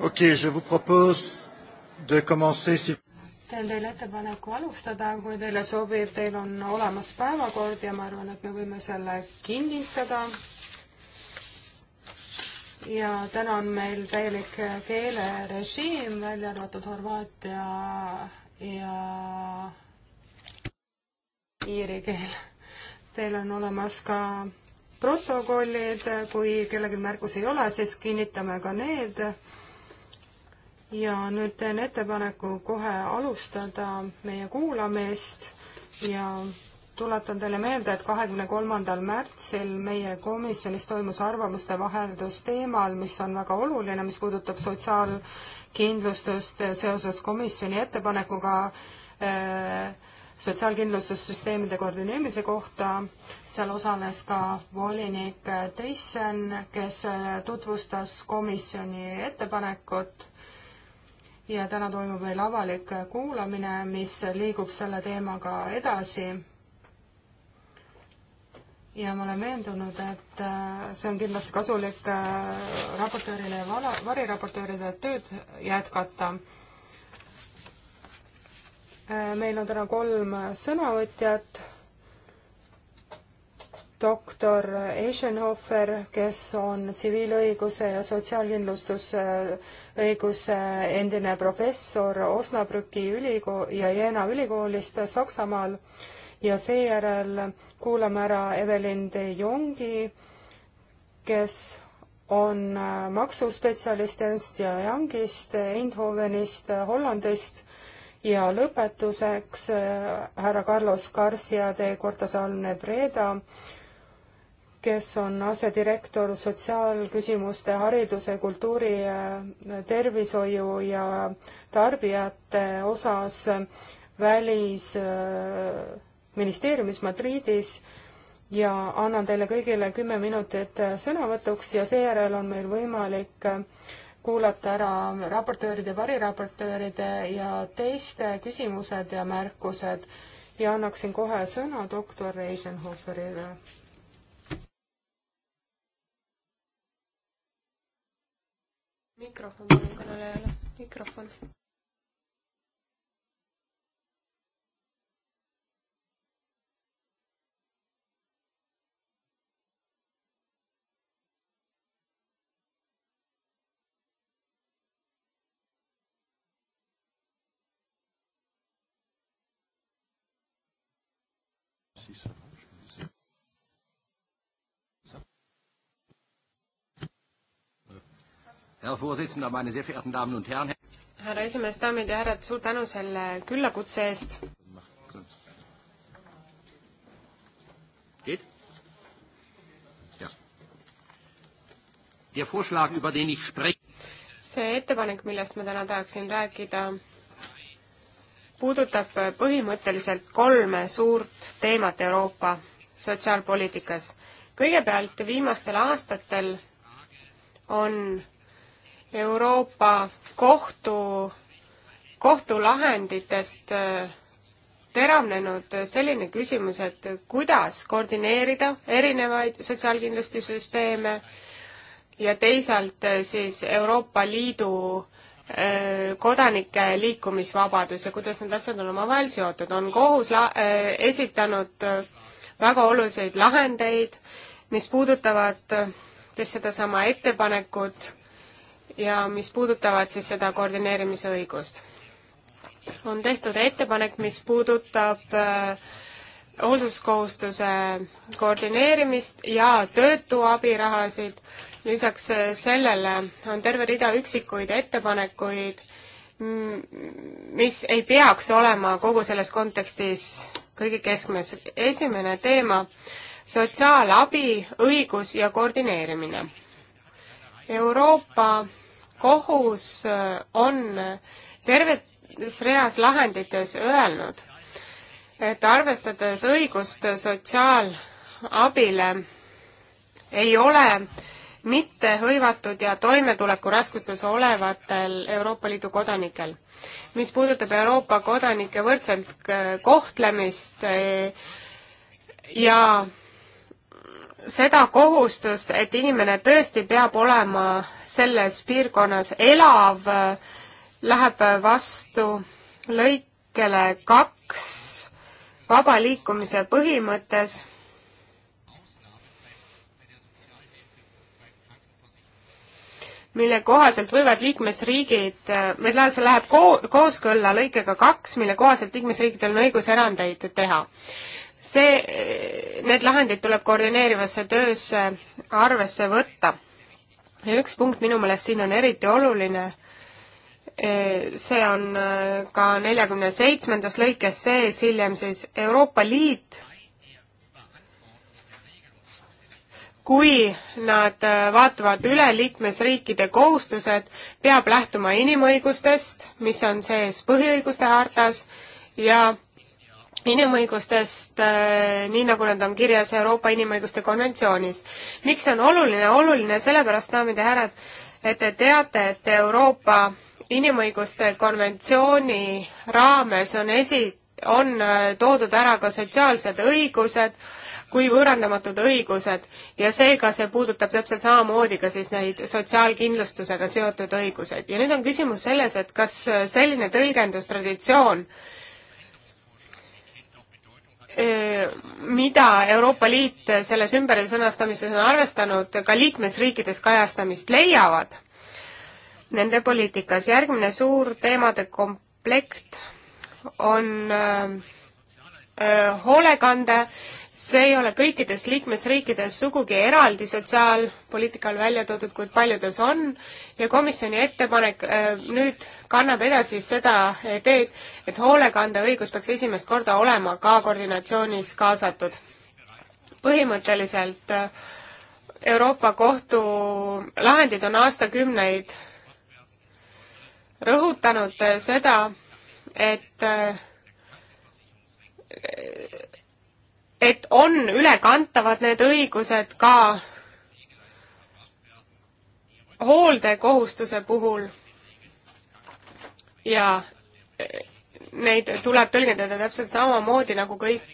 okei okay,, je vous propose de commencer si teen teile ettepaneku alustada, kui teile sobib, teil on olemas päevakord ja ma arvan, et me võime selle kinnitada. ja täna on meil täielik keelerežiim, välja arvatud Horvaatia ja iiri keel. Teil on olemas ka protokollid, kui kellelgi märkusi ei ole, siis kinnitame ka need ja nüüd teen ettepaneku kohe alustada meie kuulamist ja tuletan teile meelde, et kahekümne kolmandal märtsil meie komisjonis toimus arvamuste vaheldus teemal, mis on väga oluline, mis puudutab sotsiaalkindlustust seoses komisjoni ettepanekuga eh, sotsiaalkindlustussüsteemide koordineerimise kohta. seal osales ka volinik Teissen, kes tutvustas komisjoni ettepanekut ja täna toimub veel avalik kuulamine, mis liigub selle teemaga edasi. ja ma olen veendunud, et äh, see on kindlasti kasulik äh, raportöörile ja vala, variraportööride tööd jätkata. Äh, meil on täna kolm sõnavõtjat doktor Eisenhofer, kes on tsiviilõiguse ja sotsiaalkindlustusõiguse endine professor Osnabrüki ülikool ja Jena ülikoolist Saksamaal ja seejärel kuulame ära Evelyn de Jongi, kes on maksuspetsialist Ernst ja Youngist, Eindhovenist, Hollandist ja lõpetuseks härra Carlos Garcia de Cortazalne Breda, kes on asedirektor sotsiaalküsimuste, hariduse, kultuuri, äh, tervishoiu ja tarbijate osas äh, välisministeeriumis äh, Madridis ja annan teile kõigile kümme minutit sõnavõtuks ja seejärel on meil võimalik kuulata ära raportööride, variraportööride ja teiste küsimused ja märkused ja annaksin kohe sõna doktor Eisenhoferile mikrofon palun kõnelejale, mikrofon. siis on. härra esimees, daamid ja härrad, suur tänu selle küllakutse eest. see ettepanek, millest ma täna tahaksin rääkida, puudutab põhimõtteliselt kolme suurt teemat Euroopa sotsiaalpoliitikas. kõigepealt viimastel aastatel on Euroopa kohtu, kohtulahenditest äh, teravnenud äh, selline küsimus, et kuidas koordineerida erinevaid sotsiaalkindlustussüsteeme ja teisalt äh, siis Euroopa Liidu kodanike liikumisvabadus ja kuidas need asjad on omavahel seotud. on kohus la-, esitanud väga oluliseid lahendeid, mis puudutavad siis sedasama ettepanekut ja mis puudutavad siis seda koordineerimisõigust. on tehtud ettepanek, mis puudutab äh, hoolsuskohustuse koordineerimist ja töötu abirahasid. lisaks äh, sellele on terve rida üksikuid ettepanekuid, mm, mis ei peaks olema kogu selles kontekstis kõige keskmes. esimene teema, sotsiaalabi, õigus ja koordineerimine Euroopa kohus äh, on tervetes reas lahendites öelnud, et arvestades õigust sotsiaalabile, ei ole mitte hõivatud ja toimetulekuraskustes olevatel Euroopa Liidu kodanikel. mis puudutab Euroopa kodanike võrdselt äh, kohtlemist äh, ja seda kohustust, et inimene tõesti peab olema selles piirkonnas elav, läheb vastu lõikele kaks vaba liikumise põhimõttes mille kohaselt võivad liikmesriigid, või tähendab, see läheb ko-, kooskõlla lõikega kaks, mille kohaselt liikmesriikidel on õigus erandeid teha see, need lahendid tuleb koordineerivasse töösse arvesse võtta. ja üks punkt minu meelest siin on eriti oluline, e, see on e, ka neljakümne seitsmendas lõikes sees hiljem siis Euroopa Liit, kui nad e, vaatavad üle liikmesriikide kohustused, peab lähtuma inimõigustest, mis on sees põhiõiguste hartas ja inimõigustest, äh, nii nagu nad on kirjas Euroopa Inimõiguste konventsioonis. miks see on oluline? oluline sellepärast, daamid ja härrad, et te teate, et Euroopa inimõiguste konventsiooni raames on esi, on äh, toodud ära ka sotsiaalsed õigused kui võõrandamatud õigused ja seega see puudutab täpselt samamoodi ka siis neid sotsiaalkindlustusega seotud õiguseid. ja nüüd on küsimus selles, et kas äh, selline tõlgendustraditsioon mida Euroopa Liit selles ümbersõnastamises on arvestanud, ka liikmesriikides kajastamist leiavad nende poliitikas. järgmine suur teemade komplekt on öö, äh, äh, hoolekande see ei ole kõikides liikmesriikides sugugi eraldi sotsiaalpoliitikal välja toodud, kuid paljudes on ja komisjoni ettepanek äh, nüüd kannab edasi seda teed, et hoolekandeõigus peaks esimest korda olema ka koordinatsioonis kaasatud. põhimõtteliselt äh, Euroopa Kohtu lahendid on aastakümneid rõhutanud äh, seda, et äh, et on ülekantavad need õigused ka hooldekohustuse puhul ja neid tuleb tõlgendada täpselt samamoodi nagu kõik,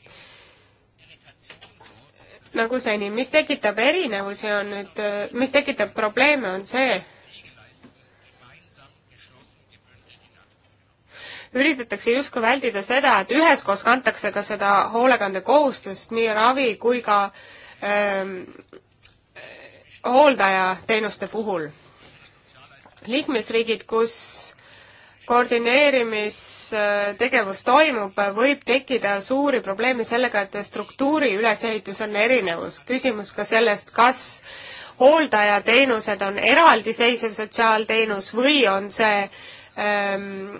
nagu seni. mis tekitab erinevusi, on nüüd, mis tekitab probleeme, on see, üritatakse justkui väldida seda, et üheskoos kantakse ka seda hoolekandekohustust, nii ravi kui ka ähm, hooldajateenuste puhul. liikmesriigid, kus koordineerimistegevus toimub, võib tekkida suuri probleeme sellega, et struktuuri ülesehitus on erinevus. küsimus ka sellest, kas hooldajateenused on eraldiseisev sotsiaalteenus või on see ähm,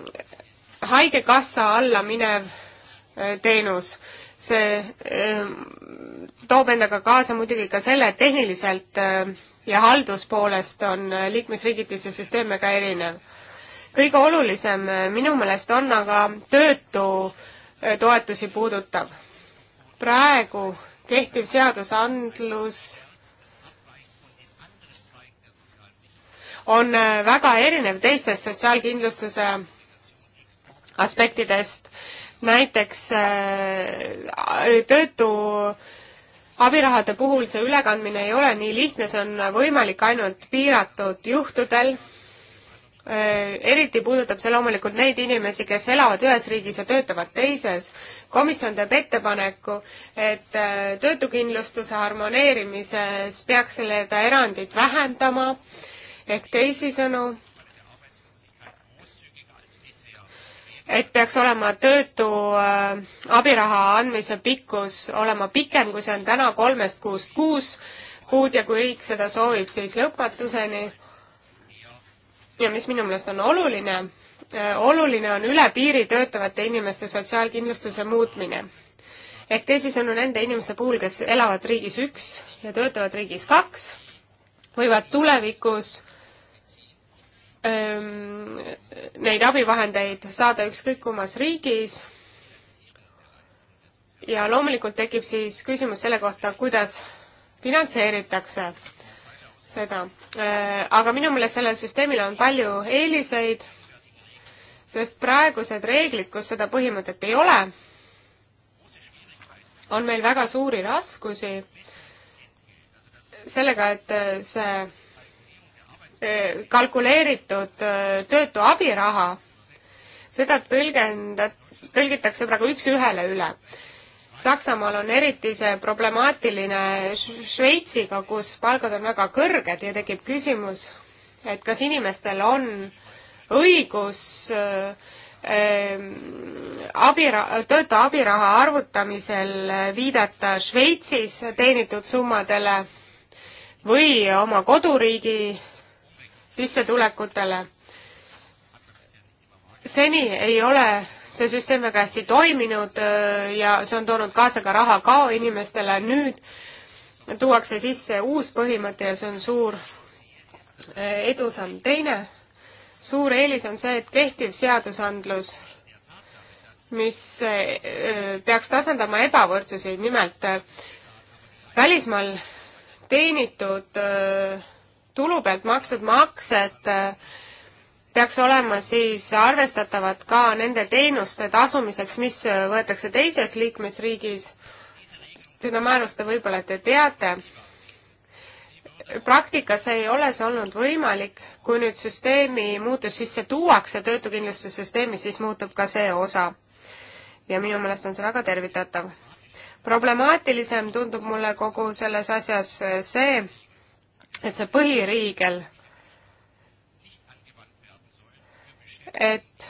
haigekassa alla minev äh, teenus. see ähm, toob endaga kaasa muidugi ka selle, et tehniliselt äh, ja halduspoolest on äh, liikmesriigiti see süsteem väga erinev. kõige olulisem minu meelest on aga töötu toetusi puudutav. praegu kehtiv seadusandlus on väga erinev teistest sotsiaalkindlustuse aspektidest, näiteks äh, töötu abirahade puhul see ülekandmine ei ole nii lihtne, see on võimalik ainult piiratud juhtudel. Äh, eriti puudutab see loomulikult neid inimesi, kes elavad ühes riigis ja töötavad teises. komisjon teeb ettepaneku, et äh, töötukindlustuse harmoneerimises peaks seda erandit vähendama ehk teisisõnu et peaks olema töötu äh, abiraha andmise pikkus olema pikem, kui see on täna kolmest kuust kuus kuud ja kui riik seda soovib, siis lõpmatuseni. ja mis minu meelest on oluline, äh, oluline on üle piiri töötavate inimeste sotsiaalkindlustuse muutmine. ehk teisisõnu nende inimeste puhul, kes elavad riigis üks ja töötavad riigis kaks, võivad tulevikus Ehm, neid abivahendeid saada ükskõik kummas riigis. ja loomulikult tekib siis küsimus selle kohta, kuidas finantseeritakse seda. Ehm, aga minu meelest sellel süsteemil on palju eeliseid, sest praegused reeglid, kus seda põhimõtet ei ole, on meil väga suuri raskusi sellega, et see Eh, kalkuleeritud eh, töötu abiraha, seda tõlgendat-, tõlgitakse praegu üks-ühele üle. Saksamaal on eriti see problemaatiline Šveitsiga, kus palgad on väga kõrged ja tekib küsimus, et kas inimestel on õigus äh, abira-, töötu abiraha arvutamisel viidata Šveitsis teenitud summadele või oma koduriigi sissetulekutele. seni ei ole see süsteem väga hästi toiminud äh, ja see on toonud kaasa ka raha kao inimestele, nüüd tuuakse sisse uus põhimõte ja see on suur äh, edusamm. teine suur eelis on see, et kehtiv seadusandlus, mis äh, peaks tasandama ebavõrdsusi, nimelt välismaal teenitud öö, tulu pealt makstud maksed äh, peaks olema siis arvestatavad ka nende teenuste tasumiseks, mis äh, võetakse teises liikmesriigis. seda määrust te võib-olla te teate. praktikas ei ole see olnud võimalik, kui nüüd süsteemi muutus sisse tuuakse, töötukindlustussüsteemi, siis muutub ka see osa. ja minu meelest on see väga tervitatav problemaatilisem tundub mulle kogu selles asjas äh, see, et see põhiriigel, et,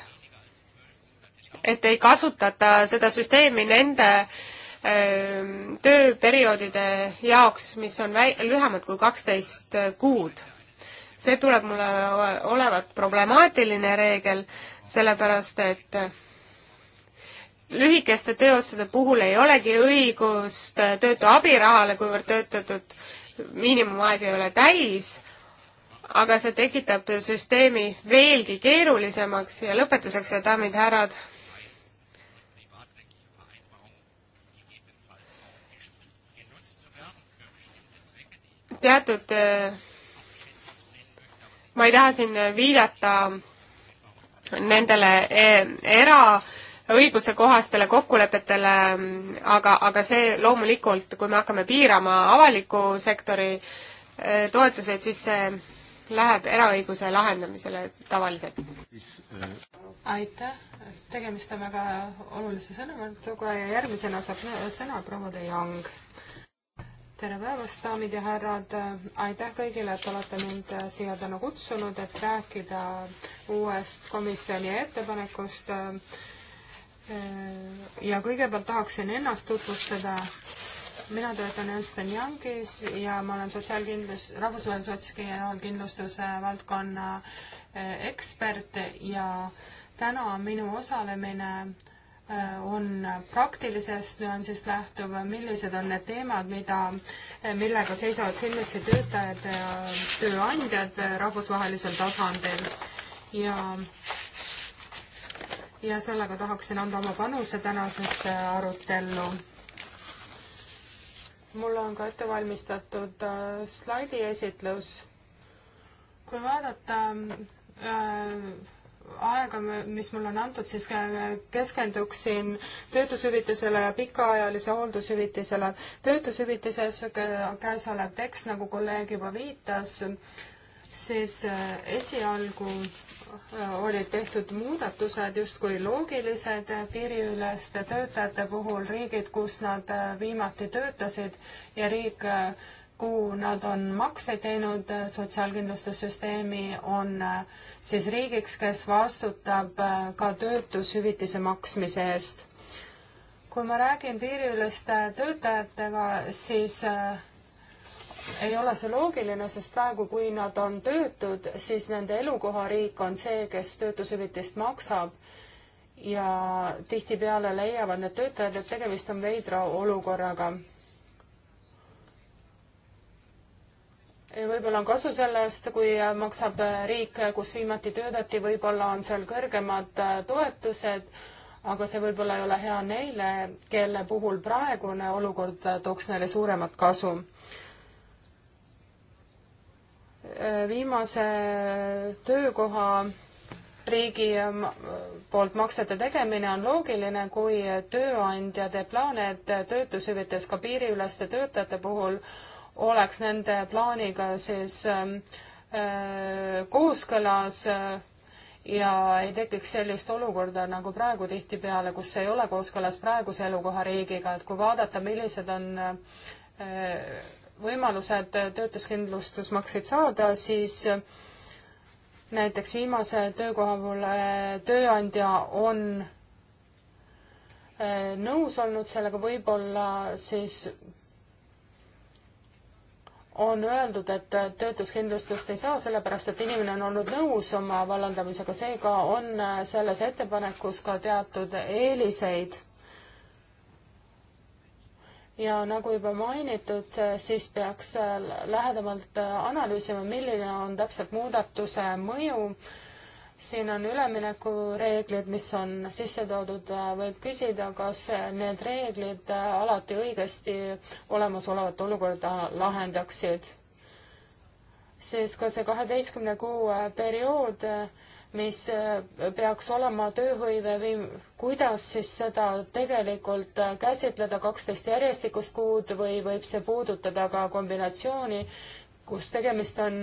et ei kasutata seda süsteemi nende öö, ähm, tööperioodide jaoks, mis on väi-, lühemad kui kaksteist äh, kuud. see tuleb mulle olevat problemaatiline reegel, sellepärast et äh, lühikeste tööotsade puhul ei olegi õigust äh, töötu abirahale, kuivõrd töötatud miinimumaeg ei ole täis, aga see tekitab süsteemi veelgi keerulisemaks ja lõpetuseks, daamid-härrad, teatud, ma ei taha siin viidata nendele eh, era- õigusekohastele kokkulepetele, aga, aga see loomulikult, kui me hakkame piirama avaliku sektori eh, toetuseid, siis see läheb eraõiguse lahendamisele tavaliselt. aitäh, tegemist on väga olulise sõnavõtuga ja järgmisena saab sõna proua De Jong. tere päevast, daamid ja härrad, aitäh kõigile, et olete mind siia täna kutsunud, et rääkida uuest komisjoni ettepanekust äh, ja kõigepealt tahaksin ennast tutvustada. mina töötan Ernst Youngis ja ma olen sotsiaalkindlus, rahvusvahelise sotsiaalkindlustuse valdkonna eh, ekspert ja täna minu osalemine eh, on praktilisest nüansist lähtuv, millised on need teemad, mida, eh, millega seisavad silmitsi töötajad ja tööandjad rahvusvahelisel tasandil ja ja sellega tahaksin anda oma panuse tänasesse arutellu. mul on ka ette valmistatud äh, slaidi esitlus. kui vaadata äh, aega, mis mulle on antud, siis äh, keskenduksin töötushüvitisele ja pikaajalise hooldushüvitisele. töötushüvitises käesolev tekst, nagu kolleeg juba viitas, siis äh, esialgu olid tehtud muudatused justkui loogilised piiriüleste töötajate puhul riigid, kus nad äh, viimati töötasid ja riik, äh, kuhu nad on makse teinud äh, sotsiaalkindlustussüsteemi, on siis riigiks, kes vastutab ka töötushüvitise maksmise eest. kui ma räägin piiriüleste töötajatega, siis äh, ei ole see loogiline, sest praegu, kui nad on töötud, siis nende elukohariik on see, kes töötushüvitist maksab ja tihtipeale leiavad need töötajad, et tegemist on veidra olukorraga. võib-olla on kasu sellest, kui maksab riik, kus viimati töötati, võib-olla on seal kõrgemad äh, toetused, aga see võib-olla ei ole hea neile, kelle puhul praegune olukord äh, tooks neile suuremat kasu Äh, viimase töökoha riigi ähm, poolt maksete tegemine on loogiline, kui tööandja teeb plaane, et töötushüvitis ka piiriüleste töötajate puhul oleks nende plaaniga siis ähm, äh, kooskõlas äh, ja ei tekiks sellist olukorda nagu praegu tihtipeale, kus ei ole kooskõlas praeguse elukohariigiga, et kui vaadata, millised on võimalused töötuskindlustusmakseid saada, siis äh, näiteks viimase töökoha puhul äh, tööandja on äh, nõus olnud sellega, võib-olla siis on öeldud, et töötuskindlustust ei saa, sellepärast et inimene on olnud nõus oma vallandamisega, seega on selles ettepanekus ka teatud eeliseid ja nagu juba mainitud, eh, siis peaks eh, lähedamalt eh, analüüsima, milline on täpselt muudatuse mõju. siin on üleminekureeglid, mis on sisse toodud, võib küsida, kas need reeglid alati õigesti olemasolevat olukorda lahendaksid. siis ka see kaheteistkümne kuu periood mis äh, peaks olema tööhõive või kuidas siis seda tegelikult äh, käsitleda, kaksteist järjestikust kuud või võib see puudutada ka kombinatsiooni, kus tegemist on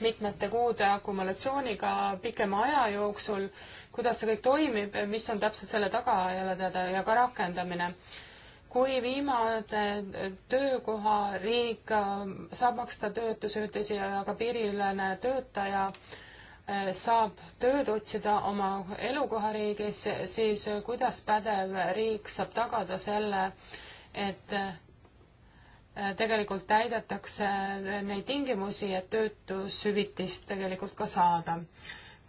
mitmete kuude akumulatsiooniga pikema aja jooksul, kuidas see kõik toimib, mis on täpselt selle taga, ei ole teada, ja ka rakendamine kui viimane äh, töökoha riik saab maksta töötushüvitisi, aga piiriülene töötaja äh, saab tööd otsida oma elukohariigis, siis kuidas pädev riik saab tagada selle, et äh, tegelikult täidetakse neid tingimusi, et töötushüvitist tegelikult ka saada.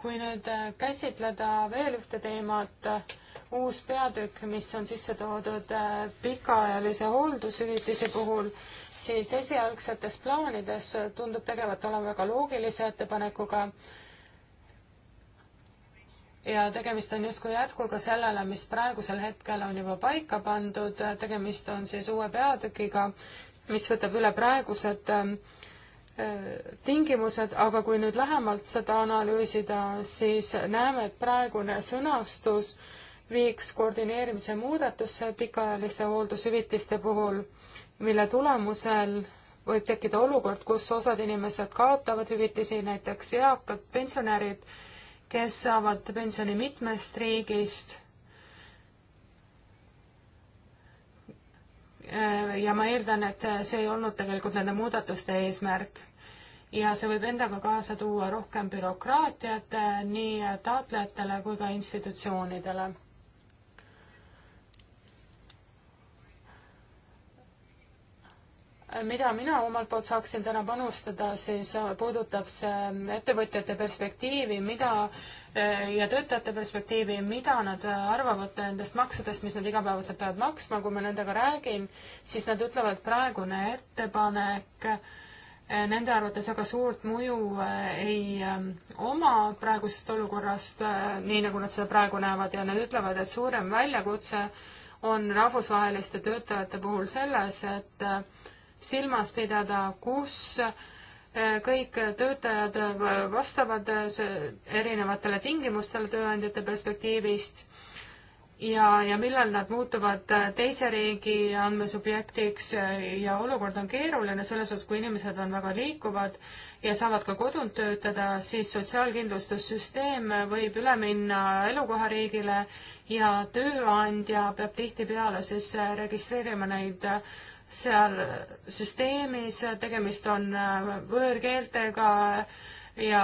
kui nüüd äh, käsitleda veel ühte teemat, uus peatükk, mis on sisse toodud äh, pikaajalise hooldushüvitise puhul, siis esialgsetes plaanides tundub tegevat olema väga loogilise ettepanekuga ja tegemist on justkui jätkuga sellele, mis praegusel hetkel on juba paika pandud, tegemist on siis uue peatükiga, mis võtab üle praegused äh, tingimused, aga kui nüüd lähemalt seda analüüsida, siis näeme, et praegune sõnastus viiks koordineerimise muudatusse pikaajaliste hooldushüvitiste puhul, mille tulemusel võib tekkida olukord, kus osad inimesed kaotavad hüvitisi, näiteks eakad pensionärid, kes saavad pensioni mitmest riigist. ja ma eeldan, et see ei olnud tegelikult nende muudatuste eesmärk ja see võib endaga kaasa tuua rohkem bürokraatiat nii taotlejatele kui ka institutsioonidele mida mina omalt poolt saaksin täna panustada, siis puudutab see ettevõtjate perspektiivi, mida ja töötajate perspektiivi, mida nad arvavad nendest maksudest, mis nad igapäevaselt peavad maksma, kui ma nendega räägin, siis nad ütlevad, praegune ettepanek eh, nende arvates väga suurt mõju eh, ei eh, oma praegusest olukorrast, nii nagu nad seda praegu näevad ja nad ütlevad, et suurem väljakutse on rahvusvaheliste töötajate puhul selles, et silmas pidada, kus eh, kõik töötajad eh, vastavad eh, erinevatele tingimustele tööandjate perspektiivist ja, ja millal nad muutuvad teise riigi andmesubjektiks ja olukord on keeruline selles osas, kui inimesed on väga liikuvad ja saavad ka kodunt töötada, siis sotsiaalkindlustussüsteem võib üle minna elukohariigile ja tööandja peab tihtipeale siis registreerima neid seal süsteemis, tegemist on äh, võõrkeeltega ja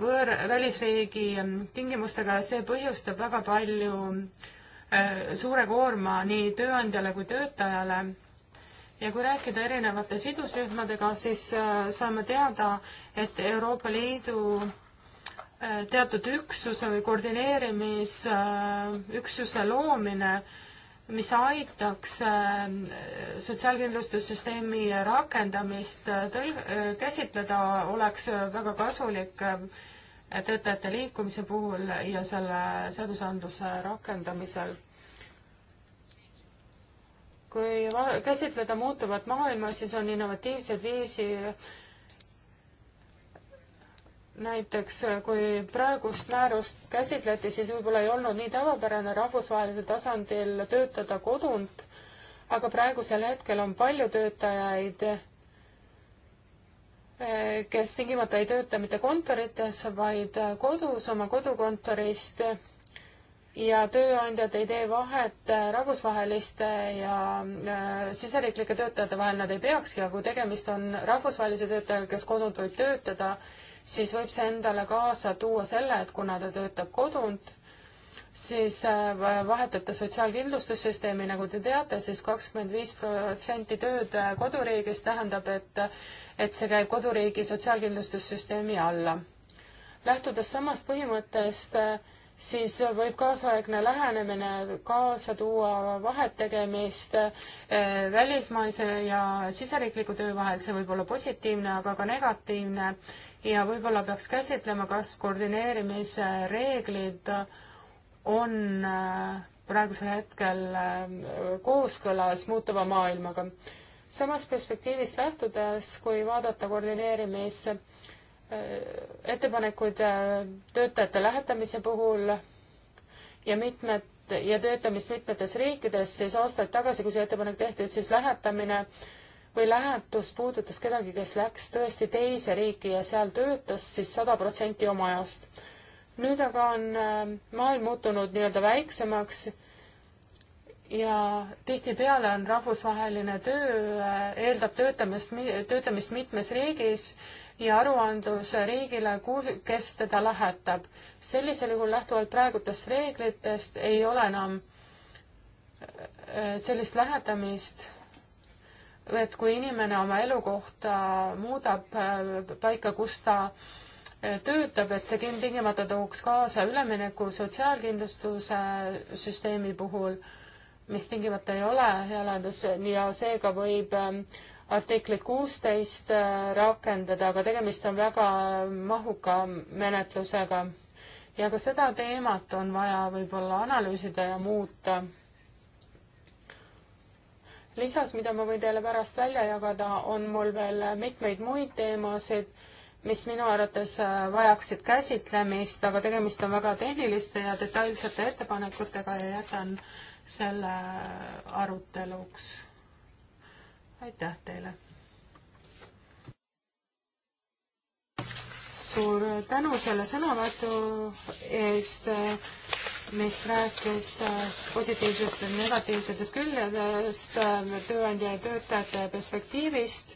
võõr, välisriigi ähm, tingimustega, see põhjustab väga palju äh, suure koorma nii tööandjale kui töötajale. ja kui rääkida erinevate sidusrühmadega, siis äh, saame teada, et Euroopa Liidu teatud üksuse või koordineerimisüksuse loomine mis aitaks ähm, sotsiaalkindlustussüsteemi rakendamist äh, tõl-, äh, käsitleda, oleks äh, väga kasulik ähm, töötajate liikumise puhul ja selle seadusandluse rakendamisel. kui käsitleda muutuvat maailma, siis on innovatiivseid viisi näiteks äh, kui praegust määrust käsitleti, siis võib-olla ei olnud nii tavapärane rahvusvahelisel tasandil töötada kodunt, aga praegusel hetkel on palju töötajaid, äh, kes tingimata ei tööta mitte kontorites, vaid äh, kodus oma kodukontorist ja tööandjad ei tee vahet rahvusvaheliste ja siseriiklike töötajate vahel, nad ei peakski, aga kui tegemist on rahvusvahelise töötajaga, kes kodunt võib töötada, siis võib see endale kaasa tuua selle, et kuna ta töötab kodunt, siis äh, vahetate sotsiaalkindlustussüsteemi, nagu te teate siis, siis kakskümmend viis protsenti tööd äh, koduriigis tähendab, et, et see käib koduriigi sotsiaalkindlustussüsteemi alla. lähtudes samast põhimõttest äh,, siis võib kaasaegne lähenemine kaasa tuua vahetegemist eh, välismaise ja siseriikliku töö vahel, see võib olla positiivne, aga ka negatiivne ja võib-olla peaks käsitlema, kas koordineerimise reeglid on eh, praegusel hetkel eh, kooskõlas muutuva maailmaga. samast perspektiivist lähtudes, kui vaadata koordineerimise Äh, ettepanekuid äh, töötajate lähetamise puhul ja mitmed ja töötamist mitmetes riikides, siis aastaid tagasi, kui see ettepanek tehti, siis lähetamine või lähetus puudutas kedagi, kes läks tõesti teise riiki ja seal töötas siis sada protsenti oma ajast. nüüd aga on äh, maailm muutunud nii-öelda väiksemaks ja tihtipeale on rahvusvaheline töö, eeldab töötamist, töötamist mitmes riigis ja aruandlus riigile, kes teda lähetab. sellisel juhul lähtuvalt praegutest reeglitest ei ole enam äh, sellist lähetamist, et kui inimene oma elukohta muudab äh, paika, kus ta äh, töötab, et see tingimata tooks kaasa ülemineku sotsiaalkindlustuse süsteemi puhul, mis tingimata ei ole hea lahendus ja seega võib ähm, artiklit kuusteist äh, rakendada, aga tegemist on väga mahuka menetlusega. ja ka seda teemat on vaja võib-olla analüüsida ja muuta. lisas, mida ma võin teile pärast välja jagada, on mul veel mitmeid muid teemasid, mis minu arvates äh, vajaksid käsitlemist, aga tegemist on väga tehniliste ja detailsete ettepanekutega ja jätan selle äh, aruteluks aitäh teile! suur tänu selle sõnavõtu eest, mis rääkis positiivsest ja negatiivsetest külgedest tööandja ja töötajate perspektiivist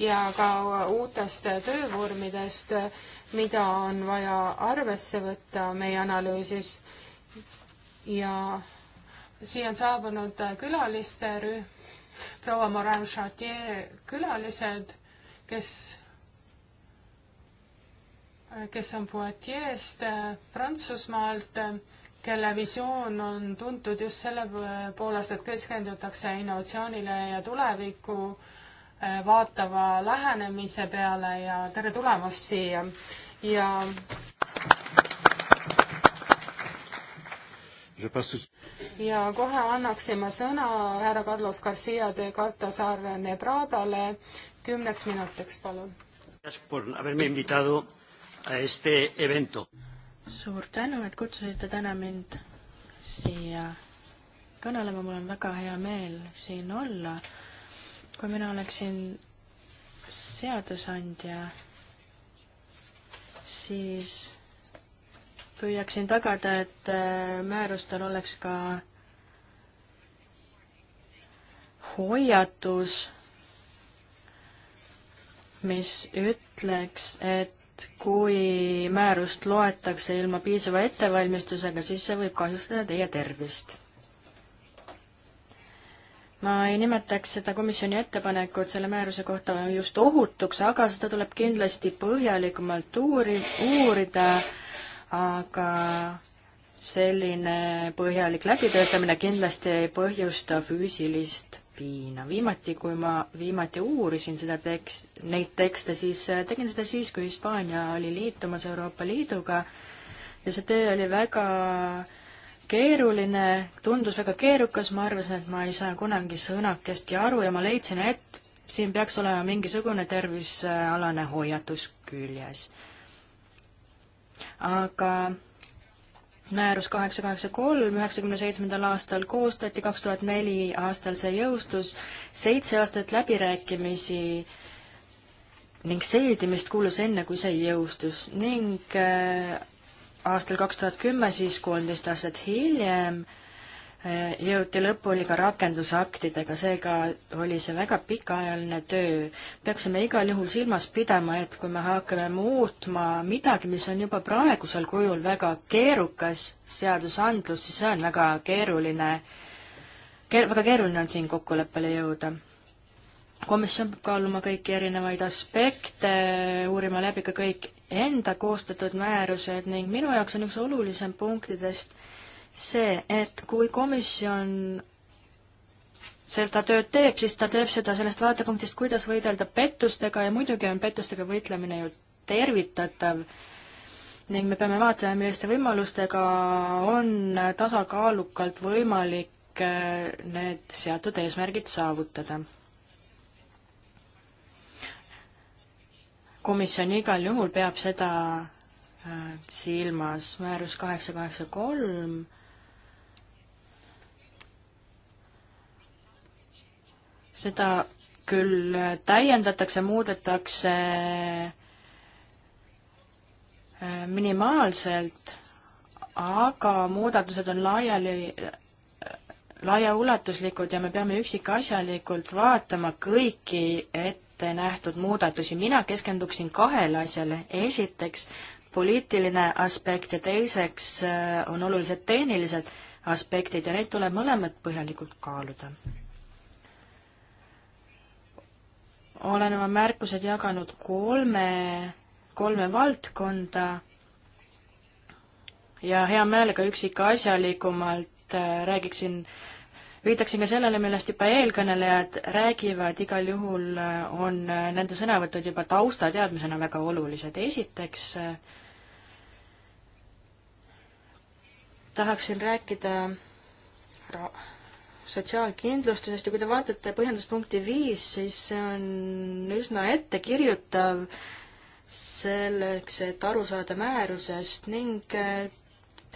ja ka uutest töövormidest, mida on vaja arvesse võtta meie analüüsis. ja siia on saabunud külaliste rühm proua Morin Chartier külalised, kes, kes on Poitiers'st äh, Prantsusmaalt, äh, kelle visioon on tuntud just selle poolest, et keskendutakse innovatsioonile ja tulevikku äh, vaatava lähenemise peale ja tere tulemast siia ja ja kohe annaksin ma sõna härra Carlos Garcia de Cartasar Nebradale kümneks minutiks, palun. suur tänu, et kutsusite täna mind siia kõnelema, mul on väga hea meel siin olla. kui mina oleksin seadusandja, siis püüaksin tagada, et äh, määrustel oleks ka hoiatus, mis ütleks, et kui määrust loetakse ilma piisava ettevalmistusega, siis see võib kahjustada teie tervist. ma ei nimetaks seda komisjoni ettepanekut selle määruse kohta just ohutuks, aga seda tuleb kindlasti põhjalikumalt uuri-, uurida aga selline põhjalik läbitöötamine kindlasti ei põhjusta füüsilist piina. viimati, kui ma viimati uurisin seda tekst, neid tekste, siis äh, tegin seda siis, kui Hispaania oli liitumas Euroopa Liiduga ja see töö oli väga keeruline, tundus väga keerukas, ma arvasin, et ma ei saa kunagi sõnakestki aru ja ma leidsin, et siin peaks olema mingisugune tervisealane hoiatus küljes aga määrus kaheksa, kaheksa, kolm üheksakümne seitsmendal aastal koostati, kaks tuhat neli aastal see jõustus, seitse aastat läbirääkimisi ning seedimist kuulus enne, kui see jõustus ning äh, aastal kaks tuhat kümme, siis kolmteist aastat hiljem äh, Eh, jõuti lõpuni ka rakendusaktidega, seega oli see väga pikaajaline töö. peaksime igal juhul silmas pidama, et kui me hakkame muutma midagi, mis on juba praegusel kujul väga keerukas seadusandlus, siis see on väga keeruline, keer-, väga keeruline on siin kokkuleppele jõuda. komisjon peab kaaluma kõiki erinevaid aspekte, uurima läbi ka kõik enda koostatud määrused ning minu jaoks on üks olulisem punktidest, see, et kui komisjon seda tööd teeb, siis ta teeb seda sellest vaatepunktist, kuidas võidelda pettustega ja muidugi on pettustega võitlemine ju tervitatav ning me peame vaatama, milliste võimalustega on tasakaalukalt võimalik äh, need seatud eesmärgid saavutada. komisjon igal juhul peab seda äh, silmas, määrus kaheksa kaheksa kolm seda küll täiendatakse, muudetakse äh, minimaalselt, aga muudatused on laiali, äh, laiaulatuslikud ja me peame üksikasjalikult vaatama kõiki ette nähtud muudatusi. mina keskenduksin kahele asjale. esiteks poliitiline aspekt ja teiseks äh, on olulised tehnilised aspektid ja neid tuleb mõlemat põhjalikult kaaluda olen oma märkused jaganud kolme, kolme valdkonda ja hea meelega üksikasjalikumalt äh, räägiksin, viitaksin ka sellele, millest juba eelkõnelejad räägivad, igal juhul äh, on äh, nende sõnavõtud juba taustateadmisena väga olulised. esiteks tahaksin rääkida ra-, sotsiaalkindlustusest ja kui te vaatate põhjenduspunkti viis, siis see on üsna ettekirjutav selleks, et aru saada määrusest ning äh,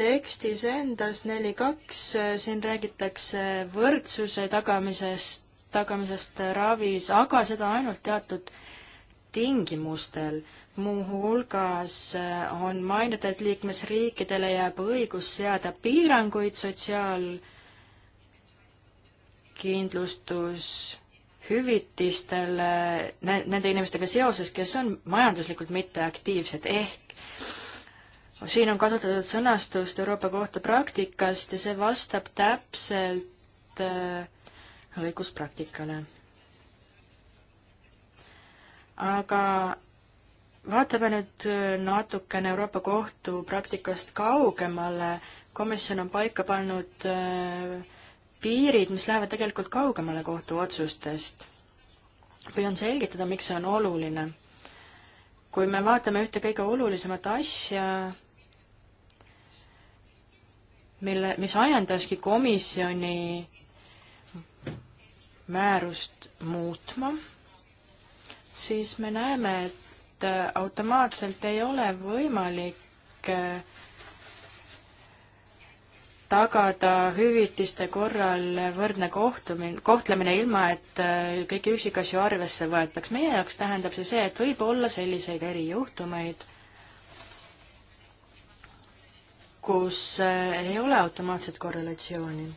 tekstis endas neli kaks, äh, siin räägitakse võrdsuse tagamisest, tagamisest ravis, aga seda ainult teatud tingimustel. muuhulgas äh, on mainitud, et liikmesriikidele jääb õigus seada piiranguid sotsiaal- kindlustushüvitistele ne-, nende inimestega seoses, kes on majanduslikult mitteaktiivsed, ehk siin on kasutatud sõnastust Euroopa Kohtu praktikast ja see vastab täpselt äh, õiguspraktikale. aga vaatame nüüd äh, natukene Euroopa Kohtu praktikast kaugemale. komisjon on paika pannud äh, piirid, mis lähevad tegelikult kaugemale kohtuotsustest. püüan selgitada, miks see on oluline. kui me vaatame ühte kõige olulisemat asja, mille, mis ajendaski komisjoni määrust muutma, siis me näeme, et automaatselt ei ole võimalik äh, tagada hüvitiste korral võrdne kohtumine, kohtlemine ilma, et äh, kõiki üksikasju arvesse võetaks. meie jaoks tähendab see see, et võib olla selliseid erijuhtumeid, kus äh, ei ole automaatset korrelatsiooni.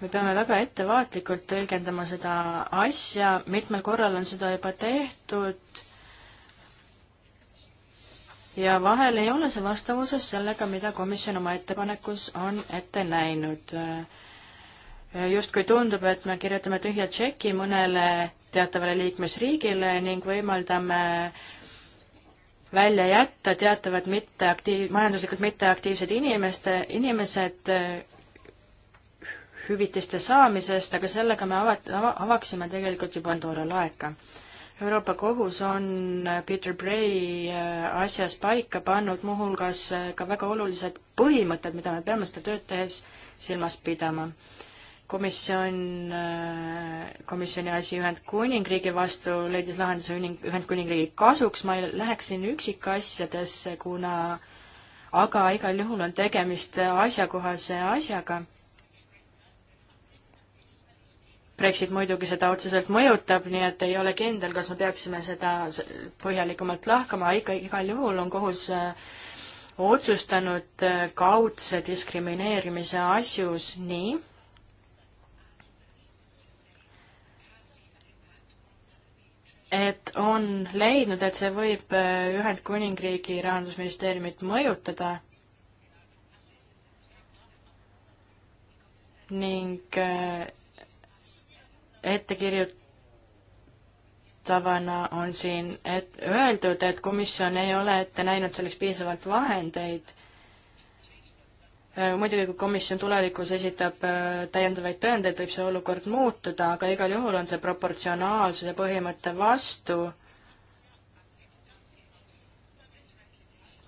me peame väga ettevaatlikult tõlgendama seda asja, mitmel korral on seda juba tehtud ja vahel ei ole see vastavuses sellega, mida komisjon oma ettepanekus on ette näinud. Äh, justkui tundub, et me kirjutame tühja tšeki mõnele teatavale liikmesriigile ning võimaldame välja jätta teatavad mitteaktiiv-, majanduslikult mitteaktiivsed inimeste, inimesed äh, hüvitiste saamisest, aga sellega me ava-, avaksime tegelikult ju Pandora laeka Euroopa Kohus on Peter Bray äh, asjas paika pannud muuhulgas äh, ka väga olulised põhimõtted, mida me peame seda tööd tehes silmas pidama. komisjon, äh, komisjoni asi Ühendkuningriigi vastu leidis lahenduse Ühendkuningriigi kasuks, ma ei läheks siin üksikasjadesse, kuna aga igal juhul on tegemist asjakohase asjaga Brexit muidugi seda otseselt mõjutab, nii et ei ole kindel, kas me peaksime seda põhjalikumalt lahkama, ikka igal juhul on kohus äh, otsustanud äh, kaudse diskrimineerimise asjus nii, et on leidnud, et see võib äh, Ühendkuningriigi rahandusministeeriumit mõjutada ning ettekirjutavana on siin et öeldud, et komisjon ei ole ette näinud selleks piisavalt vahendeid. muidugi, kui komisjon tulevikus esitab äh, täiendavaid tõendeid, võib see olukord muutuda, aga igal juhul on see proportsionaalsuse põhimõtte vastu,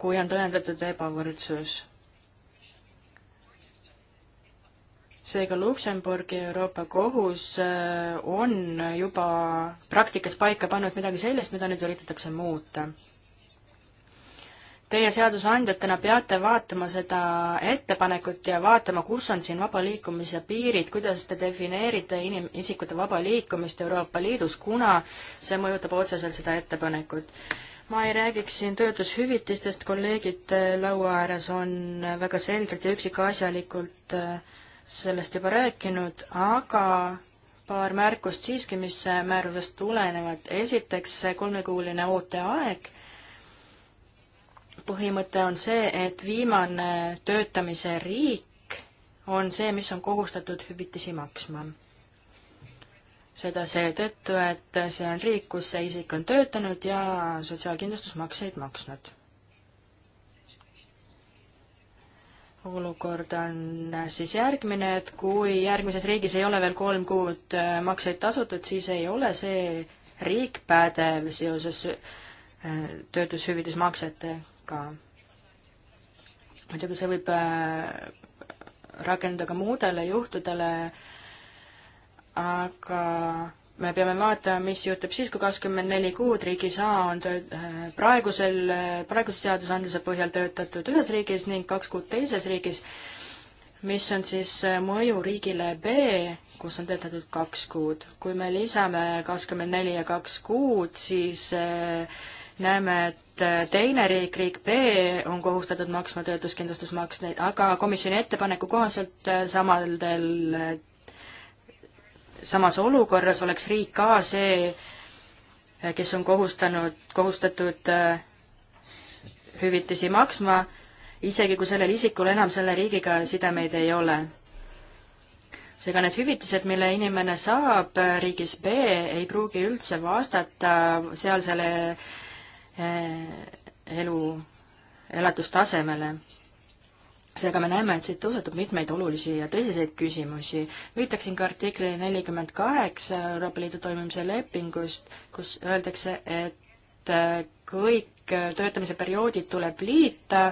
kui on tõendatud ebavõrdsus seega Luksemburgi Euroopa Kohus äh, on juba praktikas paika pannud midagi sellist, mida nüüd üritatakse muuta. Teie seadusandjatena peate vaatama seda ettepanekut ja vaatama, kus on siin vaba liikumise piirid, kuidas te defineerite inim-, isikute vaba liikumist Euroopa Liidus, kuna see mõjutab otseselt seda ettepanekut ma ei räägiks siin töötushüvitistest, kolleegid äh, laua ääres on väga selgelt ja üksikasjalikult äh, sellest juba rääkinud, aga paar märkust siiski, mis määrusest tulenevad. esiteks see kolmekuuline ooteaeg. põhimõte on see, et viimane töötamise riik on see, mis on kohustatud hüvitisi maksma. seda seetõttu, et see on riik, kus see isik on töötanud ja sotsiaalkindlustusmakseid maksnud olukord on äh, siis järgmine, et kui järgmises riigis ei ole veel kolm kuud äh, makseid tasutud, siis ei ole see riik pädev seoses äh, töötushüvitismaksetega. muidugi see võib rakenduda ka muudele juhtudele, aga me peame vaatama, mis juhtub siis, kui kakskümmend neli kuud riigis A on töö-, äh, praegusel, äh, praeguse seadusandluse põhjal töötatud ühes riigis ning kaks kuud teises riigis, mis on siis äh, mõju riigile B, kus on töötatud kaks kuud. kui me lisame kakskümmend neli ja kaks kuud, siis näeme, et teine riik, riik B, on kohustatud maksma töötuskindlustusmakseid, aga komisjoni ettepaneku kohaselt samadel samas olukorras oleks riik ka see, kes on kohustanud, kohustatud äh, hüvitisi maksma, isegi kui sellel isikul enam selle riigiga sidemeid ei ole. seega need hüvitised, mille inimene saab äh, riigis B, ei pruugi üldse vastata sealsele äh, elu elatustasemele seega me näeme, et siit tõusetub mitmeid olulisi ja tõsiseid küsimusi. viitaksin ka artiklile nelikümmend kaheksa Euroopa Liidu toimimise lepingust, kus öeldakse, et äh, kõik äh, töötamise perioodid tuleb liita,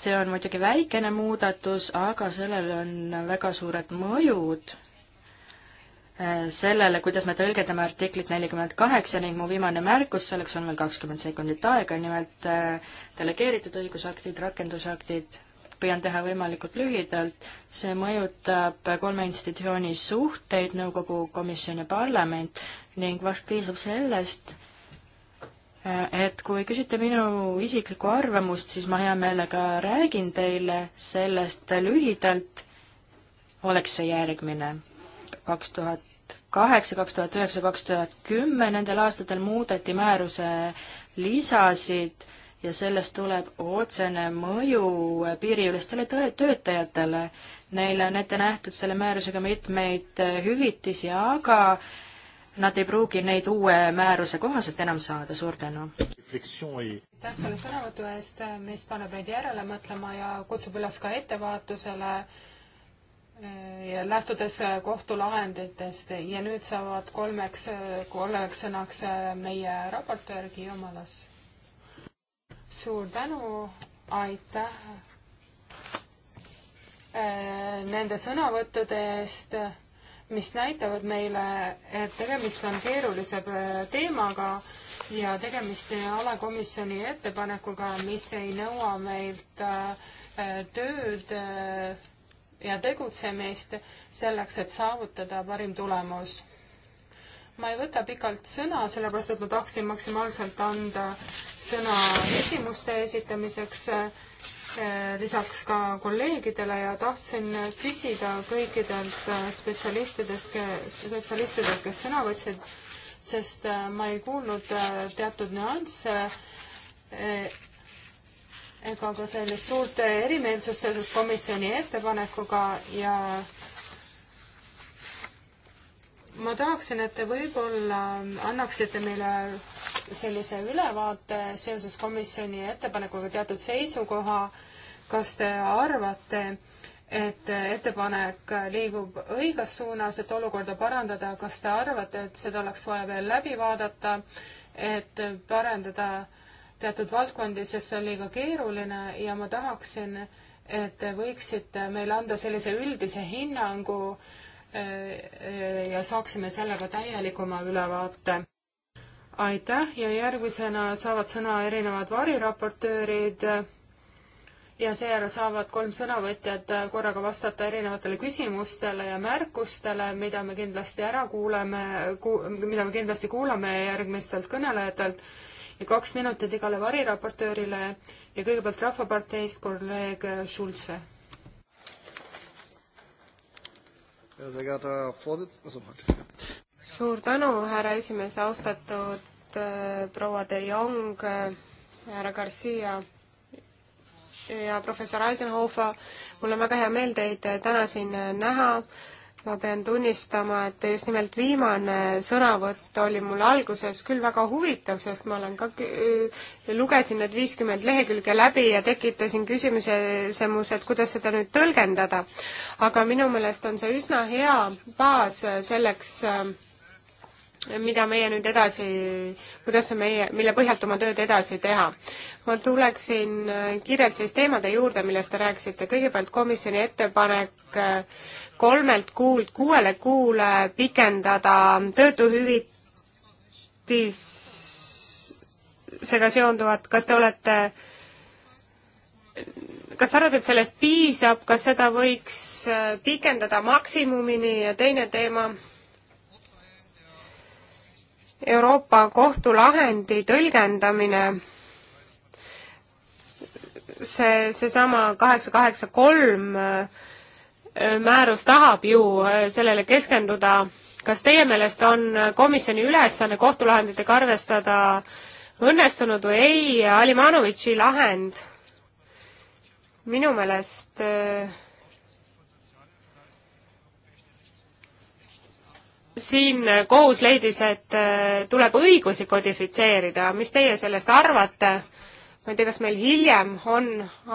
see on muidugi väikene muudatus, aga sellel on väga suured mõjud Äh, sellele, kuidas me tõlgendame artiklit nelikümmend kaheksa ning mu viimane märkus, selleks on veel kakskümmend sekundit aega, nimelt äh, delegeeritud õigusaktid, rakendusaktid, püüan teha võimalikult lühidalt, see mõjutab kolme institutsiooni suhteid, nõukogu, komisjon ja parlament, ning vast piisab sellest, äh, et kui küsite minu isiklikku arvamust, siis ma hea meelega räägin teile sellest lühidalt, oleks see järgmine kaks tuhat kaheksa, kaks tuhat üheksa, kaks tuhat kümme, nendel aastatel muudeti määruse lisasid ja sellest tuleb otsene mõju piiriülestele töötajatele. Neile on ette nähtud selle määrusega mitmeid hüvitisi, aga nad ei pruugi neid uue määruse kohaselt enam saada, suur tänu. aitäh selle sõnavõtu eest, mis paneb meid järele mõtlema ja kutsub üles ka ettevaatusele ja lähtudes äh, kohtulahenditest ja nüüd saavad kolmeks, äh, kolmeks sõnaks äh, meie raportöör Guillaume Alas. suur tänu, aitäh nende sõnavõttude eest, mis näitavad meile, et tegemist on keerulise teemaga ja tegemist ei ole komisjoni ettepanekuga, mis ei nõua meilt tööd ja tegutsemist selleks, et saavutada parim tulemus. ma ei võta pikalt sõna, sellepärast et ma tahtsin maksimaalselt anda sõna küsimuste esitamiseks, eh, lisaks ka kolleegidele ja tahtsin küsida kõikidelt eh, spetsialistidest, spetsialistidelt, kes sõna võtsid, sest eh, ma ei kuulnud teatud nüansse ega ka sellist suurt erimeelsust seoses komisjoni ettepanekuga ja ma tahaksin, et te võib-olla annaksite meile sellise ülevaate seoses komisjoni ettepanekuga teatud seisukoha. kas te arvate, et ettepanek liigub õiges suunas, et olukorda parandada, kas te arvate, et seda oleks vaja veel läbi vaadata, et parandada äh, teatud valdkondi, sest see on liiga keeruline ja ma tahaksin, et te võiksite meile anda sellise üldise hinnangu eh, eh, ja saaksime sellega täielikuma ülevaate. aitäh ja järgmisena saavad sõna erinevad variraportöörid ja seejärel saavad kolm sõnavõtjat korraga vastata erinevatele küsimustele ja märkustele, mida me kindlasti ära kuuleme ku,, mida me kindlasti kuulame järgmistelt kõnelejatelt ja kaks minutit igale variraportöörile ja kõigepealt Rahvaparteist kolleeg Schulze. suur tänu, härra esimees, austatud äh, proua De Jong, äh, härra Garcia ja professor Eisenhofer, mul on väga hea meel teid äh, täna siin näha ma pean tunnistama, et just nimelt viimane sõnavõtt oli mul alguses küll väga huvitav, sest ma olen ka, äh, lugesin need viiskümmend lehekülge läbi ja tekitasin küsimusemus, et kuidas seda nüüd tõlgendada. aga minu meelest on see üsna hea baas selleks äh, mida meie nüüd edasi, kuidas meie, mille põhjalt oma tööd edasi teha. ma tuleksin äh, kirjalt siis teemade juurde, millest te rääkisite. kõigepealt komisjoni ettepanek äh, kolmelt kuult kuuele kuule pikendada töötuhüvitisega seonduvat, kas te olete kas sa arvad, et sellest piisab, kas seda võiks äh, pikendada maksimumini ja teine teema, Euroopa Kohtu lahendi tõlgendamine, see, seesama kaheksa kaheksa kolm äh, määrus tahab ju äh, sellele keskenduda. kas teie meelest on komisjoni ülesanne kohtulahenditega arvestada õnnestunud või ei, Alimanovitši lahend minu meelest äh, siin kohus leidis, et äh, tuleb õigusi kodifitseerida, mis teie sellest arvate? ma ei tea, kas meil hiljem on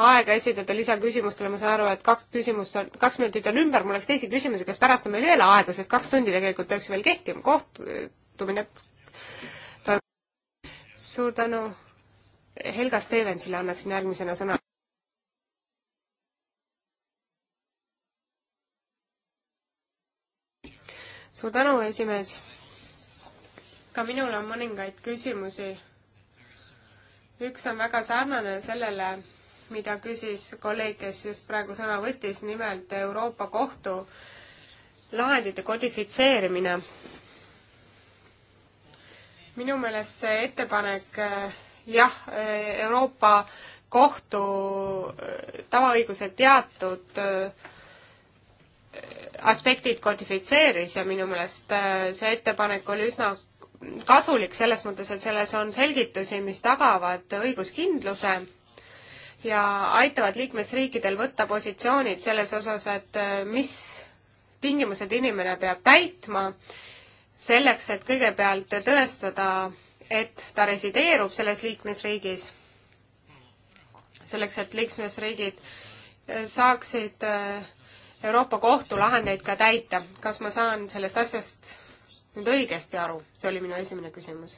aega esitada lisaküsimustele, ma saan aru, et kaks küsimust on, kaks minutit on ümber, mul oleks teisi küsimusi, kas pärast on meil veel aega, sest kaks tundi tegelikult peaks veel kehtima, kohtumine suur tänu, Helga Stevensile annaksin järgmisena sõna. suur tänu, esimees. ka minul on mõningaid küsimusi. üks on väga sarnane sellele, mida küsis kolleeg, kes just praegu sõna võttis, nimelt Euroopa Kohtu lahendite kodifitseerimine. minu meelest see ettepanek eh, jah, eh, Euroopa Kohtu eh, tavaõiguse teatud äh, aspektid kodifitseeris ja minu meelest äh, see ettepanek oli üsna kasulik selles mõttes, et selles on selgitusi, mis tagavad õiguskindluse ja aitavad liikmesriikidel võtta positsioonid selles osas, et äh, mis tingimused inimene peab täitma selleks, et kõigepealt tõestada, et ta resideerub selles liikmesriigis. selleks, et liikmesriigid äh, saaksid äh, Euroopa Kohtu lahendeid ka täita. kas ma saan sellest asjast nüüd õigesti aru? see oli minu esimene küsimus.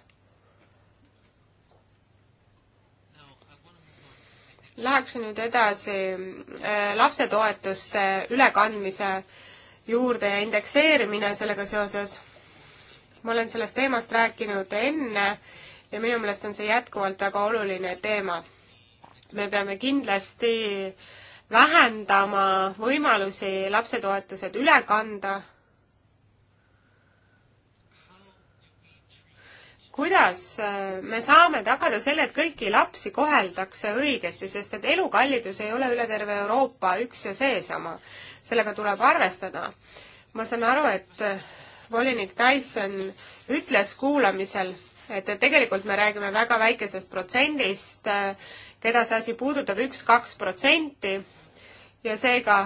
Läheks nüüd edasi äh, lapsetoetuste ülekandmise juurde ja indekseerimine sellega seoses. ma olen sellest teemast rääkinud enne ja minu meelest on see jätkuvalt väga oluline teema. me peame kindlasti äh, vähendama võimalusi lapsetoetused üle kanda. kuidas äh, me saame tagada selle, et kõiki lapsi koheldakse õigesti, sest et elukallidus ei ole üle terve Euroopa üks ja seesama. sellega tuleb arvestada. ma saan aru, et äh, volinik Tyson ütles kuulamisel, et tegelikult me räägime väga väikesest protsendist äh, keda see asi puudutab, üks-kaks protsenti ja seega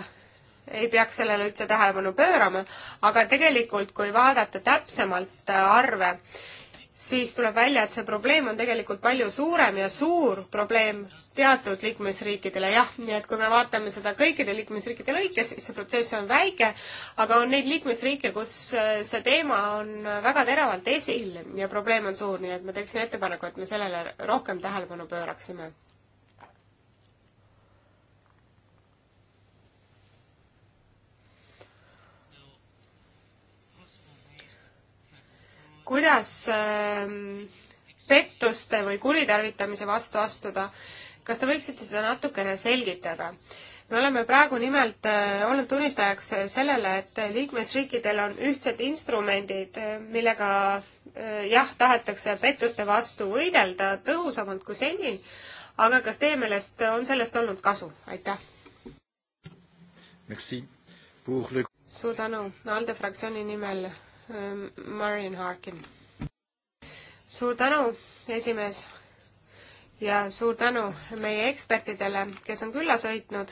ei peaks sellele üldse tähelepanu pöörama, aga tegelikult, kui vaadata täpsemalt äh, arve, siis tuleb välja, et see probleem on tegelikult palju suurem ja suur probleem teatud liikmesriikidele, jah, nii et kui me vaatame seda kõikide liikmesriikide lõikes, siis see protsess on väike, aga on neid liikmesriike, kus äh, see teema on äh, väga teravalt esil ja probleem on suur, nii et ma teeksin ettepaneku, et me sellele rohkem tähelepanu pööraksime kuidas ähm, pettuste või kuritarvitamise vastu astuda. kas te võiksite seda natukene selgitada? me oleme praegu nimelt äh, olnud tunnistajaks sellele, et liikmesriikidel on ühtsed instrumendid, äh, millega äh, jah, tahetakse pettuste vastu võidelda tõhusamalt kui seni, aga kas teie meelest on sellest olnud kasu? aitäh! Le... suur tänu, ALDE fraktsiooni nimel Ähm, Marian Harkin. suur tänu, esimees, ja suur tänu meie ekspertidele, kes on külla sõitnud.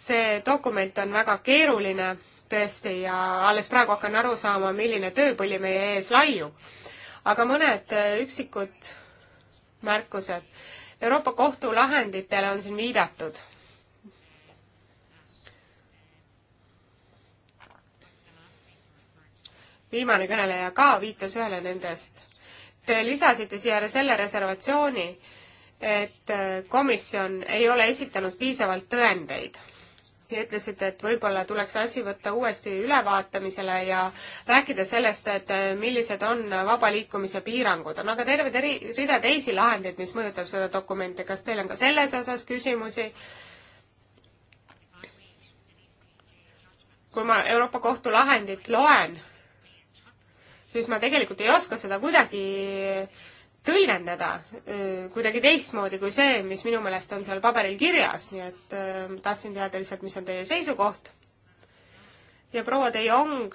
see dokument on väga keeruline tõesti ja alles praegu hakkan aru saama, milline tööpõli meie ees laiub. aga mõned äh, üksikud märkused. Euroopa Kohtu lahenditele on siin viidatud viimane kõneleja ka viitas ühele nendest. Te lisasite siia selle reservatsiooni, et äh, komisjon ei ole esitanud piisavalt tõendeid ja ütlesite, et võib-olla tuleks asi võtta uuesti ülevaatamisele ja rääkida sellest, et äh, millised on vaba liikumise piirangud. on aga terve teri-, rida teisi lahendeid, mis mõjutab seda dokumenti. kas teil on ka selles osas küsimusi? kui ma Euroopa Kohtu lahendit loen, siis ma tegelikult ei oska seda kuidagi tõlgendada äh, kuidagi teistmoodi kui see, mis minu meelest on seal paberil kirjas, nii et äh, tahtsin teada lihtsalt, mis on teie seisukoht. ja proua De Jong,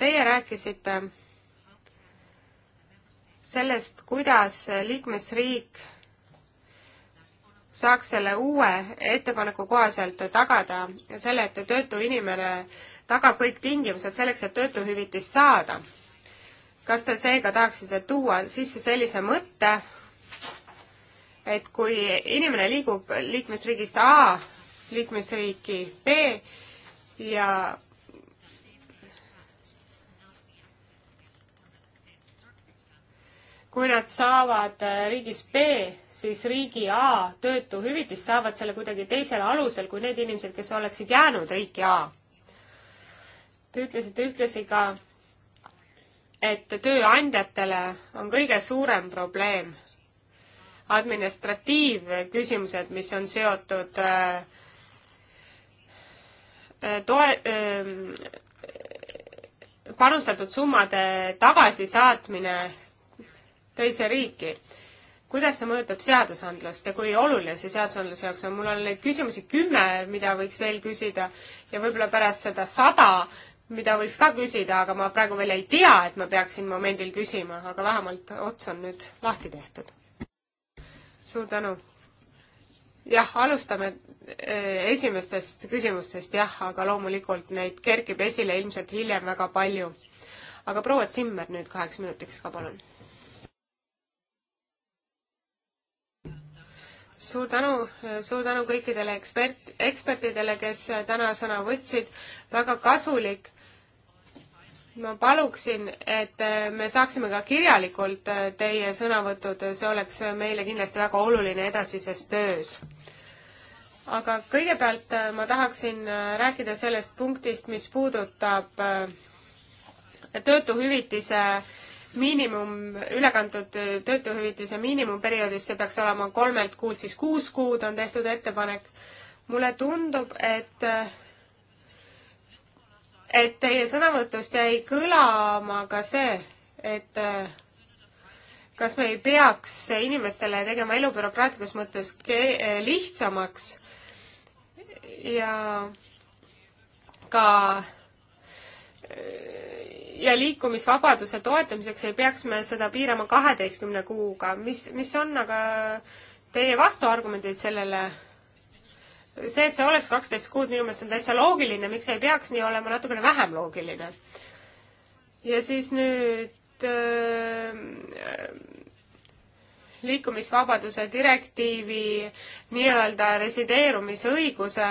teie rääkisite sellest, kuidas liikmesriik saaks selle uue ettepaneku kohaselt tagada selle, et töötu inimene tagab kõik tingimused selleks, et töötuhüvitist saada kas te seega tahaksite tuua sisse sellise mõtte, et kui inimene liigub liikmesriigist A liikmesriiki B ja kui nad saavad riigis B, siis riigi A töötuhüvitist saavad selle kuidagi teisel alusel kui need inimesed, kes oleksid jäänud riiki A. Te ütlesite ühtlasi ka, et tööandjatele on kõige suurem probleem administratiivküsimused, mis on seotud äh, äh, toe, äh, panustatud summade tagasisaatmine teise riiki. kuidas see mõjutab seadusandlust ja kui oluline see seadusandluse jaoks on? mul on neid küsimusi kümme, mida võiks veel küsida ja võib-olla pärast seda sada, mida võiks ka küsida, aga ma praegu veel ei tea, et ma peaksin momendil küsima, aga vähemalt ots on nüüd lahti tehtud. suur tänu. jah, alustame äh, esimestest küsimustest jah, aga loomulikult neid kerkib esile ilmselt hiljem väga palju. aga proua Zimmer nüüd kaheks minutiks ka palun. suur tänu, äh, suur tänu kõikidele ekspert, ekspertidele, kes äh, täna sõna võtsid, väga kasulik ma paluksin, et äh, me saaksime ka kirjalikult äh, teie sõnavõtud, see oleks meile kindlasti väga oluline edasises töös. aga kõigepealt äh, ma tahaksin rääkida sellest punktist, mis puudutab töötuhüvitise miinimum, ülekantud töötuhüvitise miinimumperioodis, see peaks olema kolmelt kuult siis kuus kuud, on tehtud ettepanek. mulle tundub, et et teie sõnavõtust jäi kõlama ka see, et äh, kas me ei peaks inimestele tegema elu bürokraatlikus mõttes äh, lihtsamaks ja ka äh, ja liikumisvabaduse toetamiseks ei peaks me seda piirama kaheteistkümne kuuga, mis, mis on aga teie vastuargumendid sellele see, et see oleks kaksteist kuud, minu meelest on täitsa loogiline, miks ei peaks nii olema natukene vähem loogiline. ja siis nüüd äh, liikumisvabaduse direktiivi nii-öelda resideerumisõiguse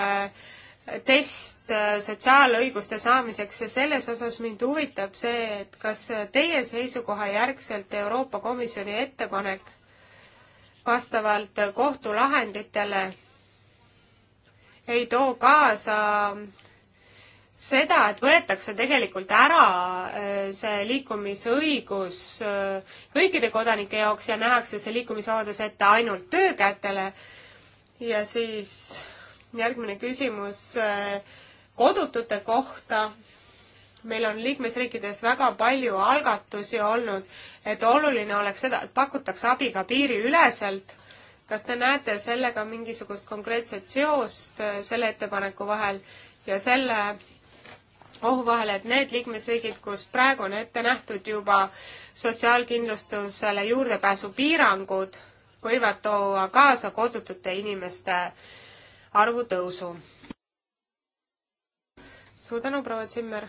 test äh, sotsiaalõiguste saamiseks ja selles osas mind huvitab see, et kas teie seisukoha järgselt Euroopa Komisjoni ettepanek vastavalt kohtulahenditele ei too kaasa seda, et võetakse tegelikult ära äh, see liikumisõigus äh, kõikide kodanike jaoks ja nähakse see liikumisvabadus ette ainult töökätele. ja siis järgmine küsimus äh, kodutute kohta. meil on liikmesriikides väga palju algatusi olnud, et oluline oleks seda, et pakutakse abi ka piiriüleselt kas te näete sellega mingisugust konkreetset seost äh, selle ettepaneku vahel ja selle ohu vahel, et need liikmesriigid, kus praegu on ette nähtud juba sotsiaalkindlustusele juurdepääsupiirangud, võivad tuua kaasa kodutute inimeste arvu tõusu. suur tänu, proua Zimmer.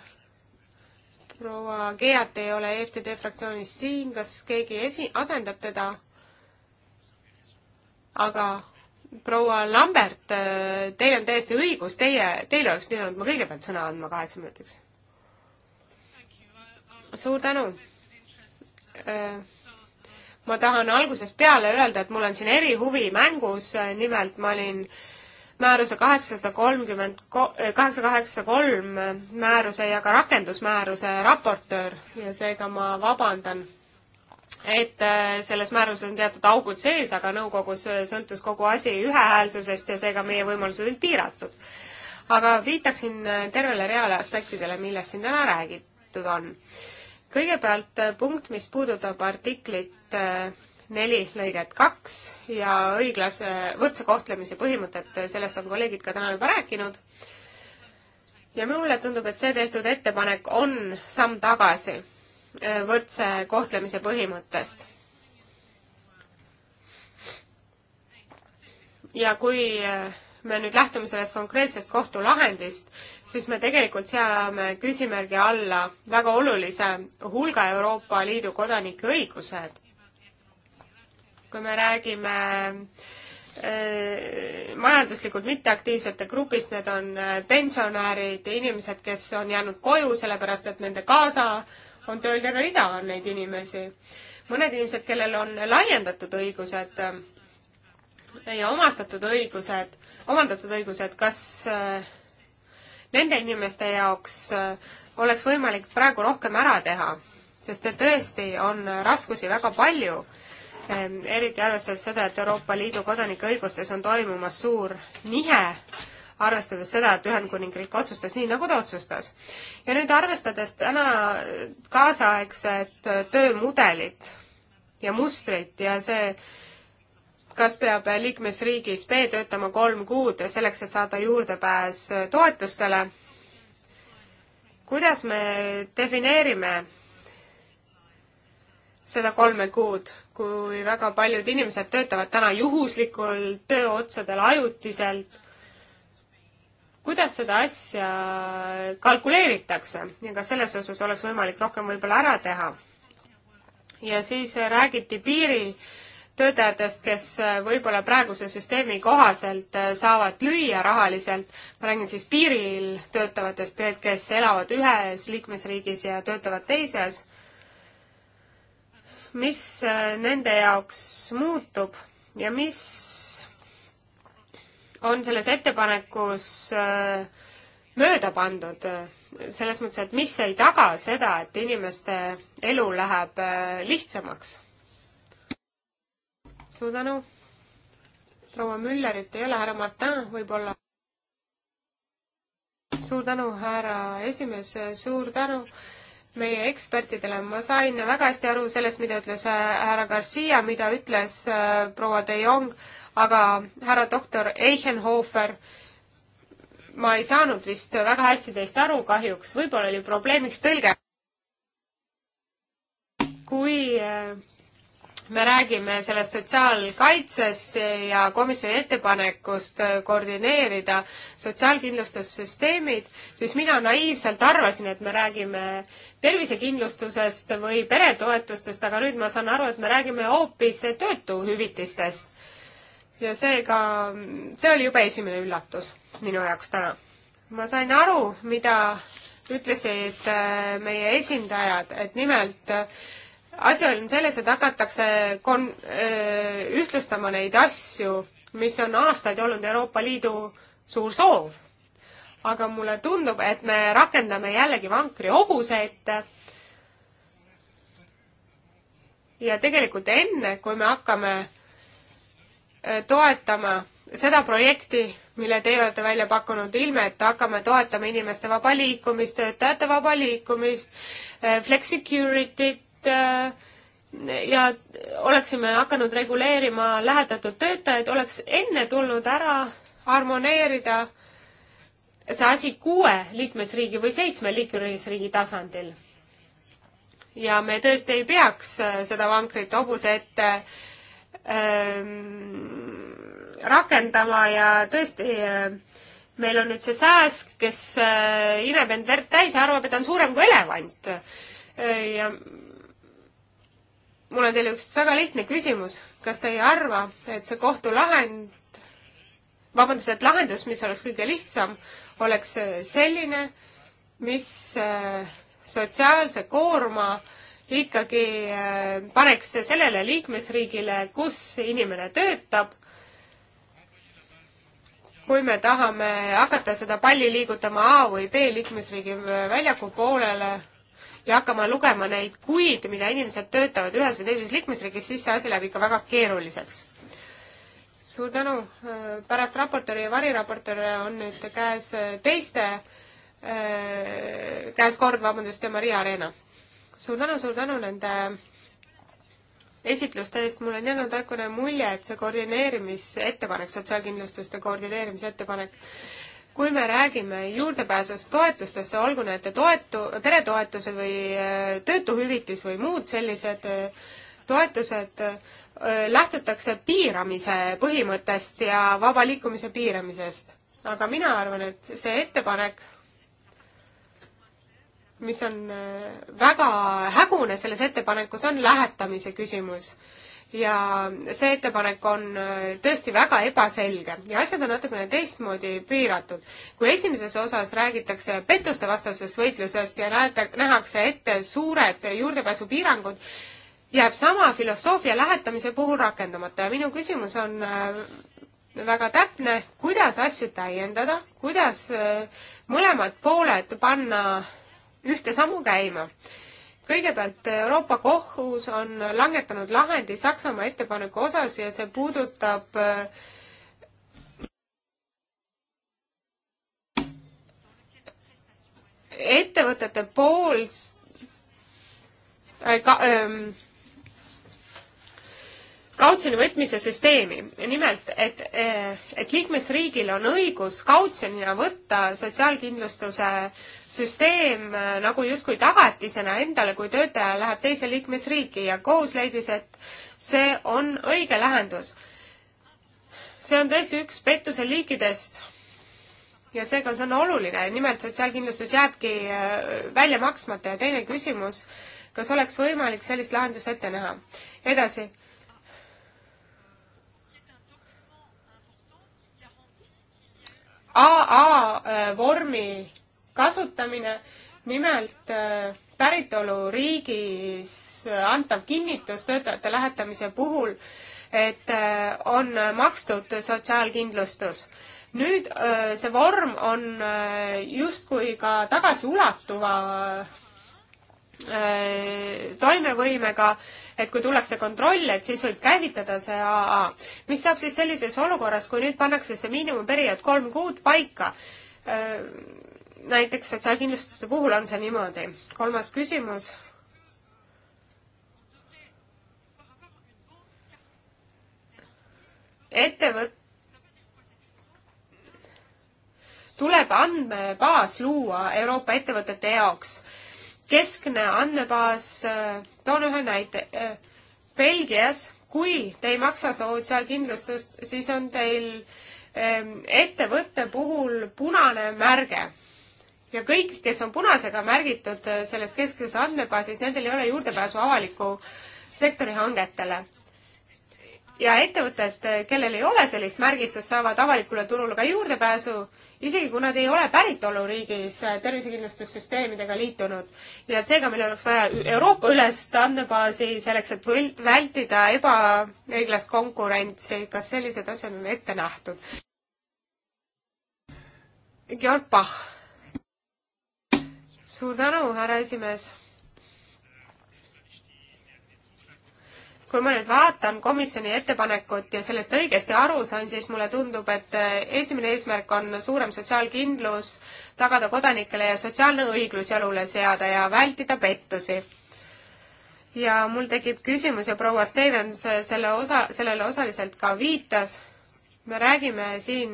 proua Geat ei ole EFTD fraktsioonis siin, kas keegi esi-, asendab teda? aga proua Lambert, teil on täiesti õigus, teie, teile oleks pidanud ma kõigepealt sõna andma kaheksa minutiks. suur tänu. Äh, ma tahan algusest peale öelda, et mul on siin erihuvi mängus, nimelt ma olin määruse kaheksasada kolmkümmend, kaheksa äh, kaheksa kolm määruse ja ka rakendusmääruse raportöör ja seega ma vabandan et äh, selles määruses on teatud augud sees, aga nõukogus äh, sõltus kogu asi ühehäälsusest ja seega meie võimalused olid piiratud. aga viitaksin äh, tervele reale aspektidele, millest siin täna räägitud on. kõigepealt punkt, mis puudutab artiklit neli lõiget kaks ja õiglase võrdse kohtlemise põhimõtet, sellest on kolleegid ka täna juba rääkinud. ja mulle tundub, et see tehtud ettepanek on samm tagasi võrdse kohtlemise põhimõttest. ja kui äh, me nüüd lähtume sellest konkreetsest kohtulahendist, siis me tegelikult seame küsimärgi alla väga olulise hulga Euroopa Liidu kodanike õigused. kui me räägime äh, majanduslikult mitteaktiivsete grupist, need on äh, pensionärid, inimesed, kes on jäänud koju sellepärast, et nende kaasa äh, on tööl terve rida on neid inimesi. mõned inimesed, kellel on laiendatud õigused äh, ja omastatud õigused, omandatud õigused, kas äh, nende inimeste jaoks äh, oleks võimalik praegu rohkem ära teha, sest et tõesti on raskusi väga palju, eriti arvestades seda, et Euroopa Liidu kodanike õigustes on toimumas suur nihe arvestades seda, et Ühendkuningriik otsustas nii, nagu ta otsustas. ja nüüd arvestades täna kaasaegset töömudelit ja mustrit ja see, kas peab liikmesriigis B töötama kolm kuud selleks, et saada juurdepääs toetustele, kuidas me defineerime seda kolme kuud, kui väga paljud inimesed töötavad täna juhuslikult, tööotsadel, ajutiselt kuidas seda asja kalkuleeritakse ja kas selles osas oleks võimalik rohkem võib-olla ära teha? ja siis räägiti piiritöötajatest, kes võib-olla praeguse süsteemi kohaselt saavad lüüa rahaliselt, ma räägin siis piiril töötavatest, kes elavad ühes liikmesriigis ja töötavad teises, mis nende jaoks muutub ja mis on selles ettepanekus äh, mööda pandud, selles mõttes, et mis ei taga seda, et inimeste elu läheb äh, lihtsamaks. suur tänu. proua Müllerit ei ole, härra Martin võib-olla. suur tänu, härra esimees, suur tänu meie ekspertidele. ma sain väga hästi aru sellest, mida ütles äh, härra Garcia, mida ütles proua De Jong, aga härra doktor Eichenhofer, ma ei saanud vist väga hästi teist aru kahjuks, võib-olla oli probleemiks tõlge. kui eh, me räägime sellest sotsiaalkaitsest ja komisjoni ettepanekust eh, koordineerida sotsiaalkindlustussüsteemid, siis mina naiivselt arvasin, et me räägime tervisekindlustusest või peretoetustest, aga nüüd ma saan aru, et me räägime hoopis töötuhüvitistest ja seega see oli jube esimene üllatus minu jaoks täna. ma sain aru, mida ütlesid äh, meie esindajad, et nimelt äh, asi on selles, et hakatakse kon-, äh, ühtlustama neid asju, mis on aastaid olnud Euroopa Liidu suur soov. aga mulle tundub, et me rakendame jällegi vankri hobuse ette ja tegelikult enne, kui me hakkame Äh, toetama seda projekti, mille teie olete välja pakkunud, ilme et hakkame toetama inimeste vaba liikumist, töötajate vaba liikumist, äh, flexicurity't äh, ja oleksime hakanud reguleerima lähetatud töötajaid, oleks enne tulnud ära harmoneerida see asi kuue liikmesriigi või seitsme liikmesriigi tasandil. ja me tõesti ei peaks seda vankrit hobuse ette Ähm, rakendama ja tõesti äh, meil on nüüd see sääsk, kes äh, imeb end verd täis ja arvab, et ta on suurem kui elevant. Äh, ja mul on teile üks väga lihtne küsimus. kas te ei arva, et see kohtulahend, vabandust, et lahendus, mis oleks kõige lihtsam, oleks selline, mis sotsiaalse koorma äh, ikkagi äh, paneks sellele liikmesriigile, kus inimene töötab, kui me tahame hakata seda palli liigutama A või B liikmesriigi väljaku poolele ja hakkama lugema neid kuid, mida inimesed töötavad ühes või teises liikmesriigis, siis see asi läheb ikka väga keeruliseks. suur tänu, äh, pärast raportööri ja variraportööre on nüüd käes äh, teiste, käes kord, vabandust, ja Maria Arena suur tänu, suur tänu nende esitluste eest, mul on jäänud väikene mulje, et see koordineerimisettepanek, sotsiaalkindlustuste koordineerimise ettepanek, kui me räägime juurdepääsust toetustesse, olgu need toetu-, peretoetused või äh, töötuhüvitis või muud sellised äh, toetused, äh, lähtutakse piiramise põhimõttest ja vaba liikumise piiramisest. aga mina arvan, et see ettepanek mis on äh, väga hägune selles ettepanekus, on lähetamise küsimus. ja see ettepanek on äh, tõesti väga ebaselge ja asjad on natukene teistmoodi piiratud. kui esimeses osas räägitakse pettuste vastasest võitlusest ja näete, nähakse ette suured juurdepääsupiirangud, jääb sama filosoofia lähetamise puhul rakendamata ja minu küsimus on äh, väga täpne, kuidas asju täiendada, kuidas mõlemad pooled panna ühte sammu käima. kõigepealt Euroopa Kohus on langetanud lahendi Saksamaa ettepaneku osas ja see puudutab äh, ettevõtete poolt äh, ka, ähm, kautsjoni võtmise süsteemi. nimelt, et, et liikmesriigil on õigus kautsjonina võtta sotsiaalkindlustuse süsteem äh, nagu justkui tagatisena endale, kui töötaja läheb teise liikmesriiki ja kohus leidis, et see on õige lahendus. see on tõesti üks pettuse liikidest ja seega see on oluline, nimelt sotsiaalkindlustus jääbki äh, välja maksmata ja teine küsimus, kas oleks võimalik sellist lahendust ette näha? edasi AA äh, vormi kasutamine, nimelt äh, päritoluriigis äh, antav kinnitus töötajate lähetamise puhul, et on makstud sotsiaalkindlustus. nüüd see vorm on justkui ka tagasiulatuva Äh, toimevõimega, et kui tullakse kontrolli, et siis võib käivitada see AA. mis saab siis sellises olukorras, kui nüüd pannakse see miinimumperiood kolm kuud paika? Äh, näiteks sotsiaalkindlustuse puhul on see niimoodi. kolmas küsimus. ettevõt-, tuleb andmebaas luua Euroopa ettevõtete jaoks keskne andmebaas, äh, toon ühe näite. Äh, Belgias, kui te ei maksa sotsiaalkindlustust, siis on teil ähm, ettevõtte puhul punane märge. ja kõik, kes on punasega märgitud äh, selles keskses andmebaasis, nendel ei ole juurdepääsu avaliku sektori hangetele ja ettevõtted, kellel ei ole sellist märgistust, saavad avalikule turule ka juurdepääsu, isegi kui nad ei ole päritoluriigis tervisekindlustussüsteemidega liitunud. nii et seega meil oleks vaja Euroopa ülest andmebaasi selleks, et võl-, vältida ebaõiglast konkurentsi, kas sellised asjad on ette nähtud? Georg Pah. suur tänu, härra esimees kui ma nüüd vaatan komisjoni ettepanekut ja sellest õigesti aru sain, siis mulle tundub, et äh, esimene eesmärk on suurem sotsiaalkindlus, tagada kodanikele ja sotsiaalne õiglus jalule seada ja vältida pettusi ja mul tekib küsimus ja proua Stevens selle osa, sellele osaliselt ka viitas, me räägime siin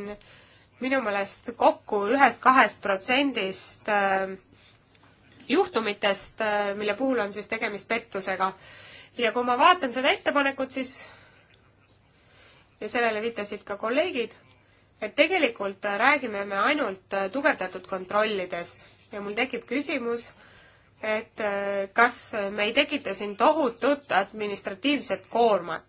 minu meelest kokku ühest-kahest protsendist äh, juhtumitest, äh, mille puhul on siis tegemist pettusega ja kui ma vaatan seda ettepanekut, siis ja sellele viitasid ka kolleegid, et tegelikult räägime me ainult äh, tugevdatud kontrollidest ja mul tekib küsimus, et äh, kas me ei tekita siin tohutut administratiivset koormat.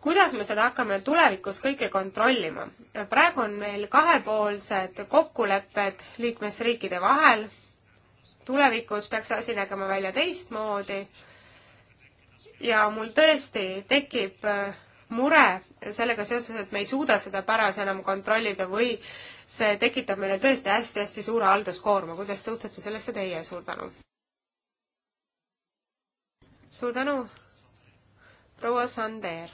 kuidas me seda hakkame tulevikus kõike kontrollima? praegu on meil kahepoolsed kokkulepped liikmesriikide vahel, tulevikus peaks asi nägema välja teistmoodi ja mul tõesti tekib äh, mure sellega seoses, et me ei suuda seda päras enam kontrollida või see tekitab meile tõesti hästi-hästi suure halduskoorma. kuidas suhtute sellesse teie? suur tänu! suur tänu, proua Sander!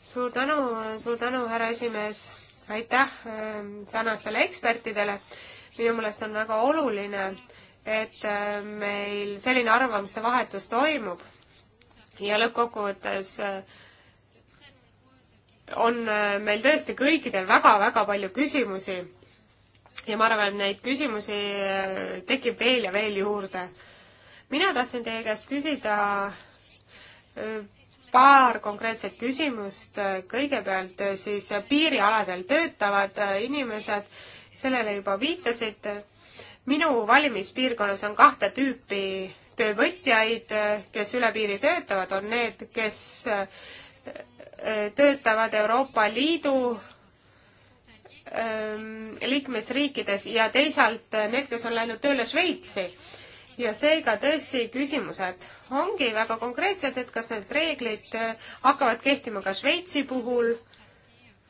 suur tänu, suur tänu, härra esimees! aitäh äh, tänastele ekspertidele! minu meelest on väga oluline äh, et äh, meil selline arvamuste vahetus toimub ja lõppkokkuvõttes äh, on äh, meil tõesti kõikidel väga-väga palju küsimusi ja ma arvan, et neid küsimusi tekib veel ja veel juurde. mina tahtsin teie käest küsida paar konkreetset küsimust. kõigepealt siis piirialadel töötavad inimesed, sellele juba viitasite minu valimispiirkonnas on kahte tüüpi töövõtjaid, kes üle piiri töötavad, on need, kes äh, töötavad Euroopa Liidu ähm, liikmesriikides ja teisalt need, kes on läinud tööle Šveitsi. ja seega tõesti küsimused ongi väga konkreetsed, et kas need reeglid äh, hakkavad kehtima ka Šveitsi puhul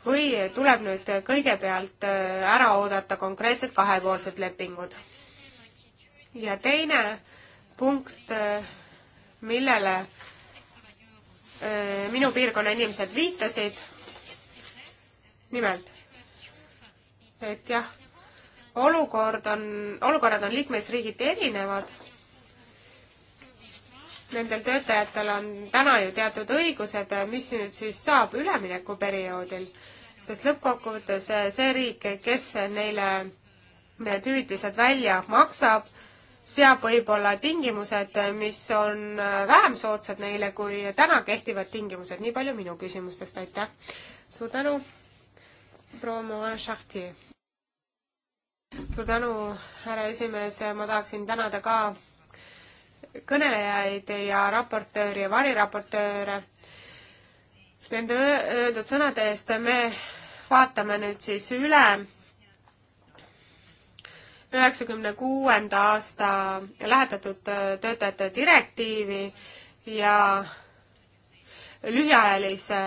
või tuleb nüüd kõigepealt äh, ära oodata konkreetsed kahepoolsed lepingud? ja teine punkt, äh, millele äh, minu piirkonna inimesed viitasid, nimelt, et jah, olukord on, olukorrad on liikmesriigiti erinevad nendel töötajatel on täna ju teatud õigused, mis nüüd siis saab üleminekuperioodil sest lõppkokkuvõttes eh, see riik, kes neile need hüvitised välja maksab, seab võib-olla tingimused, eh, mis on eh, vähem soodsad neile kui täna kehtivad tingimused. nii palju minu küsimustest, aitäh. suur tänu, proua Moen Šahti. suur tänu, härra esimees, ma tahaksin tänada ka kõnelejaid ja raportööri ja variraportööre nende öeldud sõnade eest. me vaatame nüüd siis üle üheksakümne kuuenda aasta lähetatud töötajate direktiivi ja lühiajalise,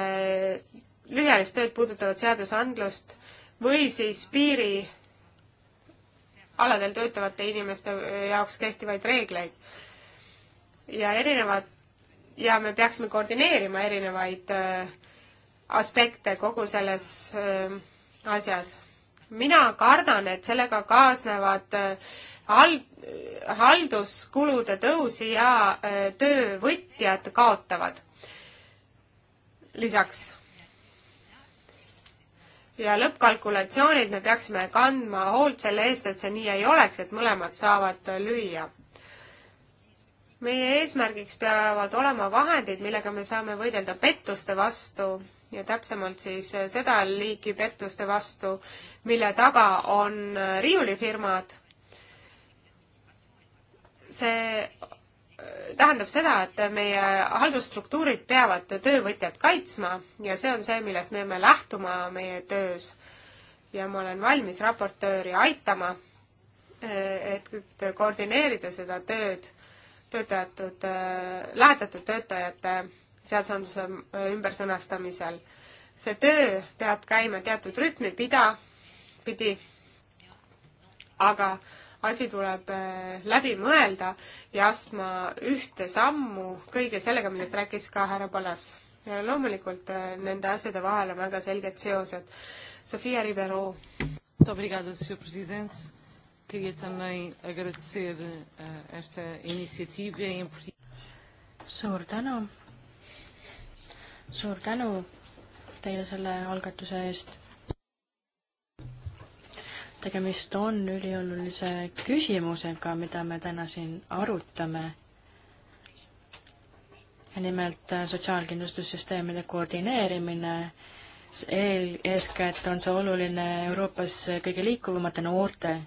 lühiajalist tööd puudutavat seadusandlust või siis piirialadel töötavate inimeste jaoks kehtivaid reegleid. ja erinevad ja me peaksime koordineerima erinevaid äh, aspekte kogu selles äh, asjas. mina kardan, et sellega kaasnevad äh, hal-, halduskulude tõus ja töövõtjad kaotavad lisaks. ja lõppkalkulatsioonid me peaksime kandma hoolt selle eest, et see nii ei oleks, et mõlemad saavad lüüa meie eesmärgiks peavad olema vahendid, millega me saame võidelda pettuste vastu ja täpsemalt siis seda liiki pettuste vastu, mille taga on riiulifirmad. see äh, tähendab seda, et meie haldusstruktuurid peavad töövõtjat kaitsma ja see on see, millest me peame lähtuma meie töös. ja ma olen valmis raportööri aitama, äh, et koordineerida seda tööd töötajatud, äh, lähetatud töötajate seadusandluse äh, ümbersõnastamisel. see töö peab käima teatud rütmi pida, pidi, aga asi tuleb äh, läbi mõelda ja astma ühte sammu kõige sellega, millest rääkis ka härra Palas. ja loomulikult nende asjade vahel on väga selged seosed. Sofia Rivero. Queria também agradecer uh, esta initsiatiivi ja impri-. E, suur tänu. suur tänu teile selle algatuse eest. tegemist on üliolulise küsimusega, mida me täna siin arutame. nimelt eh, sotsiaalkindlustussüsteemide koordineerimine eel, eeskätt on see oluline Euroopas kõige liikuvamate noorte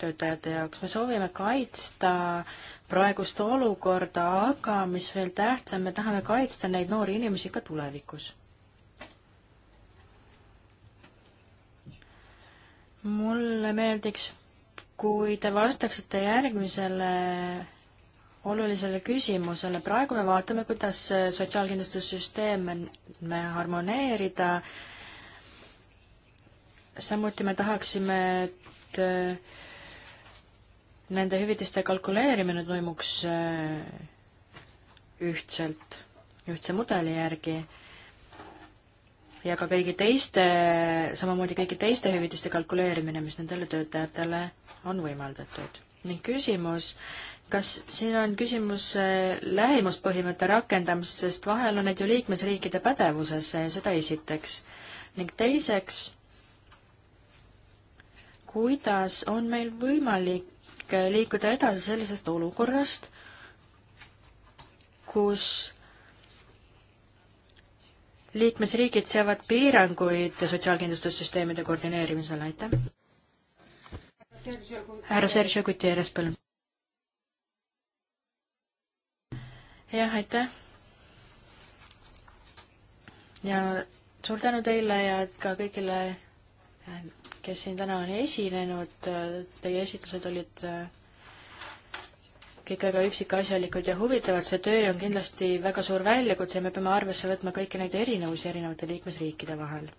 töötajate jaoks, me soovime kaitsta praegust olukorda, aga mis veel tähtsam, me tahame kaitsta neid noori inimesi ka tulevikus. mulle meeldiks, kui te vastaksite järgmisele olulisele küsimusele. praegu me vaatame, kuidas sotsiaalkindlustussüsteeme me harmoneerida. samuti me tahaksime, et nende hüvitiste kalkuleerimine toimuks äh, ühtselt, ühtse mudeli järgi ja ka kõigi teiste, samamoodi kõigi teiste hüvitiste kalkuleerimine, mis nendele töötajatele on võimaldatud. ning küsimus, kas siin on küsimus äh, lähimuspõhimõtte rakendamises, sest vahel on need ju liikmesriikide pädevuses, äh, seda esiteks. ning teiseks, kuidas on meil võimalik võimalik liikuda edasi sellisest olukorrast, kus liikmesriigid seavad piiranguid sotsiaalkindlustussüsteemide koordineerimisele, aitäh. härra Sergio Gutierrez, palun. jah, aitäh. ja suur tänu teile ja ka kõigile ähm, kes siin täna on esinenud, teie esitlused olid äh, kõik väga üksikasjalikud ja huvitavad, see töö on kindlasti väga suur väljakutse ja me peame arvesse võtma kõiki neid erinevusi erinevate liikmesriikide vahel.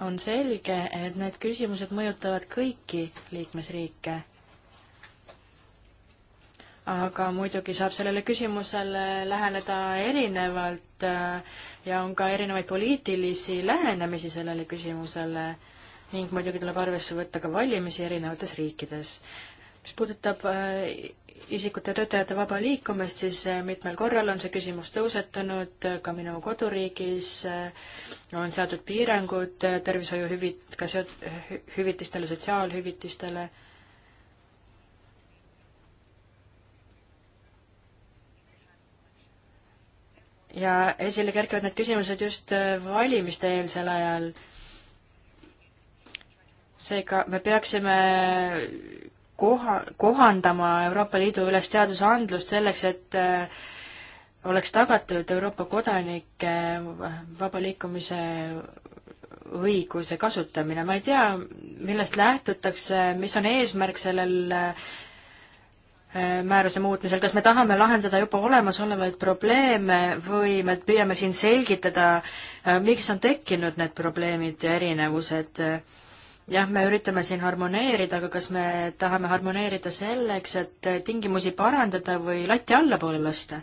on selge, et need küsimused mõjutavad kõiki liikmesriike. aga muidugi saab sellele küsimusele läheneda erinevalt äh, ja on ka erinevaid poliitilisi lähenemisi sellele küsimusele ning muidugi tuleb arvesse võtta ka valimisi erinevates riikides. mis puudutab äh, isikute ja töötajate vaba liikumist, siis äh, mitmel korral on see küsimus tõusetunud, äh, ka minu koduriigis on seatud piirangud tervishoiuhüvit-, ka seot-, hüvitistele, sotsiaalhüvitistele ja esile kerkivad need küsimused just äh, valimiste eelsel ajal. seega me peaksime äh, koha, kohandama Euroopa Liidu üles seadusandlust selleks, et äh, oleks tagatud Euroopa kodanike vaba liikumise õiguse kasutamine. ma ei tea, millest lähtutakse, mis on eesmärk sellel äh, Äh, määruse muutmisel, kas me tahame lahendada juba olemasolevaid probleeme või me püüame siin selgitada, äh, miks on tekkinud need probleemid ja erinevused? Äh, jah, me üritame siin harmoneerida, aga kas me tahame harmoneerida selleks, et tingimusi parandada või lati allapoole lasta?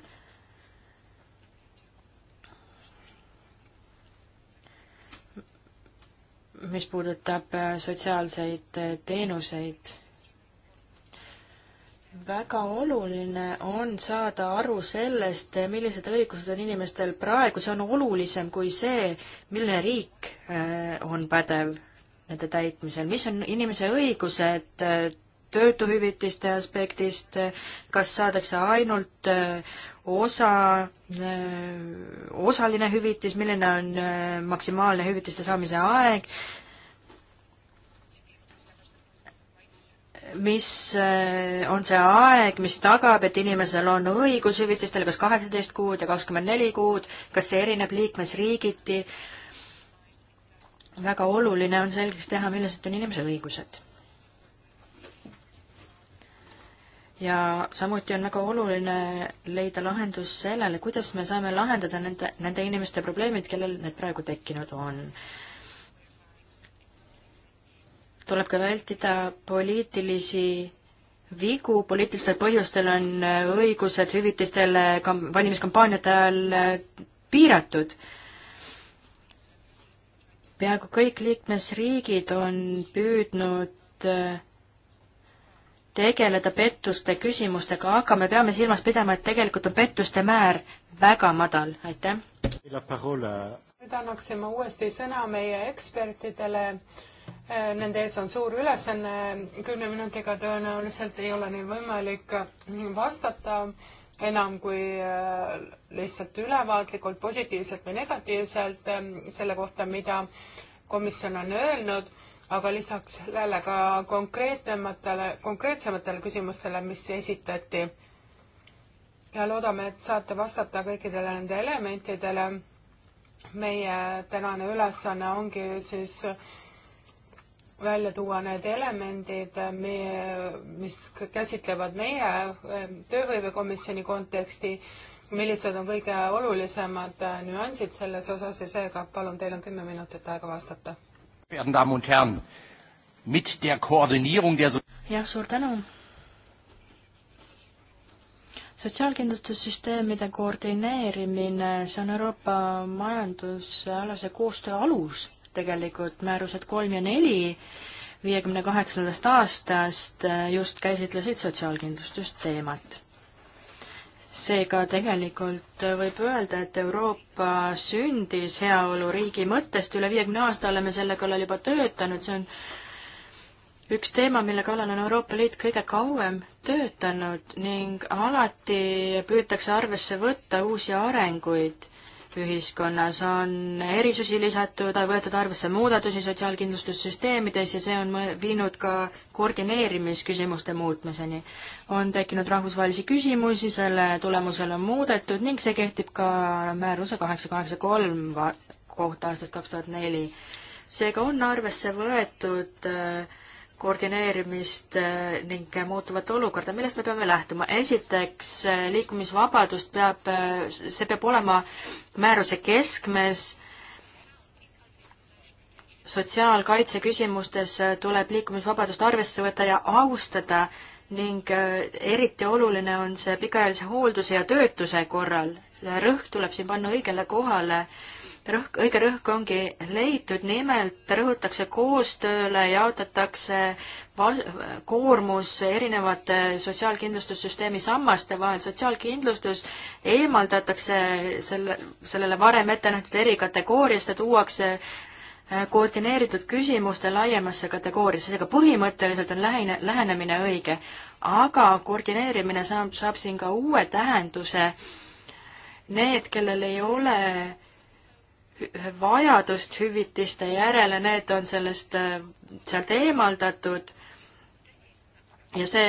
mis puudutab sotsiaalseid teenuseid väga oluline on saada aru sellest, millised õigused on inimestel praegu, see on olulisem kui see, milline riik äh, on pädev nende täitmisel, mis on inimese õigused äh, töötuhüvitiste aspektist, kas saadakse ainult äh, osa, osaline hüvitis, milline on maksimaalne hüvitiste saamise aeg, mis äh, on see aeg, mis tagab, et inimesel on õigus hüvitistele kas kaheksateist kuud ja kakskümmend neli kuud, kas see erineb liikmesriigiti? väga oluline on selgeks teha, millised on inimese õigused. ja samuti on väga oluline leida lahendus sellele, kuidas me saame lahendada nende, nende inimeste probleemid, kellel need praegu tekkinud on tuleb ka vältida poliitilisi vigu, poliitilistel põhjustel on õigused hüvitistele kam-, valimiskampaaniate ajal piiratud. peaaegu kõik liikmesriigid on püüdnud äh, tegeleda pettuste küsimustega, aga me peame silmas pidama, et tegelikult on pettuste määr väga madal, aitäh. nüüd annaksime uuesti sõna meie ekspertidele Nende ees on suur ülesanne, kümne minutiga tõenäoliselt ei ole neil võimalik vastata enam kui äh, lihtsalt ülevaatlikult, positiivselt või negatiivselt ähm, selle kohta, mida komisjon on öelnud, aga lisaks sellele ka konkreetsematele, konkreetsematele küsimustele, mis esitati. ja loodame, et saate vastata kõikidele nende elementidele. meie tänane ülesanne ongi siis äh, välja tuua need elemendid, mis käsitlevad meie eh, tööhõivekomisjoni konteksti, millised on kõige olulisemad eh, nüansid selles osas ja seega palun, teil on kümme minutit aega vastata. jah, suur tänu. sotsiaalkindlustussüsteemide koordineerimine, see on Euroopa majandusalase koostöö alus tegelikult määrused kolm ja neli viiekümne kaheksandast aastast äh, just käsitlesid sotsiaalkindlustusteemat. seega tegelikult äh, võib öelda, et Euroopa sündis heaoluriigi mõttest, üle viiekümne aasta oleme selle kallal juba töötanud, see on üks teema, mille kallal on Euroopa Liit kõige kauem töötanud ning alati püütakse arvesse võtta uusi arenguid ühiskonnas on erisusi lisatud, võetud arvesse muudatusi sotsiaalkindlustussüsteemides ja see on viinud ka koordineerimisküsimuste muutmiseni. on tekkinud rahvusvahelisi küsimusi, selle tulemusel on muudetud ning see kehtib ka määruse kaheksa kaheksa kolm kohta aastast kaks tuhat neli. seega on arvesse võetud äh, koordineerimist eh, ning muutuvat olukorda, millest me peame lähtuma? esiteks, eh, liikumisvabadust peab, eh, see peab olema määruse keskmes, sotsiaalkaitse küsimustes tuleb liikumisvabadust arvesse võtta ja austada ning eriti oluline on see pikaajalise hoolduse ja töötuse korral. rõhk tuleb siin panna õigele kohale äh, rõhk, õige rõhk ongi leitud, nimelt rõhutakse koostööle, jaotatakse val-, koormus erinevate sotsiaalkindlustussüsteemi sammaste vahel, sotsiaalkindlustus eemaldatakse selle, sellele varem ette nähtud erikategooriast ja tuuakse äh, koordineeritud küsimuste laiemasse kategooriasse, seega põhimõtteliselt on lähine, lähenemine õige, aga koordineerimine saab, saab siin ka uue tähenduse. Need, kellel ei ole äh, vajadust hüvitiste järele, need on sellest, äh, sealt eemaldatud ja see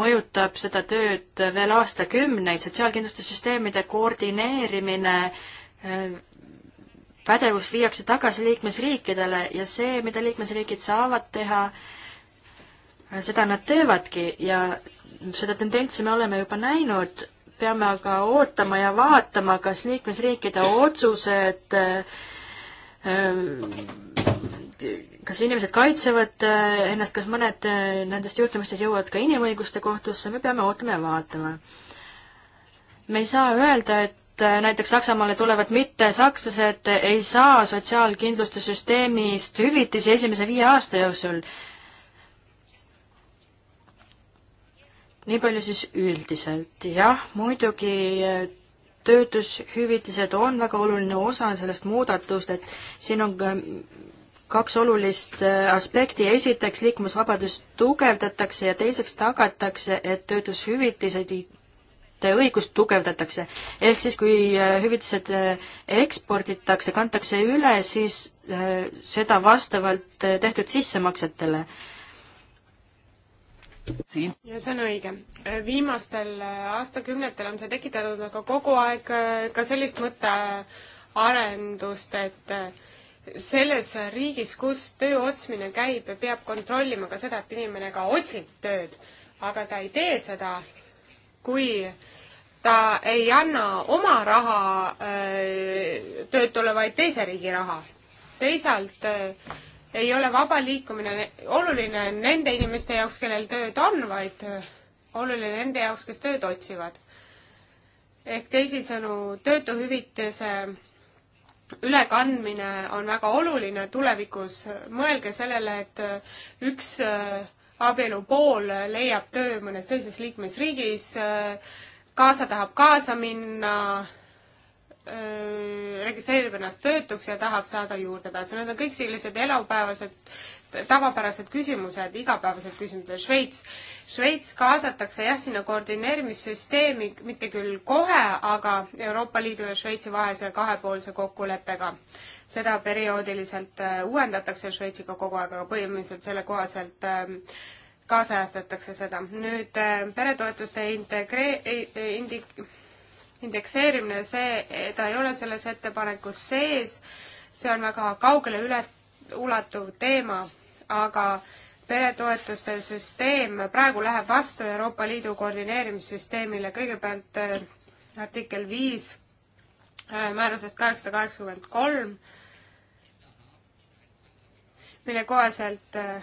mõjutab seda tööd veel aastakümneid, sotsiaalkindlustussüsteemide koordineerimine, äh, pädevus viiakse tagasi liikmesriikidele ja see, mida liikmesriigid saavad teha, äh, seda nad teevadki ja seda tendentsi me oleme juba näinud peame aga ootama ja vaatama, kas liikmesriikide otsused äh, kas inimesed kaitsevad äh, ennast, kas mõned äh, nendest juhtumistest jõuavad ka inimõiguste kohtusse, me peame ootama ja vaatama. me ei saa öelda, et näiteks Saksamaale tulevad mittesakslased ei saa sotsiaalkindlustussüsteemist hüvitisi esimese viie aasta jooksul. nii palju siis üldiselt, jah, muidugi äh, töötushüvitised on väga oluline osa sellest muudatust, et siin on ka mm, kaks olulist äh, aspekti, esiteks liikumisvabadust tugevdatakse ja teiseks tagatakse, et töötushüvitised õigust tugevdatakse. ehk siis, kui äh, hüvitised eksporditakse, kantakse üle, siis seda vastavalt tehtud sissemaksetele siin. ja see on õige. Äh, viimastel äh, aastakümnetel on see tekitanud aga nagu kogu aeg äh, ka sellist mõttearendust, et selles riigis, kus töö otsmine käib, peab kontrollima ka seda, et inimene ka otsib tööd, aga ta ei tee seda, kui ta ei anna oma raha töötule, vaid teise riigi raha. teisalt öö, ei ole vaba liikumine oluline nende inimeste jaoks, kellel tööd on, vaid äh, oluline nende jaoks, kes tööd otsivad. ehk teisisõnu, töötuhüvitise ülekandmine on väga oluline tulevikus. mõelge sellele, et äh, üks äh, abielu pool leiab töö mõnes teises liikmesriigis, kaasa tahab kaasa minna registreerib ennast töötuks ja tahab saada juurdepääsu. Need on kõik sellised elupäevased, tavapärased küsimused, igapäevased küsimused. Šveits, Šveits kaasatakse jah, sinna koordineerimissüsteemi, mitte küll kohe, aga Euroopa Liidu ja Šveitsi vahelise kahepoolse kokkuleppega. seda perioodiliselt uuendatakse Šveitsiga kogu aeg, aga põhimõtteliselt selle kohaselt kaasajastatakse seda. nüüd peretoetuste integre-, indi-, indekseerimine, see, ta ei ole selles ettepanekus sees, see on väga kaugele üle, ulatuv teema, aga peretoetuste süsteem praegu läheb vastu Euroopa Liidu koordineerimissüsteemile, kõigepealt äh, artikkel viis äh, määrusest kaheksasada kaheksakümmend kolm, mille kohaselt äh,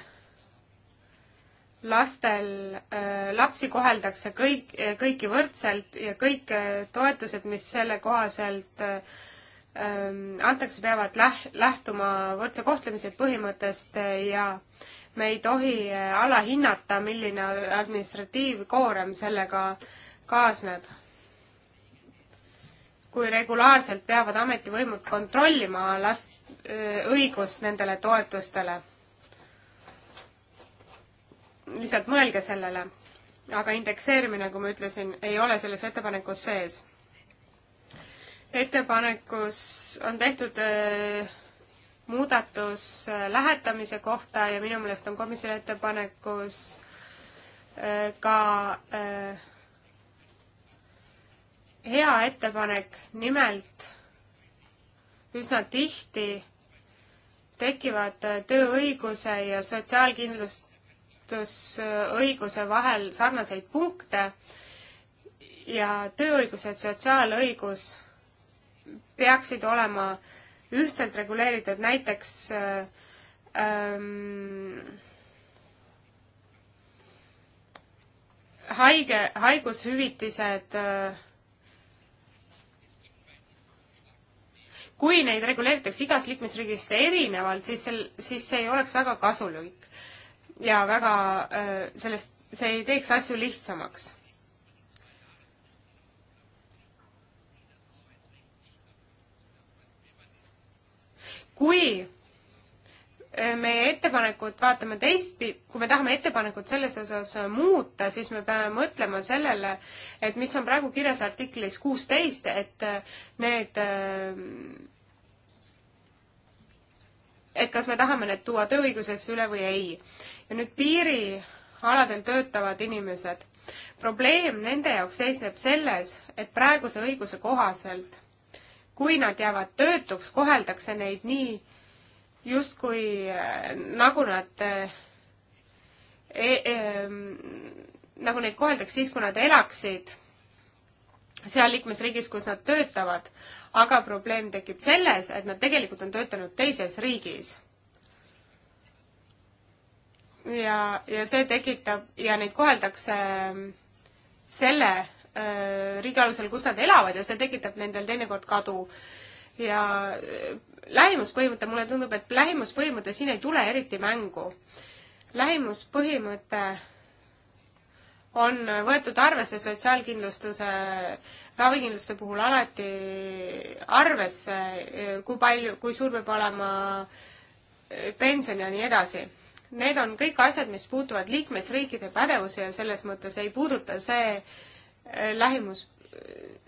lastel äh,, lapsi koheldakse kõik, äh, kõiki võrdselt ja kõik äh, toetused, mis selle kohaselt äh, ähm, antakse, peavad läht-, lähtuma võrdse kohtlemise põhimõttest äh, ja me ei tohi alahinnata, milline administratiivkoorem sellega kaasneb. kui regulaarselt peavad ametivõimud kontrollima last, õigust nendele toetustele lihtsalt mõelge sellele. aga indekseerimine, nagu ma ütlesin, ei ole selles ettepanekus sees. ettepanekus on tehtud äh, muudatus äh, lähetamise kohta ja minu meelest on komisjoni ettepanekus äh, ka hea ettepanek, nimelt üsna tihti tekivad tööõiguse ja sotsiaalkindlust karistusõiguse vahel sarnaseid punkte ja tööõigused, sotsiaalõigus peaksid olema ühtselt reguleeritud, näiteks äh, ähm, haige, haigushüvitised äh, kui neid reguleeritakse igas liikmesriigist erinevalt, siis sel, siis see ei oleks väga kasulik ja väga äh, sellest, see ei teeks asju lihtsamaks. kui äh, meie ettepanekut vaatame teistpidi, kui me tahame ettepanekut selles osas äh, muuta, siis me peame mõtlema sellele, et mis on praegu kirjas artiklis kuusteist, et need, et kas me tahame need tuua tööõigusesse üle või ei nüüd piirialadel töötavad inimesed. probleem nende jaoks seisneb selles, et praeguse õiguse kohaselt, kui nad jäävad töötuks, koheldakse neid nii, justkui äh, nagu nad äh, e, e, nagu neid koheldakse siis, kui nad elaksid seal liikmesriigis, kus nad töötavad, aga probleem tekib selles, et nad tegelikult on töötanud teises riigis ja, ja see tekitab ja neid koheldakse ähm, selle äh, riigi alusel, kus nad elavad ja see tekitab nendel teinekord kadu. ja äh, lähimuspõhimõte, mulle tundub, et lähimuspõhimõte siin ei tule eriti mängu. lähimuspõhimõte on võetud arvesse sotsiaalkindlustuse, ravikindlustuse puhul alati arvesse, äh, kui palju, kui suur peab olema äh, pension ja nii edasi need on kõik asjad, mis puutuvad liikmesriikide pädevuse ja selles mõttes ei puuduta see eh, lähimus,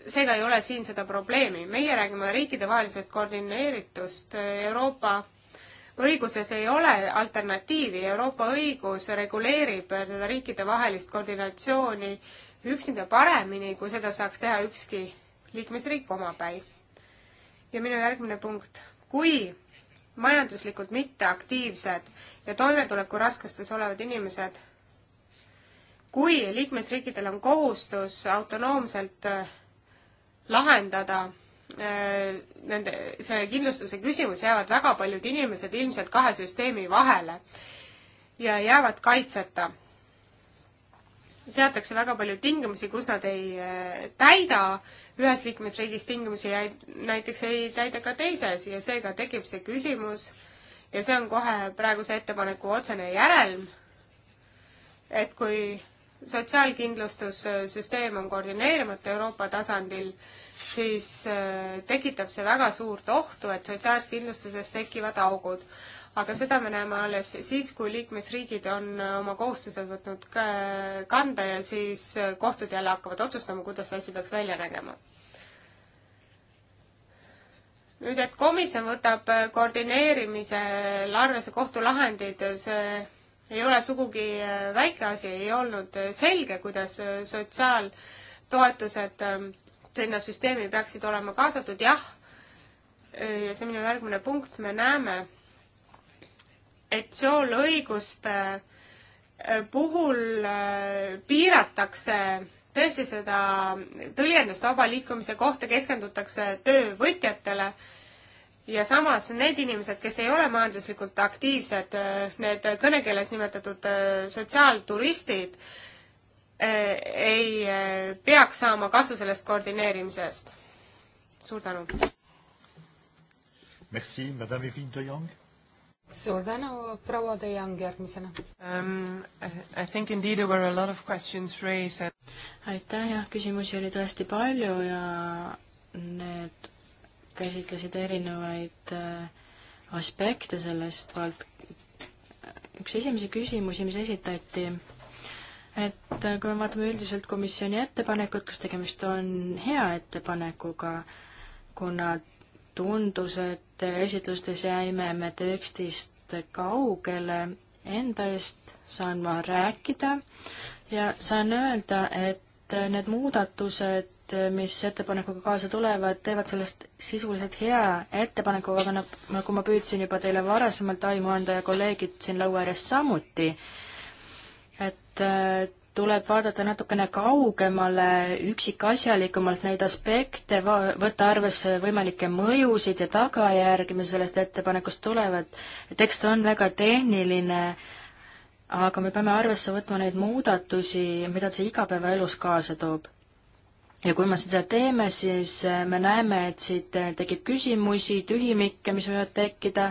seega ei ole siin seda probleemi. meie räägime riikidevahelisest koordineeritust, Euroopa õiguses ei ole alternatiivi, Euroopa õigus reguleerib seda riikidevahelist koordinatsiooni üksinda paremini, kui seda saaks teha ükski liikmesriik omapäi. ja minu järgmine punkt, kui majanduslikult mitteaktiivsed ja toimetulekuraskustes olevad inimesed, kui liikmesriikidel on kohustus autonoomselt äh, lahendada äh, nende, selle kindlustuse küsimus, jäävad väga paljud inimesed ilmselt kahe süsteemi vahele ja jäävad kaitseta seatakse väga palju tingimusi, kus nad ei eh, täida ühes liikmesriigis tingimusi ja näiteks ei täida ka teises ja seega tekib see küsimus ja see on kohe praeguse ettepaneku otsene järelm, et kui sotsiaalkindlustussüsteem on koordineerimata Euroopa tasandil, siis eh, tekitab see väga suurt ohtu, et sotsiaalkindlustuses tekivad augud aga seda me näeme alles siis, kui liikmesriigid on oma kohustused võtnud kanda ja siis kohtud jälle hakkavad otsustama, kuidas see asi peaks välja nägema. nüüd, et komisjon võtab koordineerimisel arvesse kohtulahendid, see ei ole sugugi äh, väike asi, ei olnud selge, kuidas äh, sotsiaaltoetused ähm, sinna süsteemi peaksid olema kaasatud, jah, äh, ja see on minu järgmine punkt, me näeme, et soolõiguste äh, puhul äh, piiratakse tõesti seda tõlgendust vaba liikumise kohta, keskendutakse töövõtjatele ja samas need inimesed, kes ei ole majanduslikult aktiivsed, äh, need kõnekeeles nimetatud sotsiaalturistid, ei peaks saama kasu sellest koordineerimisest. suur tänu! Merci, madame Evine de Jong suur tänu, proua De Jong järgmisena um,. I think indeed there were a lot of questions raised and.... aitäh, jah, küsimusi oli tõesti palju ja need käsitlesid erinevaid äh, aspekte sellest vald-, üks esimesi küsimusi, mis esitati, et äh, kui me vaatame üldiselt komisjoni ettepanekut, kas tegemist on hea ettepanekuga, kuna tundus, et esitlustes jäime me tekstist kaugele, enda eest saan ma rääkida ja saan öelda, et need muudatused, mis ettepanekuga kaasa tulevad, teevad sellest sisuliselt hea ettepaneku, aga nagu, nagu ma püüdsin juba teile varasemalt aimu anda ja kolleegid siin laua ääres samuti, et tuleb vaadata natukene kaugemale, üksikasjalikumalt neid aspekte, võtta arvesse võimalikke mõjusid ja tagajärgi, mis sellest ettepanekust tulevad. tekst on väga tehniline, aga me peame arvesse võtma neid muudatusi, mida see igapäevaelus kaasa toob. ja kui me seda teeme, siis äh, me näeme, et siit äh, tekib küsimusi, tühimikke, mis võivad tekkida,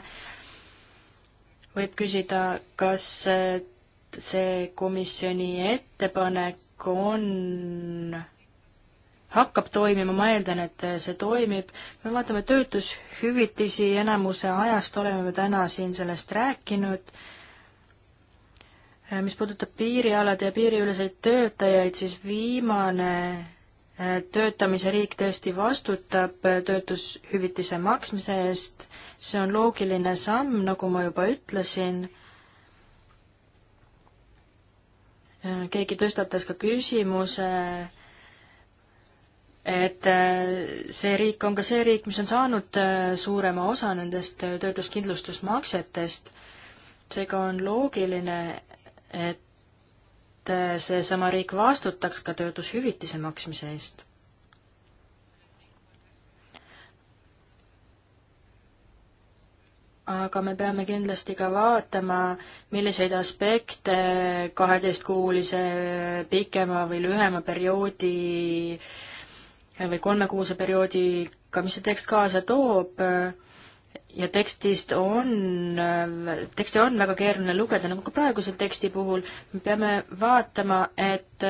võib küsida, kas äh, see komisjoni ettepanek on, hakkab toimima, ma eeldan, et see toimib. me vaatame töötushüvitisi, enamuse ajast oleme me täna siin sellest rääkinud. Äh, mis puudutab piirialade ja piiriüleseid töötajaid, siis viimane äh, töötamise riik tõesti vastutab äh, töötushüvitise maksmise eest, see on loogiline samm, nagu ma juba ütlesin keegi tõstatas ka küsimuse, et äh, see riik on ka see riik, mis on saanud äh, suurema osa nendest äh, töötuskindlustusmaksetest, seega on loogiline, et seesama riik vastutaks ka töötushüvitise maksmise eest aga me peame kindlasti ka vaatama, milliseid aspekte kaheteistkuulise pikema või lühema perioodi või kolmekuuse perioodiga, mis see tekst kaasa toob, ja tekstist on, teksti on väga keeruline lugeda, nagu ka praeguse teksti puhul, me peame vaatama, et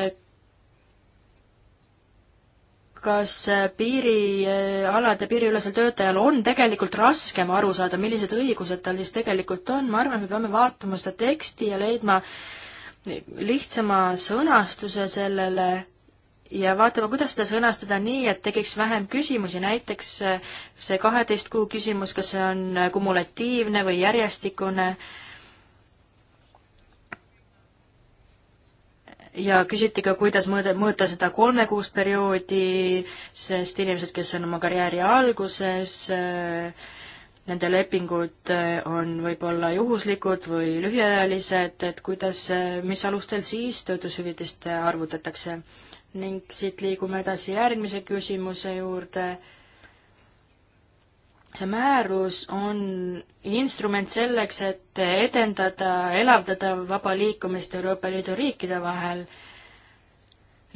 kas äh, piirialade, piiriülesel töötajal on tegelikult raskem aru saada, millised õigused tal siis tegelikult on, ma arvan, et me peame vaatama seda teksti ja leidma lihtsama sõnastuse sellele ja vaatama, kuidas seda sõnastada nii, et tekiks vähem küsimusi, näiteks äh, see kaheteist kuu küsimus, kas see on kumulatiivne või järjestikune äh, ja küsiti ka, kuidas mõõda, mõõta seda kolmekuust perioodi, sest inimesed, kes on oma karjääri alguses, äh, nende lepingud äh, on võib-olla juhuslikud või lühiajalised, et kuidas, äh, mis alustel siis töötushüvitist arvutatakse. ning siit liigume edasi järgmise küsimuse juurde see määrus on instrument selleks, et edendada, elavdada vaba liikumist Euroopa Liidu riikide vahel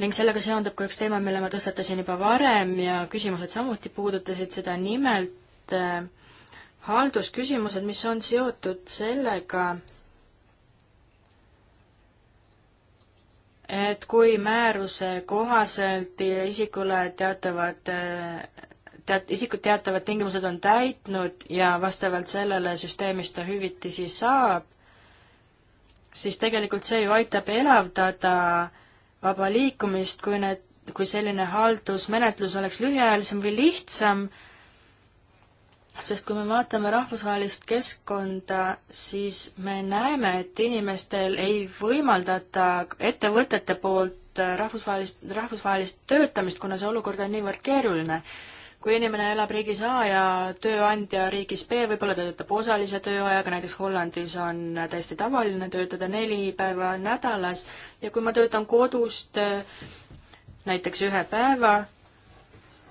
ning sellega seondub ka üks teema, mille ma tõstatasin juba varem ja küsimused samuti puudutasid seda, nimelt äh, haldusküsimused, mis on seotud sellega, et kui määruse kohaselt isikule teatavad äh, teat-, isikut teatavad tingimused on täitnud ja vastavalt sellele süsteemist ta hüvitisi saab, siis tegelikult see ju aitab elavdada vaba liikumist, kui need, kui selline haldusmenetlus oleks lühiajalisem või lihtsam, sest kui me vaatame rahvusvahelist keskkonda, siis me näeme, et inimestel ei võimaldata ettevõtete poolt rahvusvahelist, rahvusvahelist töötamist, kuna see olukord on niivõrd keeruline kui inimene elab riigis A ja tööandja riigis B, võib-olla ta töötab osalise tööajaga, näiteks Hollandis on täiesti tavaline töötada neli päeva nädalas ja kui ma töötan kodust äh, näiteks ühe päeva,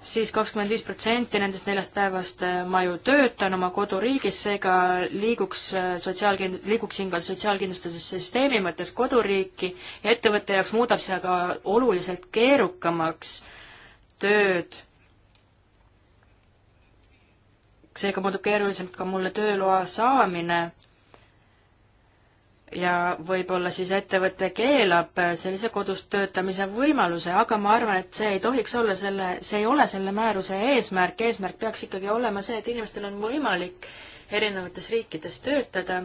siis kakskümmend viis protsenti nendest neljast päevast äh, ma ju töötan oma koduriigis, seega liiguks äh, sotsiaalkind-, liiguksin ka sotsiaalkindlustussüsteemi mõttes koduriiki ja ettevõtte jaoks muudab see aga oluliselt keerukamaks tööd seega muutub keerulisemaks ka mulle tööloa saamine ja võib-olla siis ettevõte keelab sellise kodus töötamise võimaluse, aga ma arvan, et see ei tohiks olla selle, see ei ole selle määruse eesmärk, eesmärk peaks ikkagi olema see, et inimestel on võimalik erinevates riikides töötada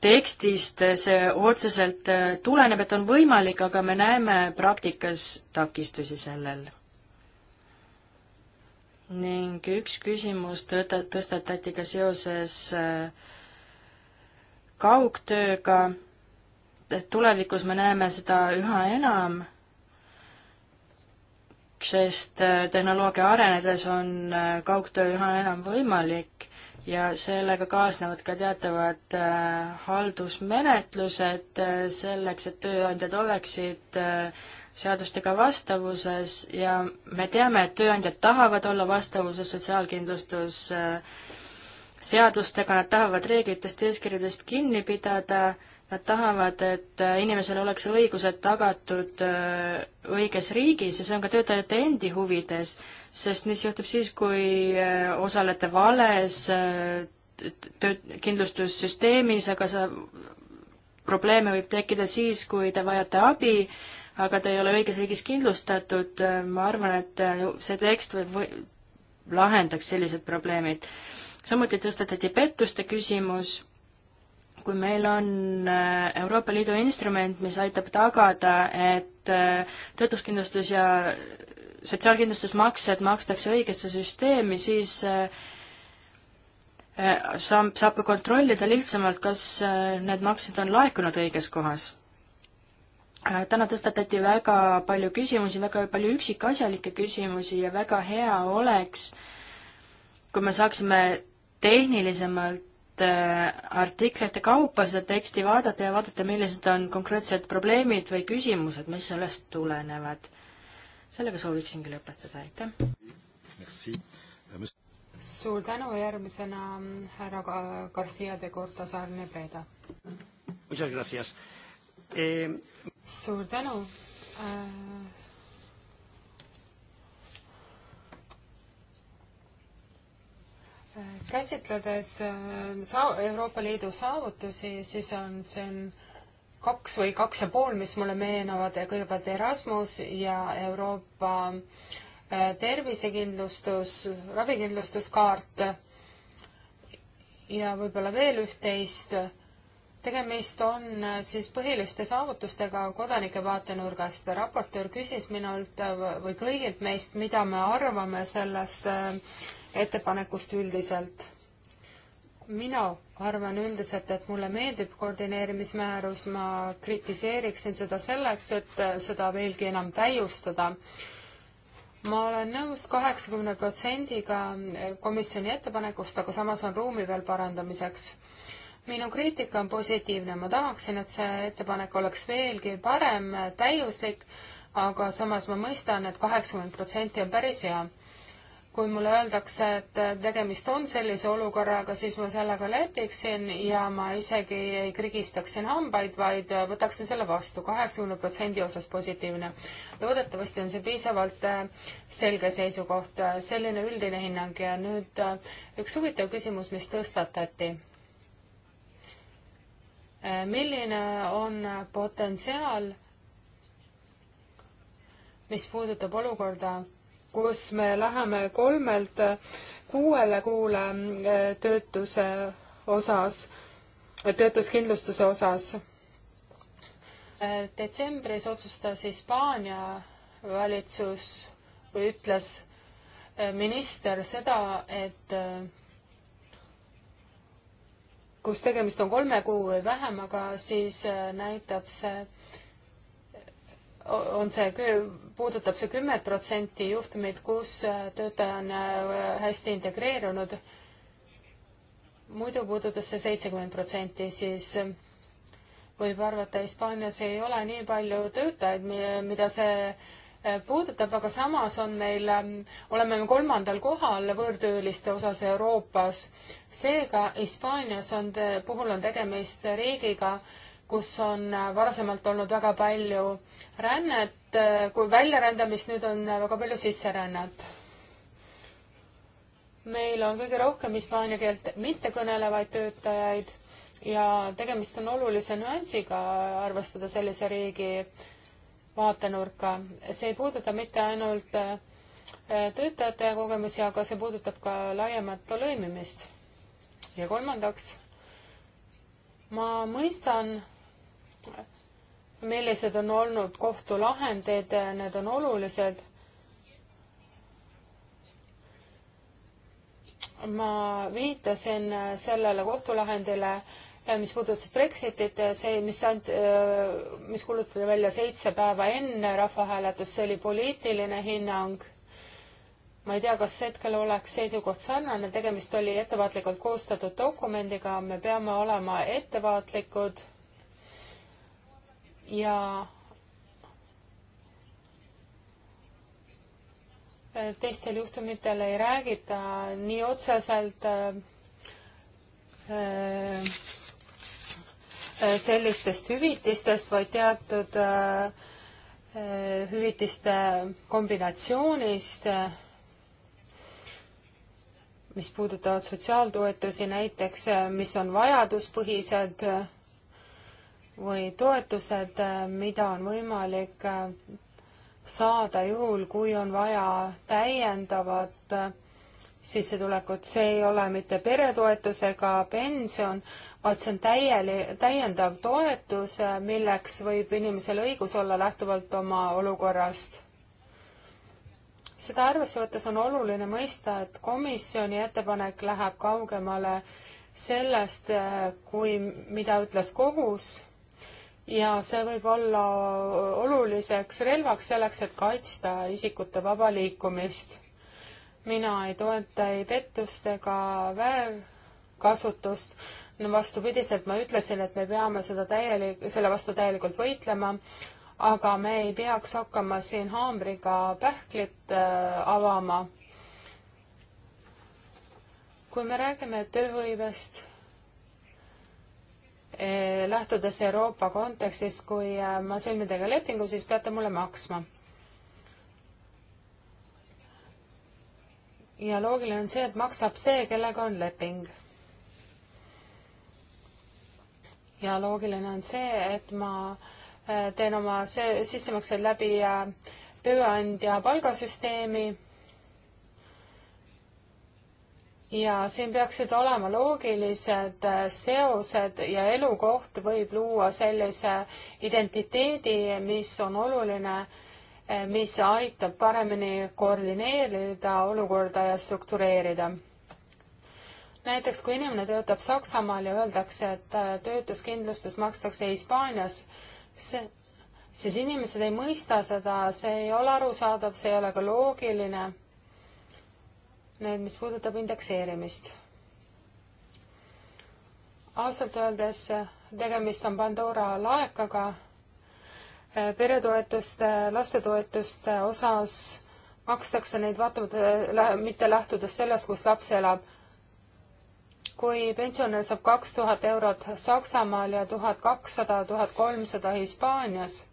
tekstist see otseselt äh, tuleneb, et on võimalik, aga me näeme praktikas takistusi sellel. ning üks küsimus tõta-, tõstatati ka seoses äh, kaugtööga, et tulevikus me näeme seda üha enam, sest äh, tehnoloogia arenedes on kaugtöö üha enam võimalik ja sellega kaasnevad ka teatavad äh, haldusmenetlused äh, selleks, et tööandjad oleksid äh, seadustega vastavuses ja me teame, et tööandjad tahavad olla vastavuses sotsiaalkindlustusseadustega, nad tahavad reeglitest, eeskirjadest kinni pidada Nad tahavad, et äh, inimesel oleks õigused tagatud äh, õiges riigis ja see on ka töötajate endi huvides, sest mis juhtub siis, kui äh, osalete vales töö-, kindlustussüsteemis, aga sa, probleeme võib tekkida siis, kui te vajate abi, aga te ei ole õiges riigis kindlustatud, ma arvan, et see tekst võib või,, lahendaks sellised probleemid. samuti tõstatati pettuste küsimus kui meil on äh, Euroopa Liidu instrument, mis aitab tagada, et äh, töötuskindlustus ja sotsiaalkindlustusmaksed makstakse õigesse süsteemi, siis äh, saab, saab ka kontrollida lihtsamalt, kas need maksed on laekunud õiges kohas. täna tõstatati väga palju küsimusi, väga palju üksikasjalikke küsimusi ja väga hea oleks, kui me saaksime tehnilisemalt Äh, artiklite kaupa seda teksti vaadata ja vaadata, millised on konkreetsed probleemid või küsimused, mis sellest tulenevad. sellega sooviksingi lõpetada, aitäh. Äh, suur tänu, järgmisena mm, härra Garcia de Cortazar Nebreda. Eh, suur tänu äh, käsitledes äh, saa-, Euroopa Liidu saavutusi, siis on, see on kaks või kaks ja pool, mis mulle meenuvad, kõigepealt Erasmus ja Euroopa äh, tervisekindlustus, ravikindlustuskaart ja võib-olla veel üht-teist. tegemist on äh, siis põhiliste saavutustega kodanike vaatenurgast. raportöör küsis minult või kõigilt meist, mida me arvame sellest äh, ettepanekust üldiselt. mina arvan üldiselt, et mulle meeldib koordineerimismäärus, ma kritiseeriksin seda selleks, et seda veelgi enam täiustada. ma olen nõus kaheksakümne protsendiga komisjoni ettepanekust, aga samas on ruumi veel parandamiseks minu kriitika on positiivne, ma tahaksin, et see ettepanek oleks veelgi parem, täiuslik, aga samas ma mõistan et, et kaheksakümmend protsenti on päris hea kui mulle öeldakse, et tegemist on sellise olukorraga, siis ma sellega lepiksin ja ma isegi ei krigistaksin hambaid, vaid võtaksin selle vastu, kaheksakümne protsendi osas positiivne. loodetavasti on see piisavalt äh, selge seisukoht, selline üldine hinnang ja nüüd äh, üks huvitav küsimus, mis tõstatati. Äh, milline on potentsiaal, mis puudutab olukorda, kus me läheme kolmelt kuuele kuule e, töötuse osas, töötuskindlustuse osas. E, detsembris otsustas Hispaania valitsus või ütles e, minister seda, et kus tegemist on kolme kuu või vähemaga, siis näitab see on see, puudutab see kümmet protsenti juhtumeid, kus äh, töötaja on äh, hästi integreerunud. muidu puudutas see seitsekümmend protsenti, siis äh, võib arvata, Hispaanias ei ole nii palju töötajaid, mida see puudutab, aga samas on meil, oleme me kolmandal kohal võõrtööliste osas Euroopas. seega Hispaanias on, puhul on tegemist riigiga, kus on äh, varasemalt olnud väga palju rännet, äh, kui väljarändamist, nüüd on äh, väga palju sisserännet. meil on kõige rohkem hispaania keelt mittekõnelevaid töötajaid ja tegemist on olulise nüansiga, arvestada sellise riigi vaatenurka. see ei puuduta mitte ainult töötajate kogemusi, aga see puudutab ka laiemat lõimimist. ja kolmandaks, ma mõistan millised on olnud kohtulahendid, need on olulised. ma viitasin sellele kohtulahendile, eh, mis puudutas Brexitit, see, mis and-, eh, mis kuulutati välja seitse päeva enne rahvahääletust, see oli poliitiline hinnang. ma ei tea, kas hetkel oleks seisukoht sarnane, tegemist oli ettevaatlikult koostatud dokumendiga, me peame olema ettevaatlikud ja teistel juhtumitel ei räägita nii otseselt äh, äh, sellistest hüvitistest, vaid teatud äh, hüvitiste kombinatsioonist, mis puudutavad sotsiaaltoetusi näiteks, mis on vajaduspõhised või toetused, äh, mida on võimalik äh, saada juhul, kui on vaja täiendavat äh, sissetulekut, see ei ole mitte peretoetus ega pension, vaid see on täieli-, täiendav toetus, milleks võib inimesel õigus olla lähtuvalt oma olukorrast. seda arvesse võttes on oluline mõista, et komisjoni ettepanek läheb kaugemale sellest, kui, mida ütles kohus ja see võib olla oluliseks relvaks selleks, et kaitsta isikute vaba liikumist. mina ei toeta ei pettust ega väärkasutust, no vastupidiselt ma ütlesin, et me peame seda täielik, selle vastu täielikult võitlema, aga me ei peaks hakkama siin haamriga pähklit äh, avama. kui me räägime tööhõivest Eh, lähtudes Euroopa kontekstist, kui eh, ma sõlmin teiega lepingu, siis peate mulle maksma. ja loogiline on see, et maksab see, kellega on leping. ja loogiline on see, et ma eh, teen oma sissemakseid läbi tööandja palgasüsteemi ja siin peaksid olema loogilised äh, seosed ja elukoht võib luua sellise identiteedi, mis on oluline, äh, mis aitab paremini koordineerida olukorda ja struktureerida. näiteks kui inimene töötab Saksamaal ja öeldakse, et äh, töötuskindlustus makstakse Hispaanias, see, siis inimesed ei mõista seda, see ei ole arusaadav, see ei ole ka loogiline nüüd, mis puudutab indekseerimist. ausalt öeldes tegemist on Pandora laekaga eh, peretoetuste, lastetoetuste osas makstakse neid vaatamata, mitte lähtudes sellest, kus laps elab. kui pensionär saab kaks tuhat eurot Saksamaal ja tuhat kakssada, tuhat kolmsada Hispaanias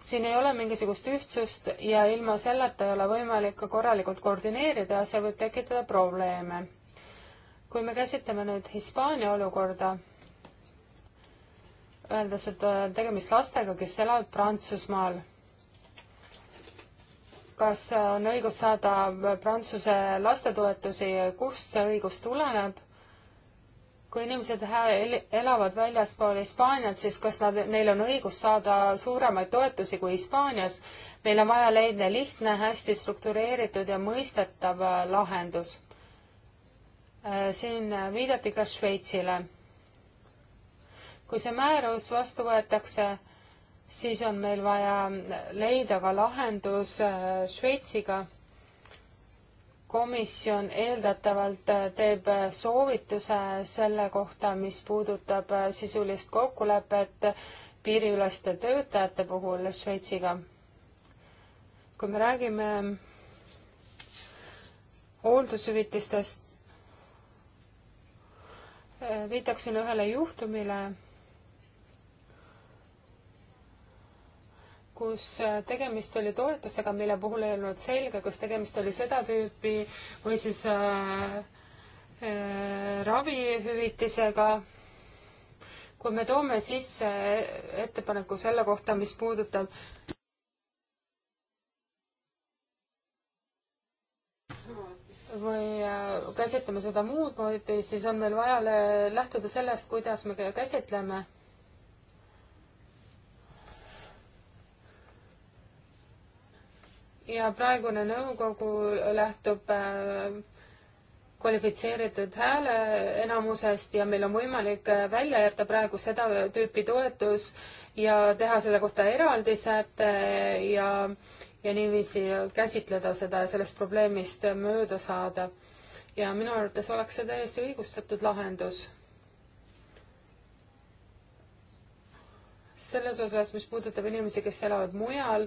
siin ei ole mingisugust ühtsust ja ilma selleta ei ole võimalik ka korralikult koordineerida ja see võib tekitada probleeme. kui me käsitleme nüüd Hispaania olukorda, öeldes, et äh, tegemist lastega, kes elavad Prantsusmaal, kas äh, on õigus saada Prantsuse lastetoetusi, kust see õigus tuleneb kui inimesed elavad väljaspool Hispaaniat, siis kas nad, neil on õigus saada suuremaid toetusi kui Hispaanias? meil on vaja leida lihtne, hästi struktureeritud ja mõistetav äh, lahendus. Äh, siin viidati ka Šveitsile. kui see määrus vastu võetakse, siis on meil vaja leida ka lahendus äh, Šveitsiga äh, komisjon eeldatavalt äh, teeb äh, soovituse selle kohta, mis puudutab äh, sisulist kokkulepet piiriüleste töötajate puhul Šveitsiga. kui me räägime ähm, hooldushüvitistest, viitaksin ühele juhtumile kus äh, tegemist oli toetusega, mille puhul ei olnud selge, kas tegemist oli seda tüüpi või siis äh, äh, ravihüvitisega. kui me toome sisse ettepaneku selle kohta, mis puudutab või äh, käsitleme seda muud moodi, siis on meil vaja lähtuda sellest, kuidas me käsitleme ja praegune nõukogu lähtub äh, kvalifitseeritud hääle enamusest ja meil on võimalik äh, välja jätta praegu seda tüüpi toetus ja teha selle kohta eraldi säte ja, ja niiviisi käsitleda seda ja sellest probleemist mööda saada. ja minu arvates oleks see täiesti õigustatud lahendus. selles osas, mis puudutab inimesi, kes elavad mujal,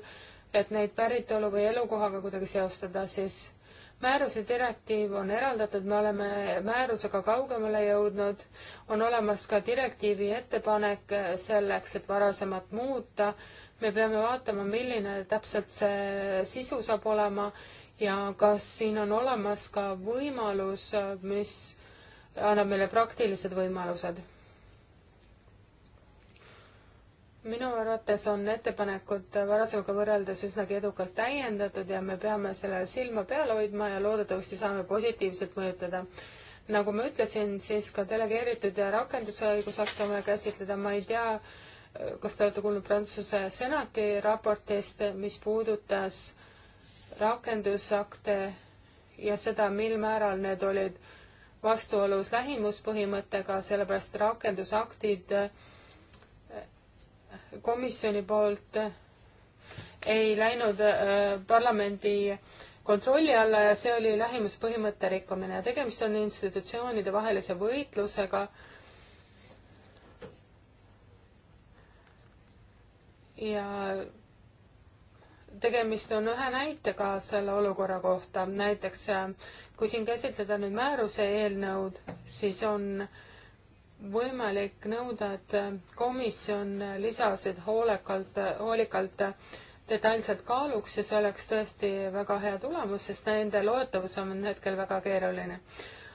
et neid päritolu või elukohaga kuidagi seostada, siis määruse direktiiv on eraldatud, me oleme määrusega kaugemale jõudnud, on olemas ka direktiivi ettepanek selleks, et varasemat muuta. me peame vaatama, milline täpselt see sisu saab olema ja kas siin on olemas ka võimalus, mis annab meile praktilised võimalused minu arvates on ettepanekud varasemaga võrreldes üsnagi edukalt täiendatud ja me peame selle silma peal hoidma ja loodetavasti saame positiivselt mõjutada. nagu ma ütlesin, siis ka delegeeritud ja rakendusõigusakte on vaja käsitleda, ma ei tea, kas te olete kuulnud Prantsuse senati raportist, mis puudutas rakendusakte ja seda, mil määral need olid vastuolus lähimuspõhimõttega, sellepärast rakendusaktid äh, komisjoni poolt ei läinud äh, parlamendi kontrolli alla ja see oli lähimuspõhimõtte rikkumine ja tegemist on institutsioonide vahelise võitlusega. ja tegemist on ühe näitega selle olukorra kohta, näiteks äh, kui siin käsitleda nüüd määruse eelnõud, siis on äh, võimalik nõuda, et komisjon lisasid hoolekalt, hoolikalt detailselt kaaluks ja see oleks tõesti väga hea tulemus, sest nende loetavus on hetkel väga keeruline.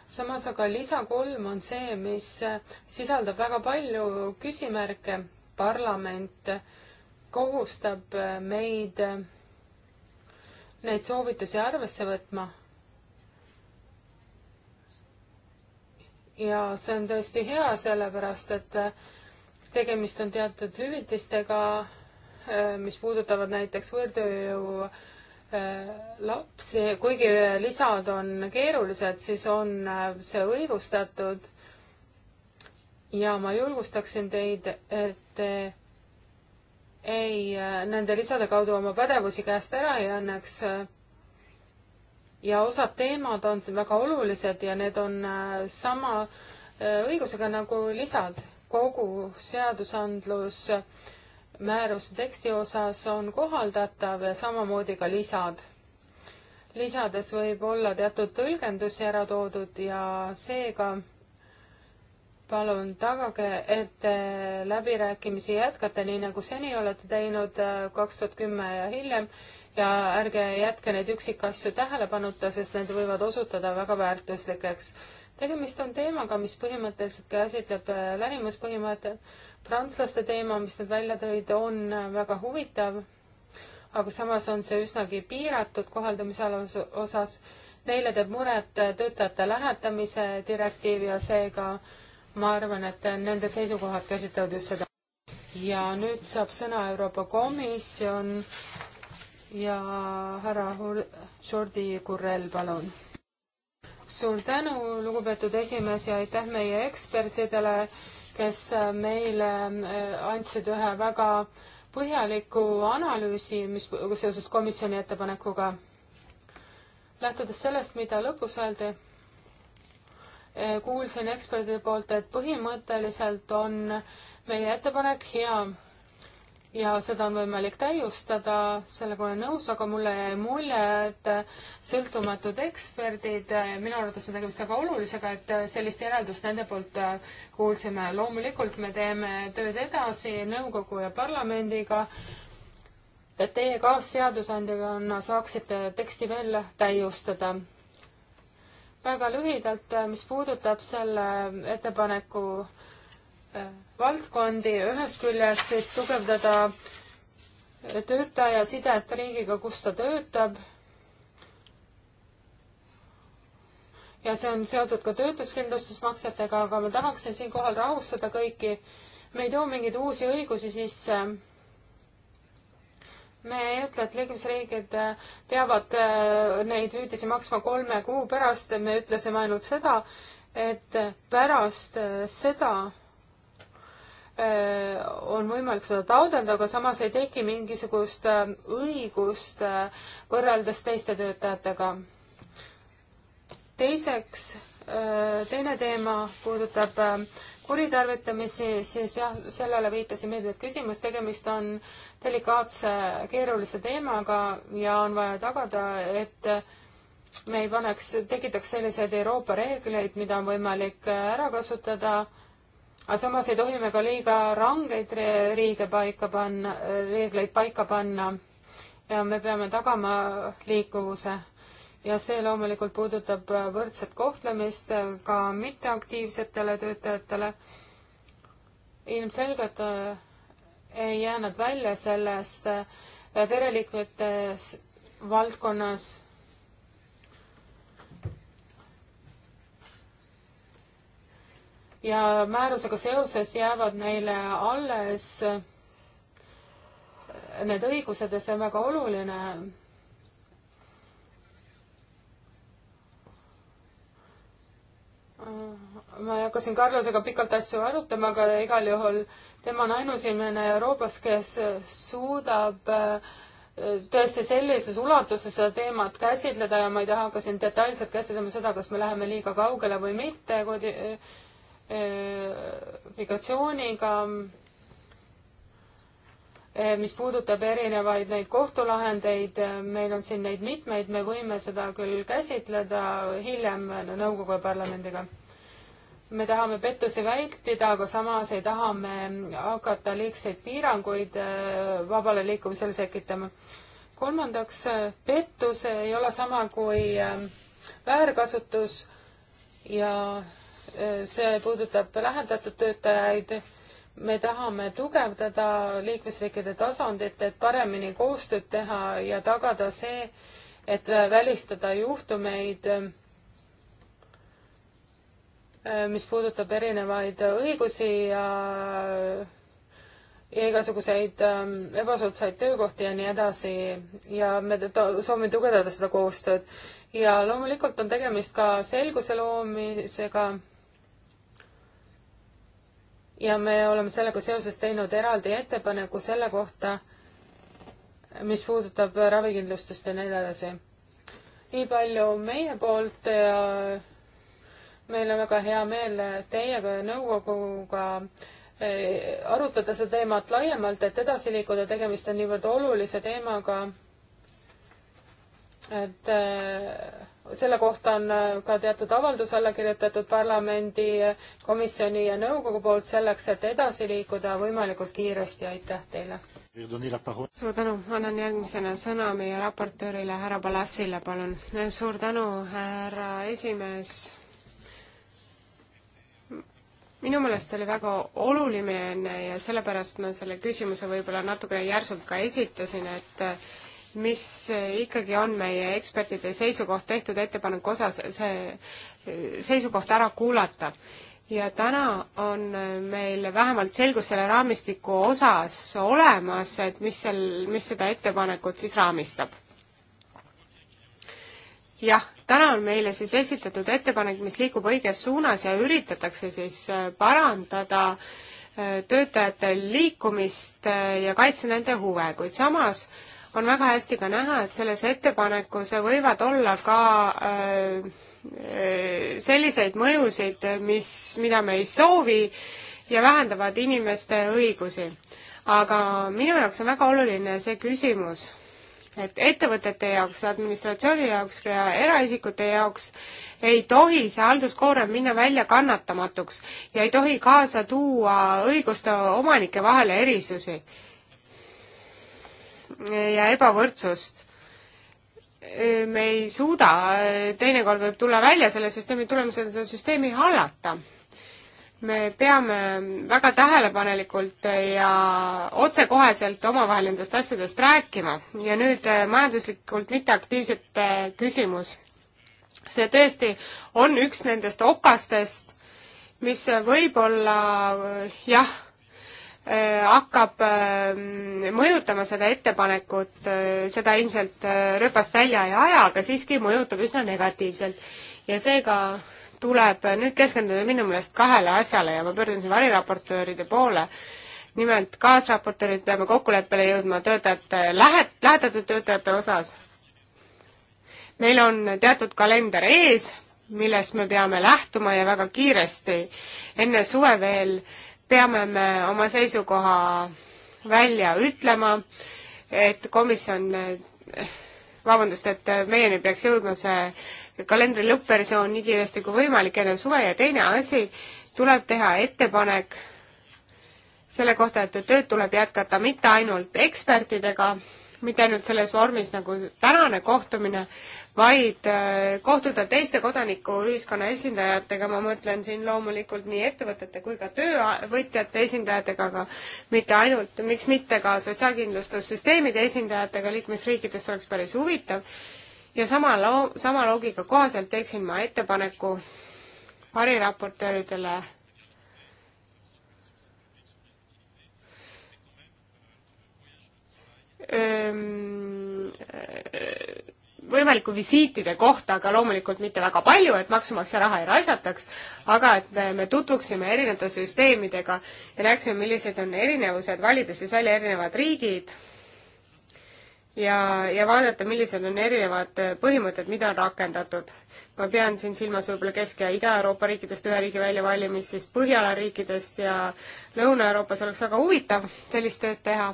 samas aga lisa kolm on see, mis sisaldab väga palju küsimärke. parlament kohustab meid neid soovitusi arvesse võtma ja see on tõesti hea, sellepärast et äh, tegemist on teatud hüvitistega, äh, mis puudutavad näiteks võõrtööjõu äh, lapsi, kuigi lisad on keerulised, siis on see õigustatud. ja ma julgustaksin teid, et te ei nende lisade kaudu oma pädevusi käest ära ei annaks ja osad teemad on väga olulised ja need on äh, sama äh, õigusega nagu lisad. kogu seadusandlus määruse teksti osas on kohaldatav ja samamoodi ka lisad. lisades võib olla teatud tõlgendusi ära toodud ja seega palun tagage, et te äh, läbirääkimisi jätkate nii, nagu seni olete teinud kaks tuhat kümme ja hiljem ja äh, ärge jätke neid üksikasju tähelepanuta, sest need võivad osutuda väga väärtuslikeks. tegemist on teemaga, mis põhimõtteliselt käsitleb äh, lähimuspõhimõtet. prantslaste teema, mis nad välja tõid, on äh, väga huvitav, aga samas on see üsnagi piiratud kohaldamise osas. Neile teeb muret töötajate lähetamise direktiiv ja seega ma arvan, et nende seisukohad käsitlevad just seda. ja nüüd saab sõna Euroopa Komisjon ja härra Jordi Kurrel, palun. suur tänu, lugupeetud esimees ja aitäh meie ekspertidele, kes äh, meile äh, andsid ühe väga põhjaliku analüüsi, mis seoses komisjoni ettepanekuga. lähtudes sellest, mida lõpus öeldi, äh, kuulsin ekspertide poolt, et põhimõtteliselt on meie ettepanek hea ja seda on võimalik täiustada, sellega olen nõus, aga mulle jäi mulje, et sõltumatud eksperdid, minu arvates on tegemist väga olulisega, et sellist järeldust nende poolt äh, kuulsime. loomulikult me teeme tööd edasi nõukogu ja parlamendiga, et teie kaasseadusandjana saaksite teksti veel täiustada. väga lühidalt, mis puudutab selle ettepaneku äh, valdkondi, ühest küljest siis tugevdada töötaja sidet riigiga, kus ta töötab. ja see on seotud ka töötuskindlustusmaksetega, aga ma tahaksin siinkohal rahustada kõiki. me ei too mingeid uusi õigusi sisse me ei ütle, et liikmesriigid peavad äh, neid hüvitisi maksma kolme kuu pärast, me ütlesime ainult seda, et pärast äh, seda, Äh, on võimalik seda taotleda, aga samas ei teki mingisugust äh, õigust äh, võrreldes teiste töötajatega. teiseks, teine teema puudutab kuritarvitamisi, siis jah, sellele viitasin meeldivat küsimust, tegemist on delikaatse, keerulise teemaga ja on vaja tagada, et me ei paneks, tekitaks selliseid Euroopa reegleid, mida on võimalik ära kasutada äh, aga samas ei tohi me ka liiga rangeid riide paika panna, reegleid paika panna ja me peame tagama liikuvuse. ja see loomulikult puudutab võrdset kohtlemist ka mitteaktiivsetele töötajatele. ilmselgelt äh, ei jää nad välja sellest äh, pereliikmete valdkonnas ja määrusega seoses jäävad neile alles need õigused ja see on väga oluline. ma ei hakka siin Carlosega pikalt asju arutama, aga igal juhul tema on ainus inimene Euroopas, kes suudab äh, tõesti sellises ulatuses seda teemat käsitleda ja ma ei taha ka siin detailselt käsitlema seda, kas me läheme liiga kaugele või mitte, kuid migratsiooniga, mis puudutab erinevaid neid kohtulahendeid, meil on siin neid mitmeid, me võime seda küll käsitleda hiljem nõukogu ja parlamendiga. me tahame pettusi vältida, aga samas ei taha me hakata liigseid piiranguid vabale liikumisele sekitama. kolmandaks, pettus ei ole sama kui väärkasutus ja see puudutab lähendatud töötajaid. me tahame tugevdada liikmesriikide tasandit, et paremini koostööd teha ja tagada see, et välistada juhtumeid, mis puudutab erinevaid õigusi ja ja igasuguseid ähm, ebasoodsaid töökohti ja nii edasi ja me soovime tugevdada seda koostööd. ja loomulikult on tegemist ka selguse loomisega ja me oleme sellega seoses teinud eraldi ettepaneku selle kohta, mis puudutab ravikindlustust ja nii edasi. nii palju meie poolt ja meil on väga hea meel teiega ja nõukoguga eh, arutada seda teemat laiemalt, et edasi liikuda, tegemist on niivõrd olulise teemaga, et äh, selle kohta on äh, ka teatud avaldus alla kirjutatud parlamendi, äh, komisjoni ja nõukogu poolt selleks, et edasi liikuda võimalikult kiiresti, aitäh teile! suur tänu, annan järgmisena sõna meie raportöörile härra Palassile, palun. suur tänu, härra esimees minu meelest oli väga oluline ja sellepärast ma selle küsimuse võib-olla natukene järsult ka esitasin, et mis ikkagi on meie ekspertide seisukoht tehtud ettepaneku osas, see seisukoht ära kuulata. ja täna on meil vähemalt selgus selle raamistiku osas olemas, et mis seal, mis seda ettepanekut siis raamistab. jah, täna on meile siis esitatud ettepanek, mis liigub õiges suunas ja üritatakse siis parandada äh, töötajate liikumist äh, ja kaitsta nende huve, kuid samas on väga hästi ka näha, et selles ettepanekus võivad olla ka äh, äh, selliseid mõjusid, mis, mida me ei soovi ja vähendavad inimeste õigusi. aga minu jaoks on väga oluline see küsimus, et ettevõtete jaoks, administratsiooni jaoks ja eraisikute jaoks ei tohi see halduskoorem minna välja kannatamatuks ja ei tohi kaasa tuua õiguste omanike vahele erisusi ja ebavõrdsust. me ei suuda, teinekord võib tulla välja selle süsteemi tulemusel seda süsteemi hallata. me peame väga tähelepanelikult ja otsekoheselt omavahel nendest asjadest rääkima ja nüüd majanduslikult mitteaktiivsete küsimus. see tõesti on üks nendest okastest, mis võib-olla jah Äh, hakkab ähm, mõjutama seda ettepanekut, äh, seda ilmselt äh, rööpast välja ei aja, aga siiski mõjutab üsna negatiivselt. ja seega tuleb nüüd keskenduda minu meelest kahele asjale ja ma pöördun siin variraportööride poole, nimelt kaasraportöörid peame kokkuleppele jõudma töötajate lähet-, lähetatud töötajate osas. meil on teatud kalender ees, millest me peame lähtuma ja väga kiiresti enne suve veel äh, peame me oma seisukoha välja ütlema, et komisjon, vabandust, et meieni peaks jõudma see kalendri lõppversioon nii kiiresti kui võimalik enne suve ja teine asi, tuleb teha ettepanek selle kohta, et tööd tuleb jätkata mitte ainult ekspertidega, mitte ainult selles vormis nagu tänane kohtumine, vaid äh, kohtuda teiste kodanikuühiskonna esindajatega, ma mõtlen siin loomulikult nii ettevõtete kui ka töövõtjate esindajatega, aga mitte ainult, miks mitte ka sotsiaalkindlustussüsteemide esindajatega liikmesriikides, see oleks päris huvitav. ja sama loo-, sama loogika kohaselt teeksin ma ettepaneku variraportööridele võimaliku visiitide kohta, aga loomulikult mitte väga palju, et maksumaksja raha ei raisataks, aga et me, me tutvuksime erinevate süsteemidega ja näeksime, millised on erinevused, valides siis välja erinevad riigid ja, ja vaadata, millised on erinevad põhimõtted, mida on rakendatud. ma pean siin silmas võib-olla Kesk- ja Ida-Euroopa riikidest ühe riigi väljavalimist, siis Põhjala riikidest ja Lõuna-Euroopas oleks väga huvitav sellist tööd teha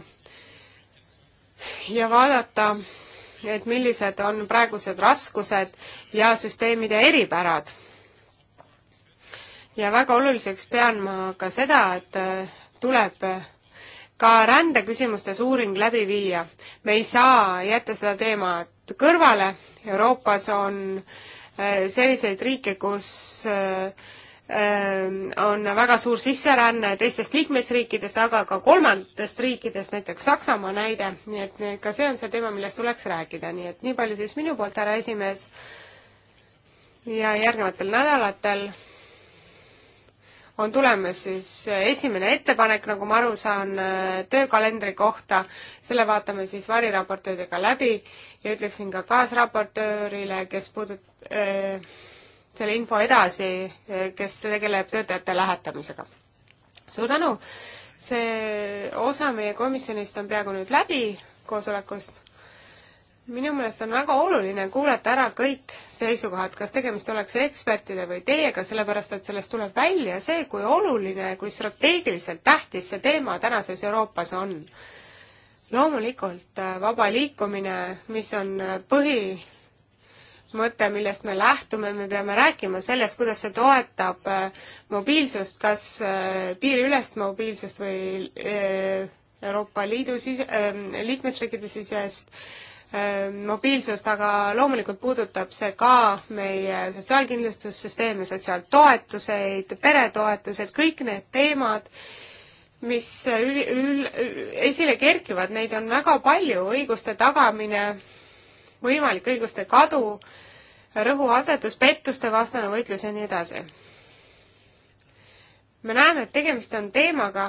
ja vaadata, et millised on praegused raskused ja süsteemide eripärad. ja väga oluliseks pean ma ka seda, et äh, tuleb äh, ka rändeküsimustes uuring läbi viia. me ei saa jätta seda teemat kõrvale, Euroopas on äh, selliseid riike, kus äh, Ehm, on väga suur sisseränne teistest liikmesriikidest, aga ka kolmandatest riikidest, näiteks Saksamaa näide, nii et ka see on see teema, millest tuleks rääkida, nii et nii palju siis minu poolt, härra esimees. ja järgnevatel nädalatel on tulemas siis esimene ettepanek, nagu ma aru saan, eh, töökalendri kohta. selle vaatame siis variraportööridega läbi ja ütleksin ka kaasraportöörile, kes puudut- äh,, selle info edasi, kes tegeleb töötajate lähetamisega. suur tänu! see osa meie komisjonist on peaaegu nüüd läbi koosolekust. minu meelest on väga oluline kuulata ära kõik seisukohad, kas tegemist oleks ekspertide või teiega, sellepärast et sellest tuleb välja see, kui oluline, kui strateegiliselt tähtis see teema tänases Euroopas on loomulikult vaba liikumine, mis on põhi mõte, millest me lähtume, me peame rääkima sellest, kuidas see toetab äh, mobiilsust, kas äh, piiriülest mobiilsust või äh, Euroopa Liidu sise, liikmesriikide sisest mobiilsust, aga loomulikult puudutab see ka meie sotsiaalkindlustussüsteeme, sotsiaaltoetuseid, peretoetused, kõik need teemad, mis ül-, ül-, esile kerkivad, neid on väga palju, õiguste tagamine võimalik õiguste kadu, rõhuasetus, pettuste vastane võitlus ja nii edasi. me näeme, et tegemist on teemaga,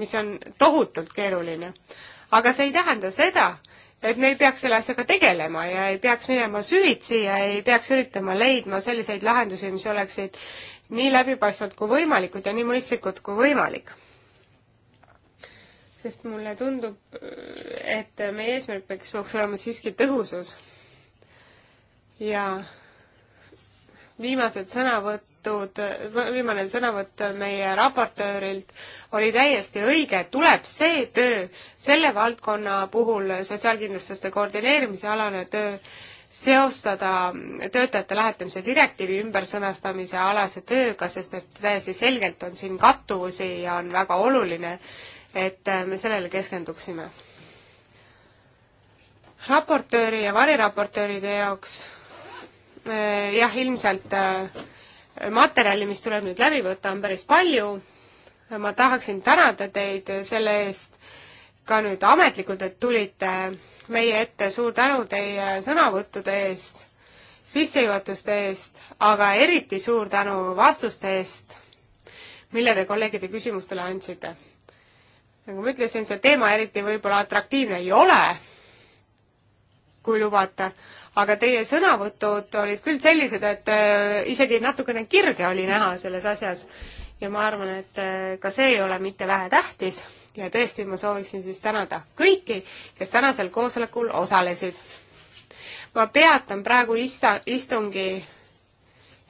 mis on tohutult keeruline. aga see ei tähenda seda, et me ei peaks selle asjaga tegelema ja ei peaks minema süvitsi ja ei peaks üritama leidma selliseid lahendusi, mis oleksid nii läbipaistvad kui võimalikud ja nii mõistlikud kui võimalik sest mulle tundub, et meie eesmärk peaks olema siiski tõhusus. ja viimased sõnavõtud, viimane sõnavõtt meie raportöörilt oli täiesti õige, tuleb see töö, selle valdkonna puhul sotsiaalkindlustuste koordineerimise alane töö, seostada töötajate lähetamise direktiivi ümbersõnastamise alase tööga, sest et täiesti selgelt on siin kattuvusi ja on väga oluline, et äh, me sellele keskenduksime. raportööri ja variraportööride jaoks äh, jah, ilmselt äh, materjali, mis tuleb nüüd läbi võtta, on päris palju. ma tahaksin tänada teid selle eest ka nüüd ametlikult, et tulite meie ette, suur tänu teie sõnavõttude eest, sissejuhatuste eest, aga eriti suur tänu vastuste eest, mille te kolleegide küsimustele andsite nagu ma ütlesin, see teema eriti võib-olla atraktiivne ei ole, kui lubate, aga teie sõnavõtud olid küll sellised, et äh, isegi natukene kirge oli näha selles asjas ja ma arvan, et äh, ka see ei ole mitte vähetähtis ja tõesti, ma sooviksin siis tänada kõiki, kes tänasel koosolekul osalesid. ma peatan praegu ista-, istungi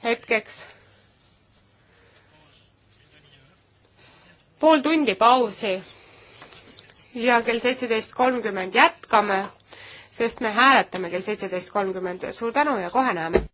hetkeks pool tundi pausi ja kell seitseteist kolmkümmend jätkame, sest me hääletame kell seitseteist kolmkümmend. suur tänu ja kohe näeme!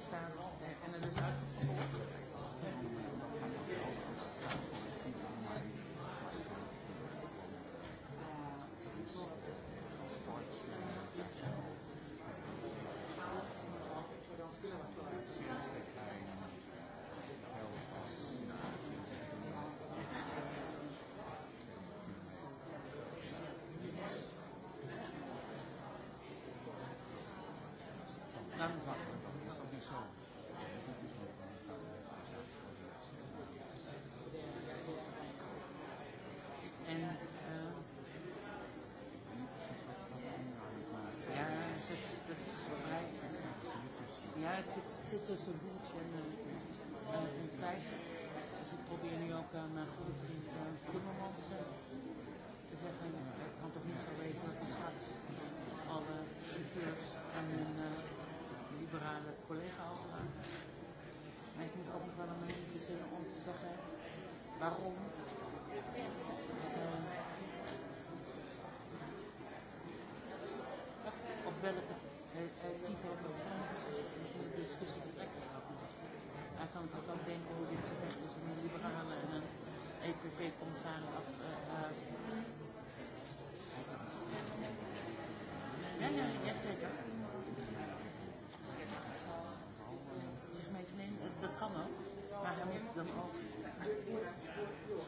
circumstance and, and tijd zit, zit tussen Boels en, uh, en Thijssen. Dus ik probeer nu ook uh, mijn goede vriend uh, Timmermans uh, te zeggen. Het kan toch niet zo wezen dat hij straks alle chauffeurs en hun uh, liberale collega overlaat. Maar ik moet ook nog wel een manier verzinnen om te zeggen waarom. Het, uh, op welke kan ik ook denken hoe dit gevecht tussen een liberale en een EPP-commissaris af. Uh, uh, ja, ja, ja, zeker. Zeg maar, ik neem, dat, dat kan ook, maar hij moet dan ook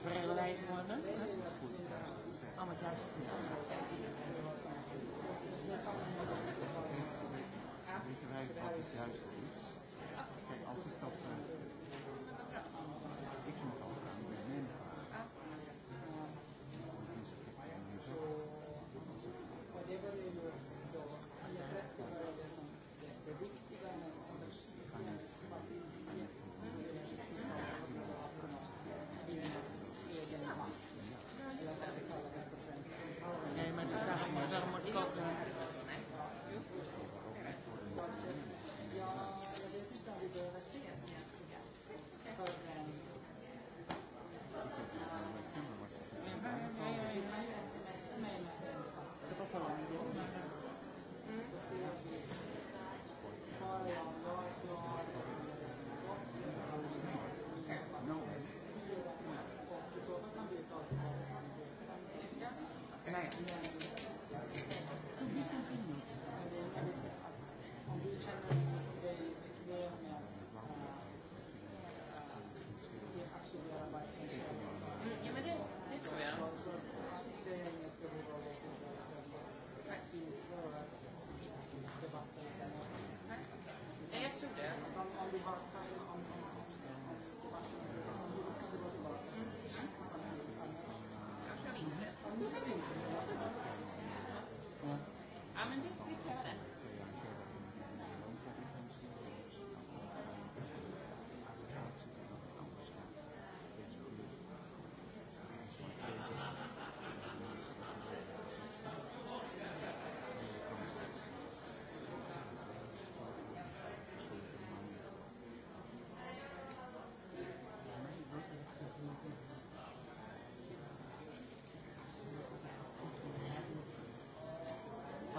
verleid worden hè? om het juiste te zeggen.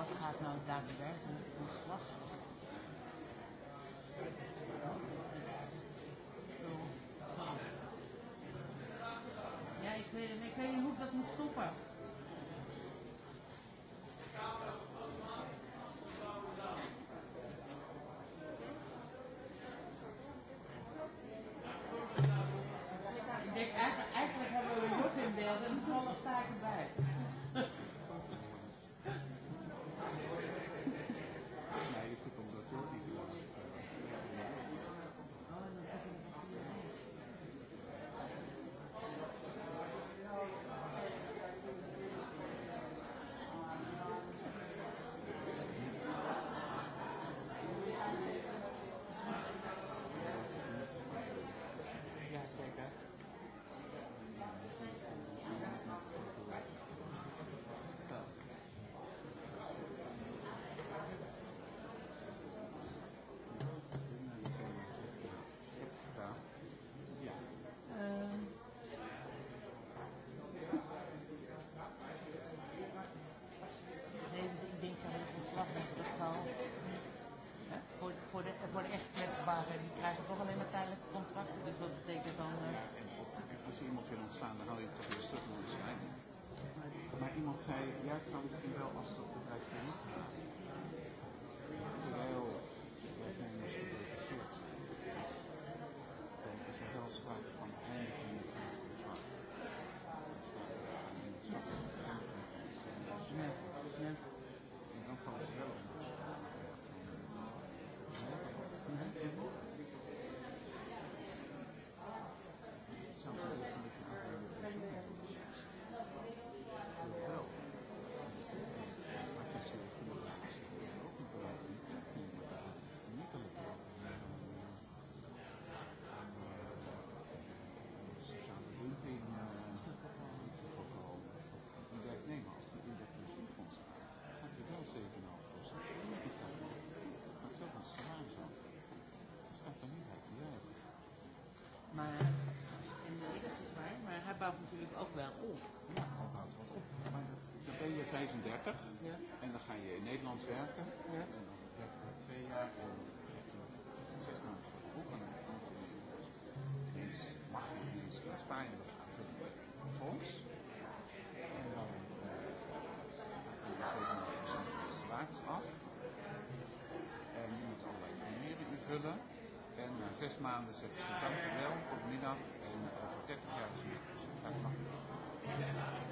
wat gaat nou daadwerkelijk een slag? Ja, ik weet, ik weet niet hoe ik dat moet stoppen. als je iemand wil ontslaan, dan hou je het toch weer stuk moeten zijn. Maar iemand zei, ja, ik zou misschien wel als het op bedrijf ging. Terwijl wij zijn geïnteresseerd. Dan is er wel sprake van. 35 ja. en dan ga je in Nederland werken. Ja. En dan werk je twee jaar en eh, dan heb je zes maanden voor de boek. En dan komt je ineens, mag je ineens in Spanje wat gaan voor een fonds. En dan kun eh, je 7,5% van je salaris af. En je moet allerlei formulieren invullen. En na zes maanden zeggen ze dankjewel, goedemiddag. En over 30 jaar is het, het makkelijk.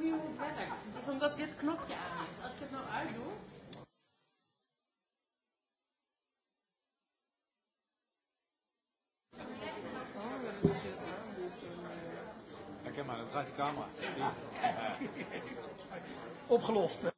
nu hoe het werkt. Dat is omdat dit knopje aan is. Als ik het nou uitdoe... Ja, kijk maar, dat draait de camera. Ja. Opgelost.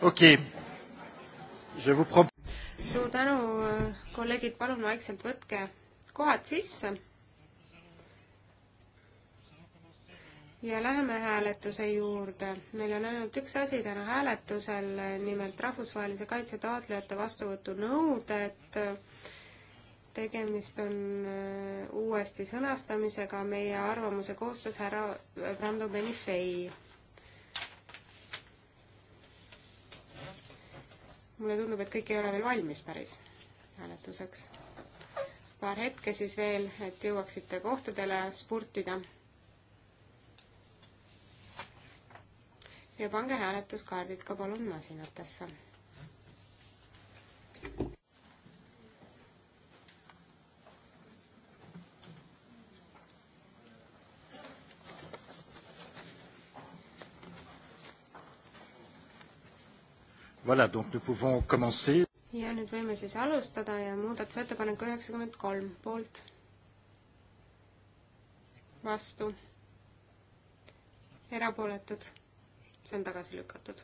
okei okay., je vous prop-. suur tänu, kolleegid, palun vaikselt võtke kohad sisse. ja läheme hääletuse juurde. meil on ainult üks asi täna hääletusel, nimelt rahvusvahelise kaitse taotlejate vastuvõtu nõuded tegemist on äh, uuesti sõnastamisega meie arvamuse koostöös härra Brando Benifei mulle tundub, et kõik ei ole veel valmis päris hääletuseks. paar hetke siis veel, et jõuaksite kohtadele spurtida. ja pange hääletuskaardid ka palun masinatesse. Voilà, donc nous pouvons commencer. ja nüüd võime siis alustada ja muudatusettepanek üheksakümmend kolm poolt, vastu, erapooletud, see on tagasi lükatud.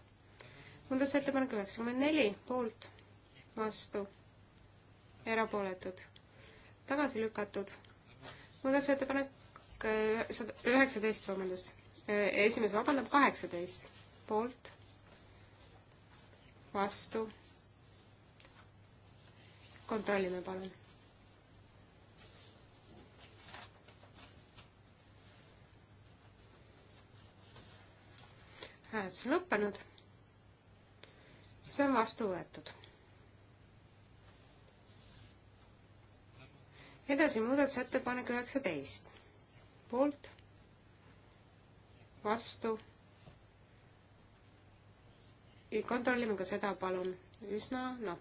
muudatusettepanek üheksakümmend neli poolt, vastu, erapooletud, tagasi lükatud. muudatusettepanek sada, äh, üheksateist, vabandust. Äh, esimees vabandab, kaheksateist poolt vastu. kontrollime, palun. hääletus on lõppenud. see on vastu võetud. edasi muudatusettepanek üheksateist. poolt, vastu kontrollime ka seda, palun. üsna napp.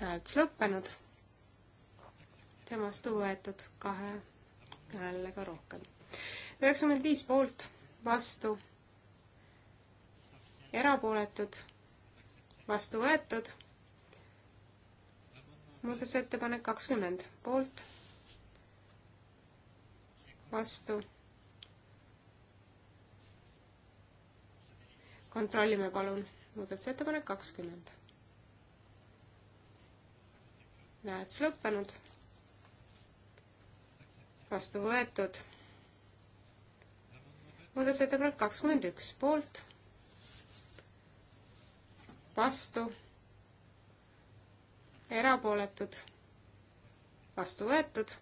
hääletus lõppenud. see on vastu võetud kahe häälega rohkem. üheksakümmend viis poolt, vastu, erapooletud, vastu võetud. muudatusettepanek kakskümmend poolt, vastu kontrollime palun, muudatusettepanek kakskümmend. hääletus lõppenud. vastu võetud. muudatusettepanek kakskümmend üks, poolt, vastu, erapooletud, vastu võetud.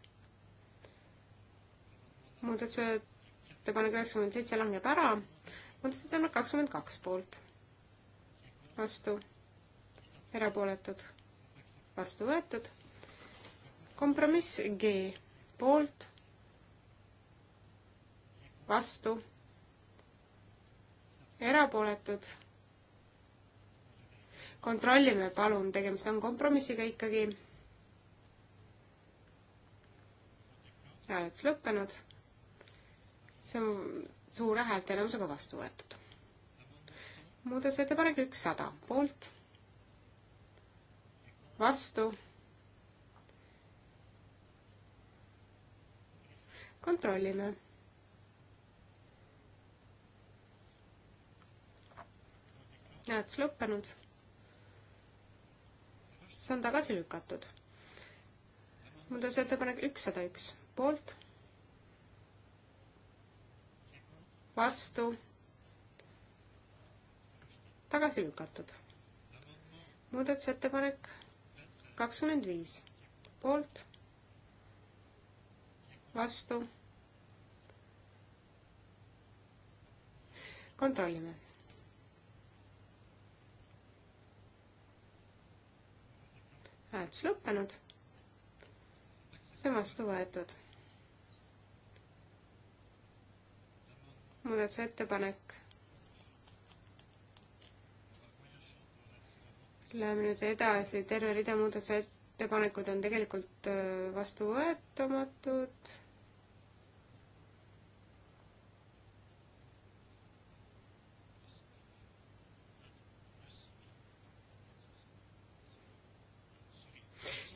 muudatusettepanek üheksakümmend seitse langeb ära muudatusettepanek kakskümmend kaks poolt, vastu, erapooletud, vastu võetud. kompromiss G poolt, vastu, erapooletud. kontrollime palun, tegemist on kompromissiga ikkagi hääletus lõppenud. see on suure häälteenamusega vastu võetud. muudatusettepanek ükssada, poolt, vastu. kontrollime. hääletus lõppenud. see on tagasi lükatud. muudatusettepanek ükssada üks, poolt vastu, tagasi lükatud. muudatusettepanek kakskümmend viis, poolt, vastu. kontrollime hääletus lõppenud, see on vastu võetud muudatusettepanek. Läheme nüüd edasi, terve rida muudatusettepanekud on tegelikult äh, vastuvõetamatud.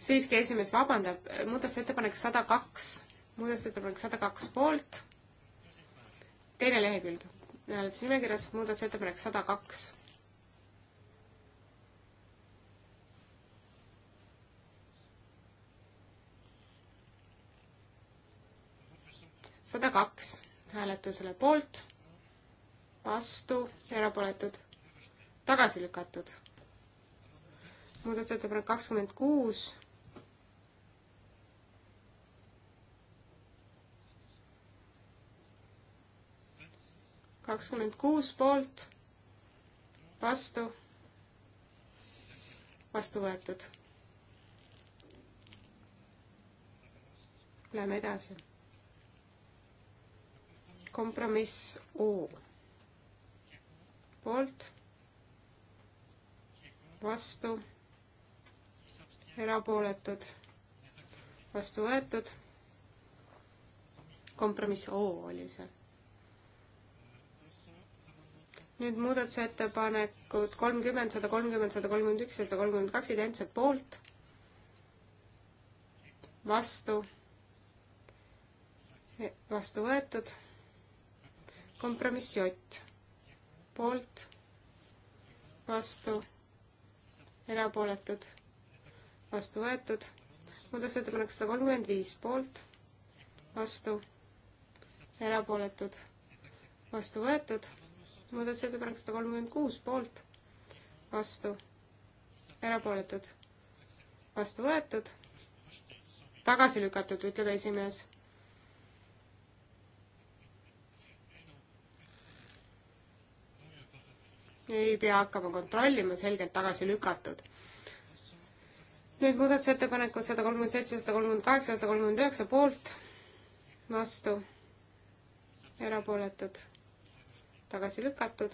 siiski esimees vabandab, muudatusettepanek sada kaks, muudatusettepanek sada kaks poolt teine lehekülg hääletusnimekirjas, muudatusettepanek sada kaks. sada kaks hääletusele poolt, vastu, erapooletud, tagasi lükatud. muudatusettepanek kakskümmend kuus kakskümmend kuus poolt, vastu, vastu võetud. Läheme edasi. kompromiss U. poolt, vastu, erapooletud, vastu võetud. kompromiss O oli see nüüd muudatusettepanekud kolmkümmend, sada kolmkümmend, sada kolmkümmend üks ja sada kolmkümmend kaks identsed poolt, vastu, vastu võetud, kompromiss J, poolt, vastu, erapooletud, vastu võetud, muudatusettepanek sada kolmkümmend viis poolt, vastu, erapooletud, vastu võetud muudatusettepanek sada kolmkümmend kuus poolt, vastu, erapooletud, vastu võetud, tagasi lükatud, ütleb esimees. ei pea hakkama kontrollima, selgelt tagasi lükatud nüüd muudatusettepanekud sada kolmkümmend seitse, sada kolmkümmend kaheksa, sada kolmkümmend üheksa poolt, vastu, erapooletud, tagasi lükatud.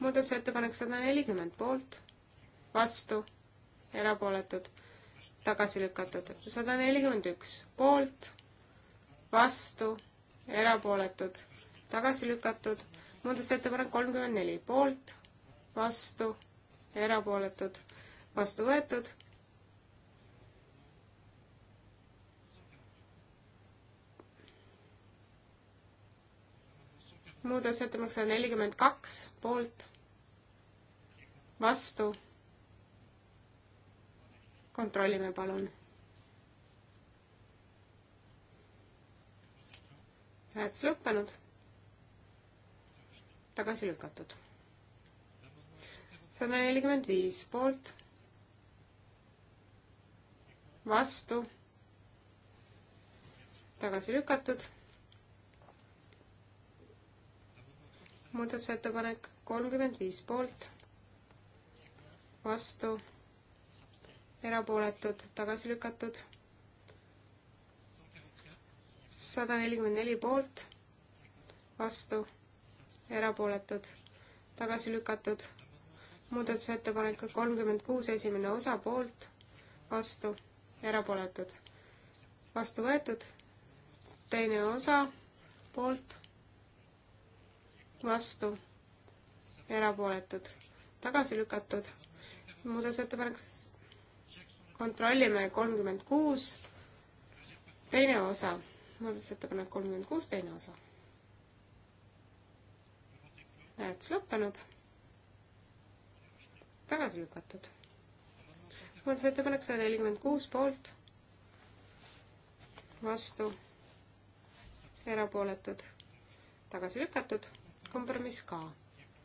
muudatusettepanek sada nelikümmend poolt, vastu, erapooletud, tagasi lükatud. sada nelikümmend üks poolt, vastu, erapooletud, tagasi lükatud. muudatusettepanek kolmkümmend neli poolt, vastu, erapooletud, vastu võetud muudatusettepanek sada nelikümmend kaks poolt, vastu. kontrollime palun. hääletus lõppenud. tagasi lükatud. sada nelikümmend viis poolt, vastu tagasi lükatud muudatusettepanek kolmkümmend viis poolt, vastu, erapooletud, tagasi lükatud. sada nelikümmend neli poolt, vastu, erapooletud, tagasi lükatud. muudatusettepanek kolmkümmend kuus, esimene osa poolt, vastu, erapooletud, vastu võetud teine osa poolt, vastu, erapooletud, tagasi lükatud. muudatusettepanek, kontrollime kolmkümmend kuus, teine osa, muudatusettepanek kolmkümmend kuus, teine osa. hääletus lõppenud, tagasi lükatud. muudatusettepanek sada nelikümmend kuus poolt, vastu, erapooletud tagasi lükatud kompromiss ka,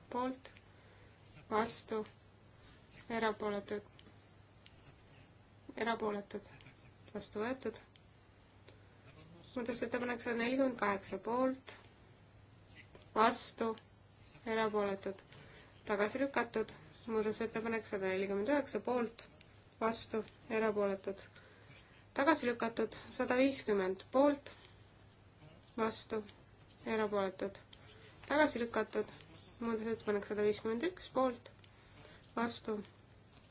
poolt, vastu, erapooletud, erapooletud, vastu võetud. muudatusettepanek sada nelikümmend kaheksa, poolt, vastu, erapooletud, tagasi lükatud. muudatusettepanek sada nelikümmend üheksa, poolt, vastu, erapooletud tagasi lükatud, sada viiskümmend poolt, vastu, erapooletud tagasi lükatud. muudatusettepanek sada viiskümmend üks poolt, vastu,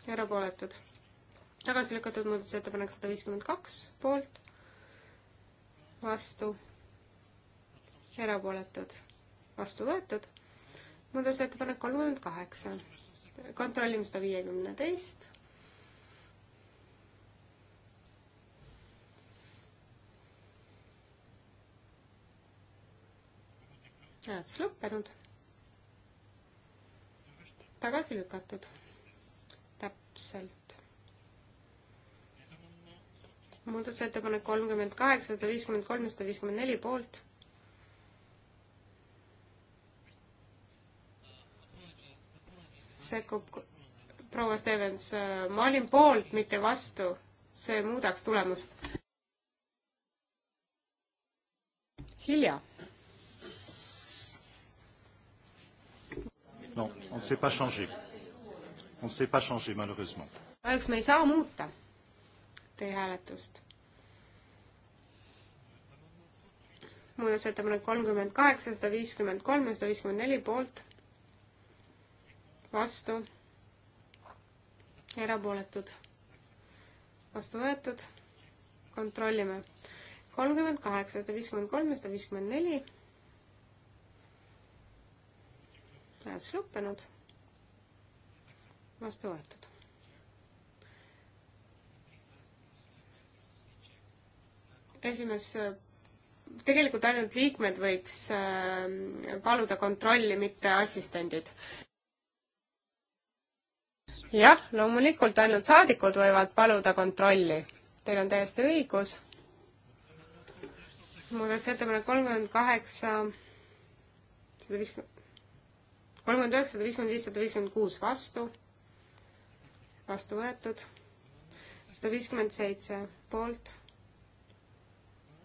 erapooletud. tagasi lükatud muudatusettepanek sada viiskümmend kaks poolt, vastu, erapooletud, vastu võetud. muudatusettepanek kolmkümmend kaheksa. kontrollime sada viiekümne teist hääletus lõppenud. tagasi lükatud. täpselt. muudatusettepanek kolmkümmend kaheksa, sada viiskümmend kolm, sada viiskümmend neli poolt. sekkub proua Stevens, äh, ma olin poolt, mitte vastu. see muudaks tulemust. hilja Non, on ne sait pas changer. On ne sait pas changer, malheureusement. kahjuks me ei saa muuta teie hääletust. muudatusettepanek kolmkümmend kaheksa, sada viiskümmend kolm ja sada viiskümmend neli poolt, vastu, erapooletud, vastu võetud, kontrollime. kolmkümmend kaheksa, sada viiskümmend kolm ja sada viiskümmend neli hääletus lõppenud. vastu võetud. esimees, tegelikult ainult liikmed võiks ähm, paluda kontrolli, mitte assistendid. jah, loomulikult ainult saadikud võivad paluda kontrolli. Teil on täiesti õigus. muudatusettepanek kolmkümmend kaheksa, sada viiskümmend kolmkümmend üheksasada viiskümmend viis, sada viiskümmend kuus vastu, vastu võetud, sada viiskümmend seitse poolt,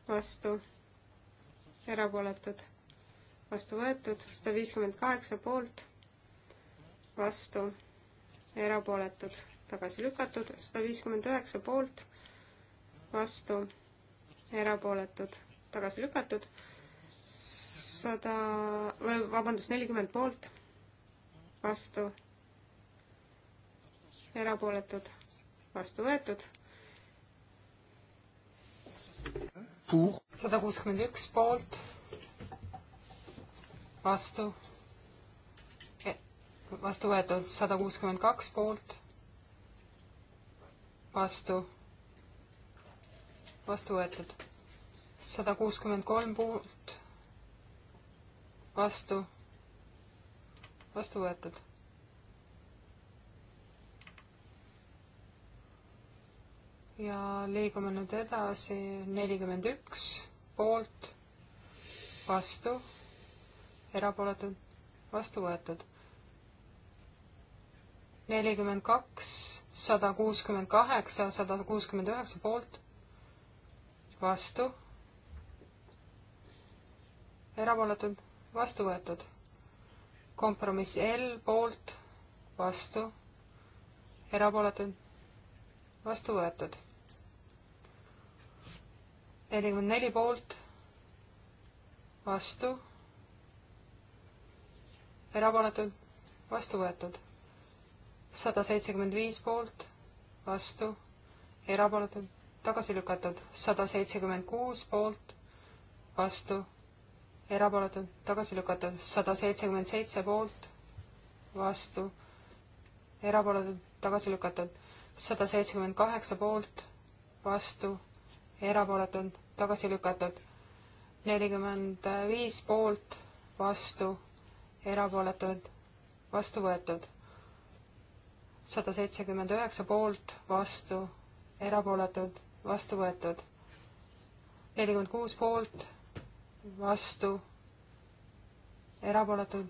vastu, erapooletud, vastu võetud, sada viiskümmend kaheksa poolt, vastu, erapooletud, tagasi lükatud, sada viiskümmend üheksa poolt, vastu, erapooletud, tagasi lükatud, sada, vabandust, nelikümmend poolt vastu, erapooletud, vastu võetud. sada kuuskümmend üks poolt, vastu, e, vastu võetud sada kuuskümmend kaks poolt, vastu, vastu võetud sada kuuskümmend kolm poolt, vastu vastu võetud. ja liigume nüüd edasi, nelikümmend üks poolt, vastu, erapooletud, vastu võetud. nelikümmend kaks, sada kuuskümmend kaheksa, sada kuuskümmend üheksa poolt, vastu, erapooletud, vastu võetud kompromiss L poolt, vastu, erapooletud, vastu võetud. nelikümmend neli poolt, vastu, erapooletud, vastu võetud. sada seitsekümmend viis poolt, vastu, erapooletud, tagasi lükatud. sada seitsekümmend kuus poolt, vastu erapooletud, tagasi lükatud, sada seitsekümmend seitse poolt, vastu, erapooletud, tagasi lükatud, sada seitsekümmend kaheksa poolt, vastu, erapooletud, tagasi lükatud, nelikümmend viis poolt, vastu, erapooletud, vastu võetud, sada seitsekümmend üheksa poolt, vastu, erapooletud, vastu võetud, nelikümmend kuus poolt, vastu, erapooletud,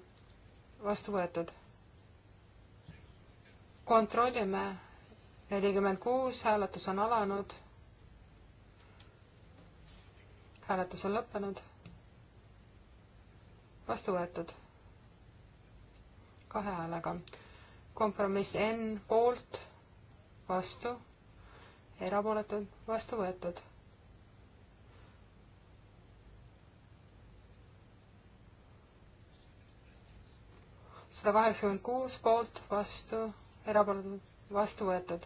vastu võetud. kontrollime, nelikümmend kuus, hääletus on alanud. hääletus on lõppenud. vastu võetud kahe häälega. kompromiss N poolt, vastu, erapooletud, vastu võetud sada kaheksakümmend kuus poolt, vastu, erapooletud, vastu võetud.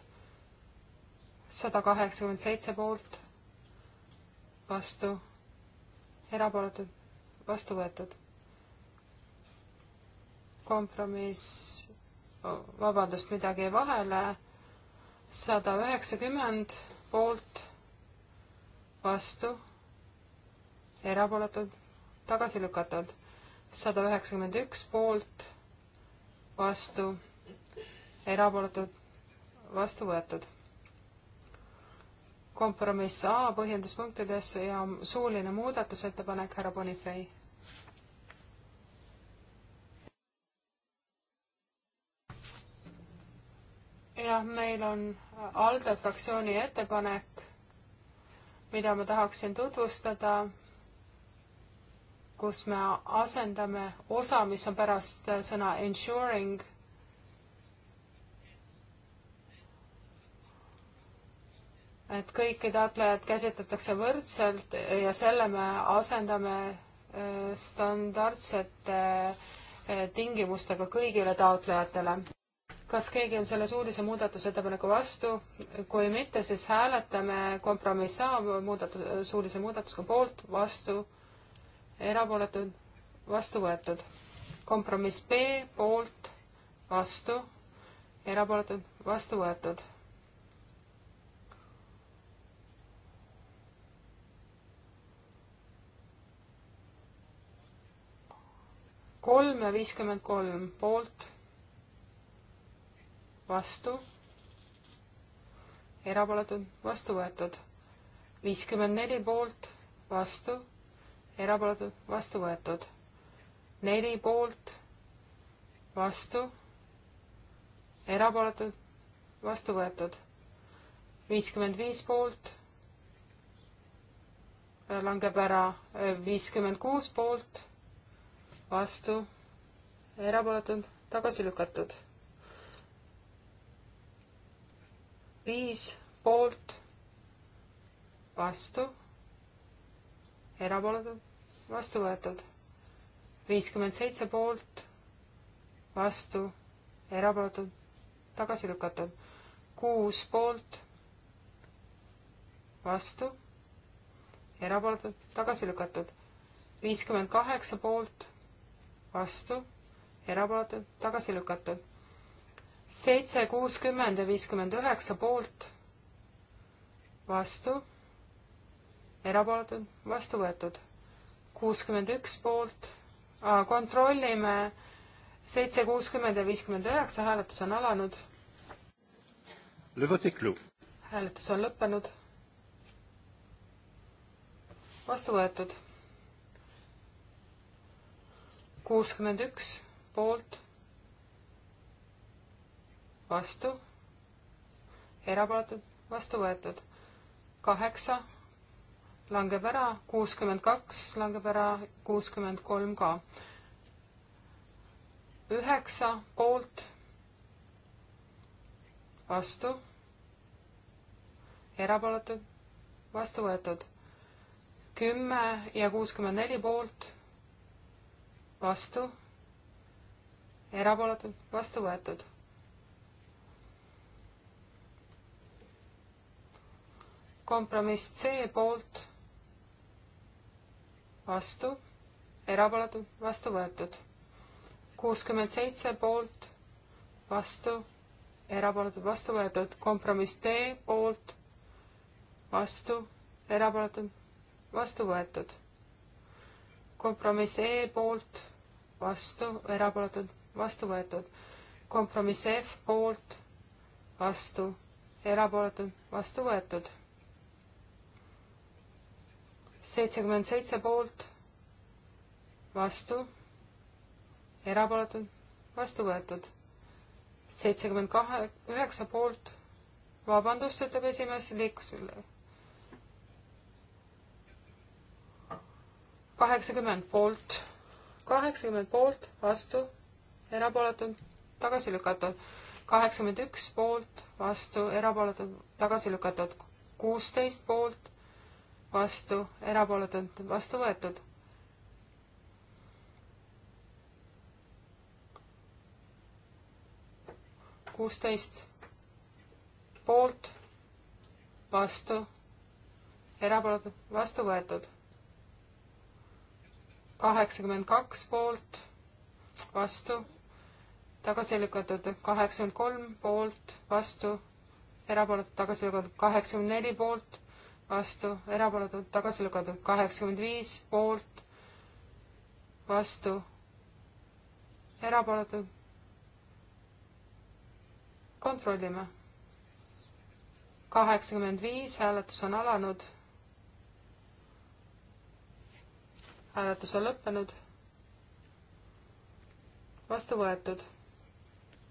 sada kaheksakümmend seitse poolt, vastu, erapooletud, vastu võetud. kompromiss, vabandust, midagi vahele, sada üheksakümmend poolt, vastu, erapooletud, tagasi lükatud. sada üheksakümmend üks poolt vastu, erapooletud, vastu võetud. kompromiss A põhjenduspunktides ja suuline muudatusettepanek härra Bonifei. jah, meil on ALDE fraktsiooni ettepanek, mida ma tahaksin tutvustada kus me asendame osa, mis on pärast äh, sõna ensuring et kõiki taotlejad käsitletakse võrdselt ja selle me asendame äh, standardsete äh, tingimustega kõigile taotlejatele. kas keegi on selle suulise muudatusettepaneku vastu? kui mitte, siis hääletame kompromiss A muudatus, suulise muudatusega poolt, vastu, erapooletud, vastu võetud. kompromiss B poolt, vastu, erapooletud, vastu võetud. kolm ja viiskümmend kolm poolt, vastu, erapooletud, vastu võetud. viiskümmend neli poolt, vastu erapooletud, vastu võetud. neli poolt, vastu, erapooletud, vastu võetud. viiskümmend viis poolt, äh, langeb ära äh, viiskümmend kuus poolt, vastu, erapooletud, tagasi lükatud. viis poolt, vastu, erapooletud, vastu võetud. viiskümmend seitse poolt, vastu, erapooletud, tagasi lükatud. kuus poolt, vastu, erapooletud, tagasi lükatud. viiskümmend kaheksa poolt, vastu, erapooletud, tagasi lükatud. seitse, kuuskümmend ja viiskümmend üheksa poolt, vastu, erapooletud, vastu võetud kuuskümmend üks poolt, kontrollime seitse, kuuskümmend ja viiskümmend üheksa, hääletus on alanud. hääletus on lõppenud. vastu võetud. kuuskümmend üks poolt, vastu, erapooletud, vastu võetud. kaheksa langeb ära, kuuskümmend kaks langeb ära, kuuskümmend kolm ka. üheksa poolt, vastu, erapooletud, vastu võetud. kümme ja kuuskümmend neli poolt, vastu, erapooletud, vastu võetud. kompromiss C poolt vastu, erapooletud, vastu võetud. kuuskümmend seitse poolt, vastu, erapooletud, vastu võetud. kompromiss D poolt, vastu, erapooletud, vastu võetud. kompromiss E poolt, vastu, erapooletud, vastu võetud. kompromiss F poolt, vastu, erapooletud, vastu võetud seitsekümmend seitse poolt, vastu, erapooletud, vastu võetud. seitsekümmend kahe, üheksa poolt, vabandust, ütleb esimees, liikus kaheksakümmend poolt, kaheksakümmend poolt, vastu, erapooletud, tagasi lükatud. kaheksakümmend üks poolt, vastu, erapooletud, tagasi lükatud. kuusteist poolt, vastu, erapooletud, vastu võetud. kuusteist poolt, vastu, erapooletud, vastu võetud. kaheksakümmend kaks poolt, vastu, tagasi lükatud, kaheksakümmend kolm poolt, vastu, erapooletud, tagasi lükatud, kaheksakümmend neli poolt vastu, erapooletud, tagasi lükatud, kaheksakümmend viis poolt, vastu, erapooletud. kontrollime. kaheksakümmend viis, hääletus on alanud. hääletus on lõppenud. vastu võetud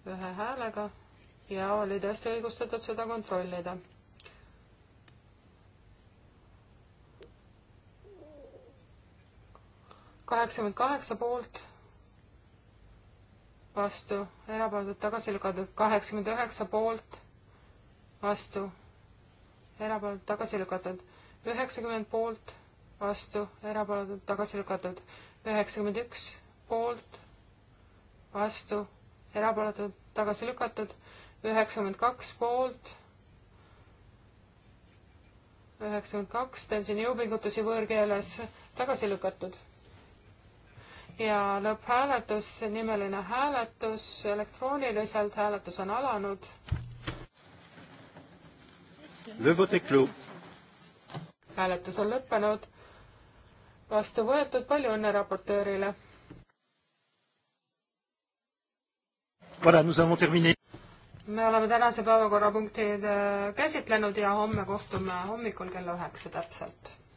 ühe häälega ja oli tõesti õigustatud seda kontrollida kaheksakümmend kaheksa poolt, vastu, erapooletud tagasi lükatud, kaheksakümmend üheksa poolt, vastu, erapooletud tagasi lükatud, üheksakümmend poolt, vastu, erapooletud tagasi lükatud, üheksakümmend üks poolt, vastu, erapooletud tagasi lükatud, üheksakümmend kaks poolt, üheksakümmend kaks, teen siin jõupingutusi võõrkeeles, tagasi lükatud ja lõpphääletus, nimeline hääletus elektrooniliselt, hääletus on alanud. hääletus on lõppenud. vastu võetud, palju õnne raportöörile. me oleme tänase päevakorrapunktid äh, käsitlenud ja homme kohtume hommikul kella üheksa täpselt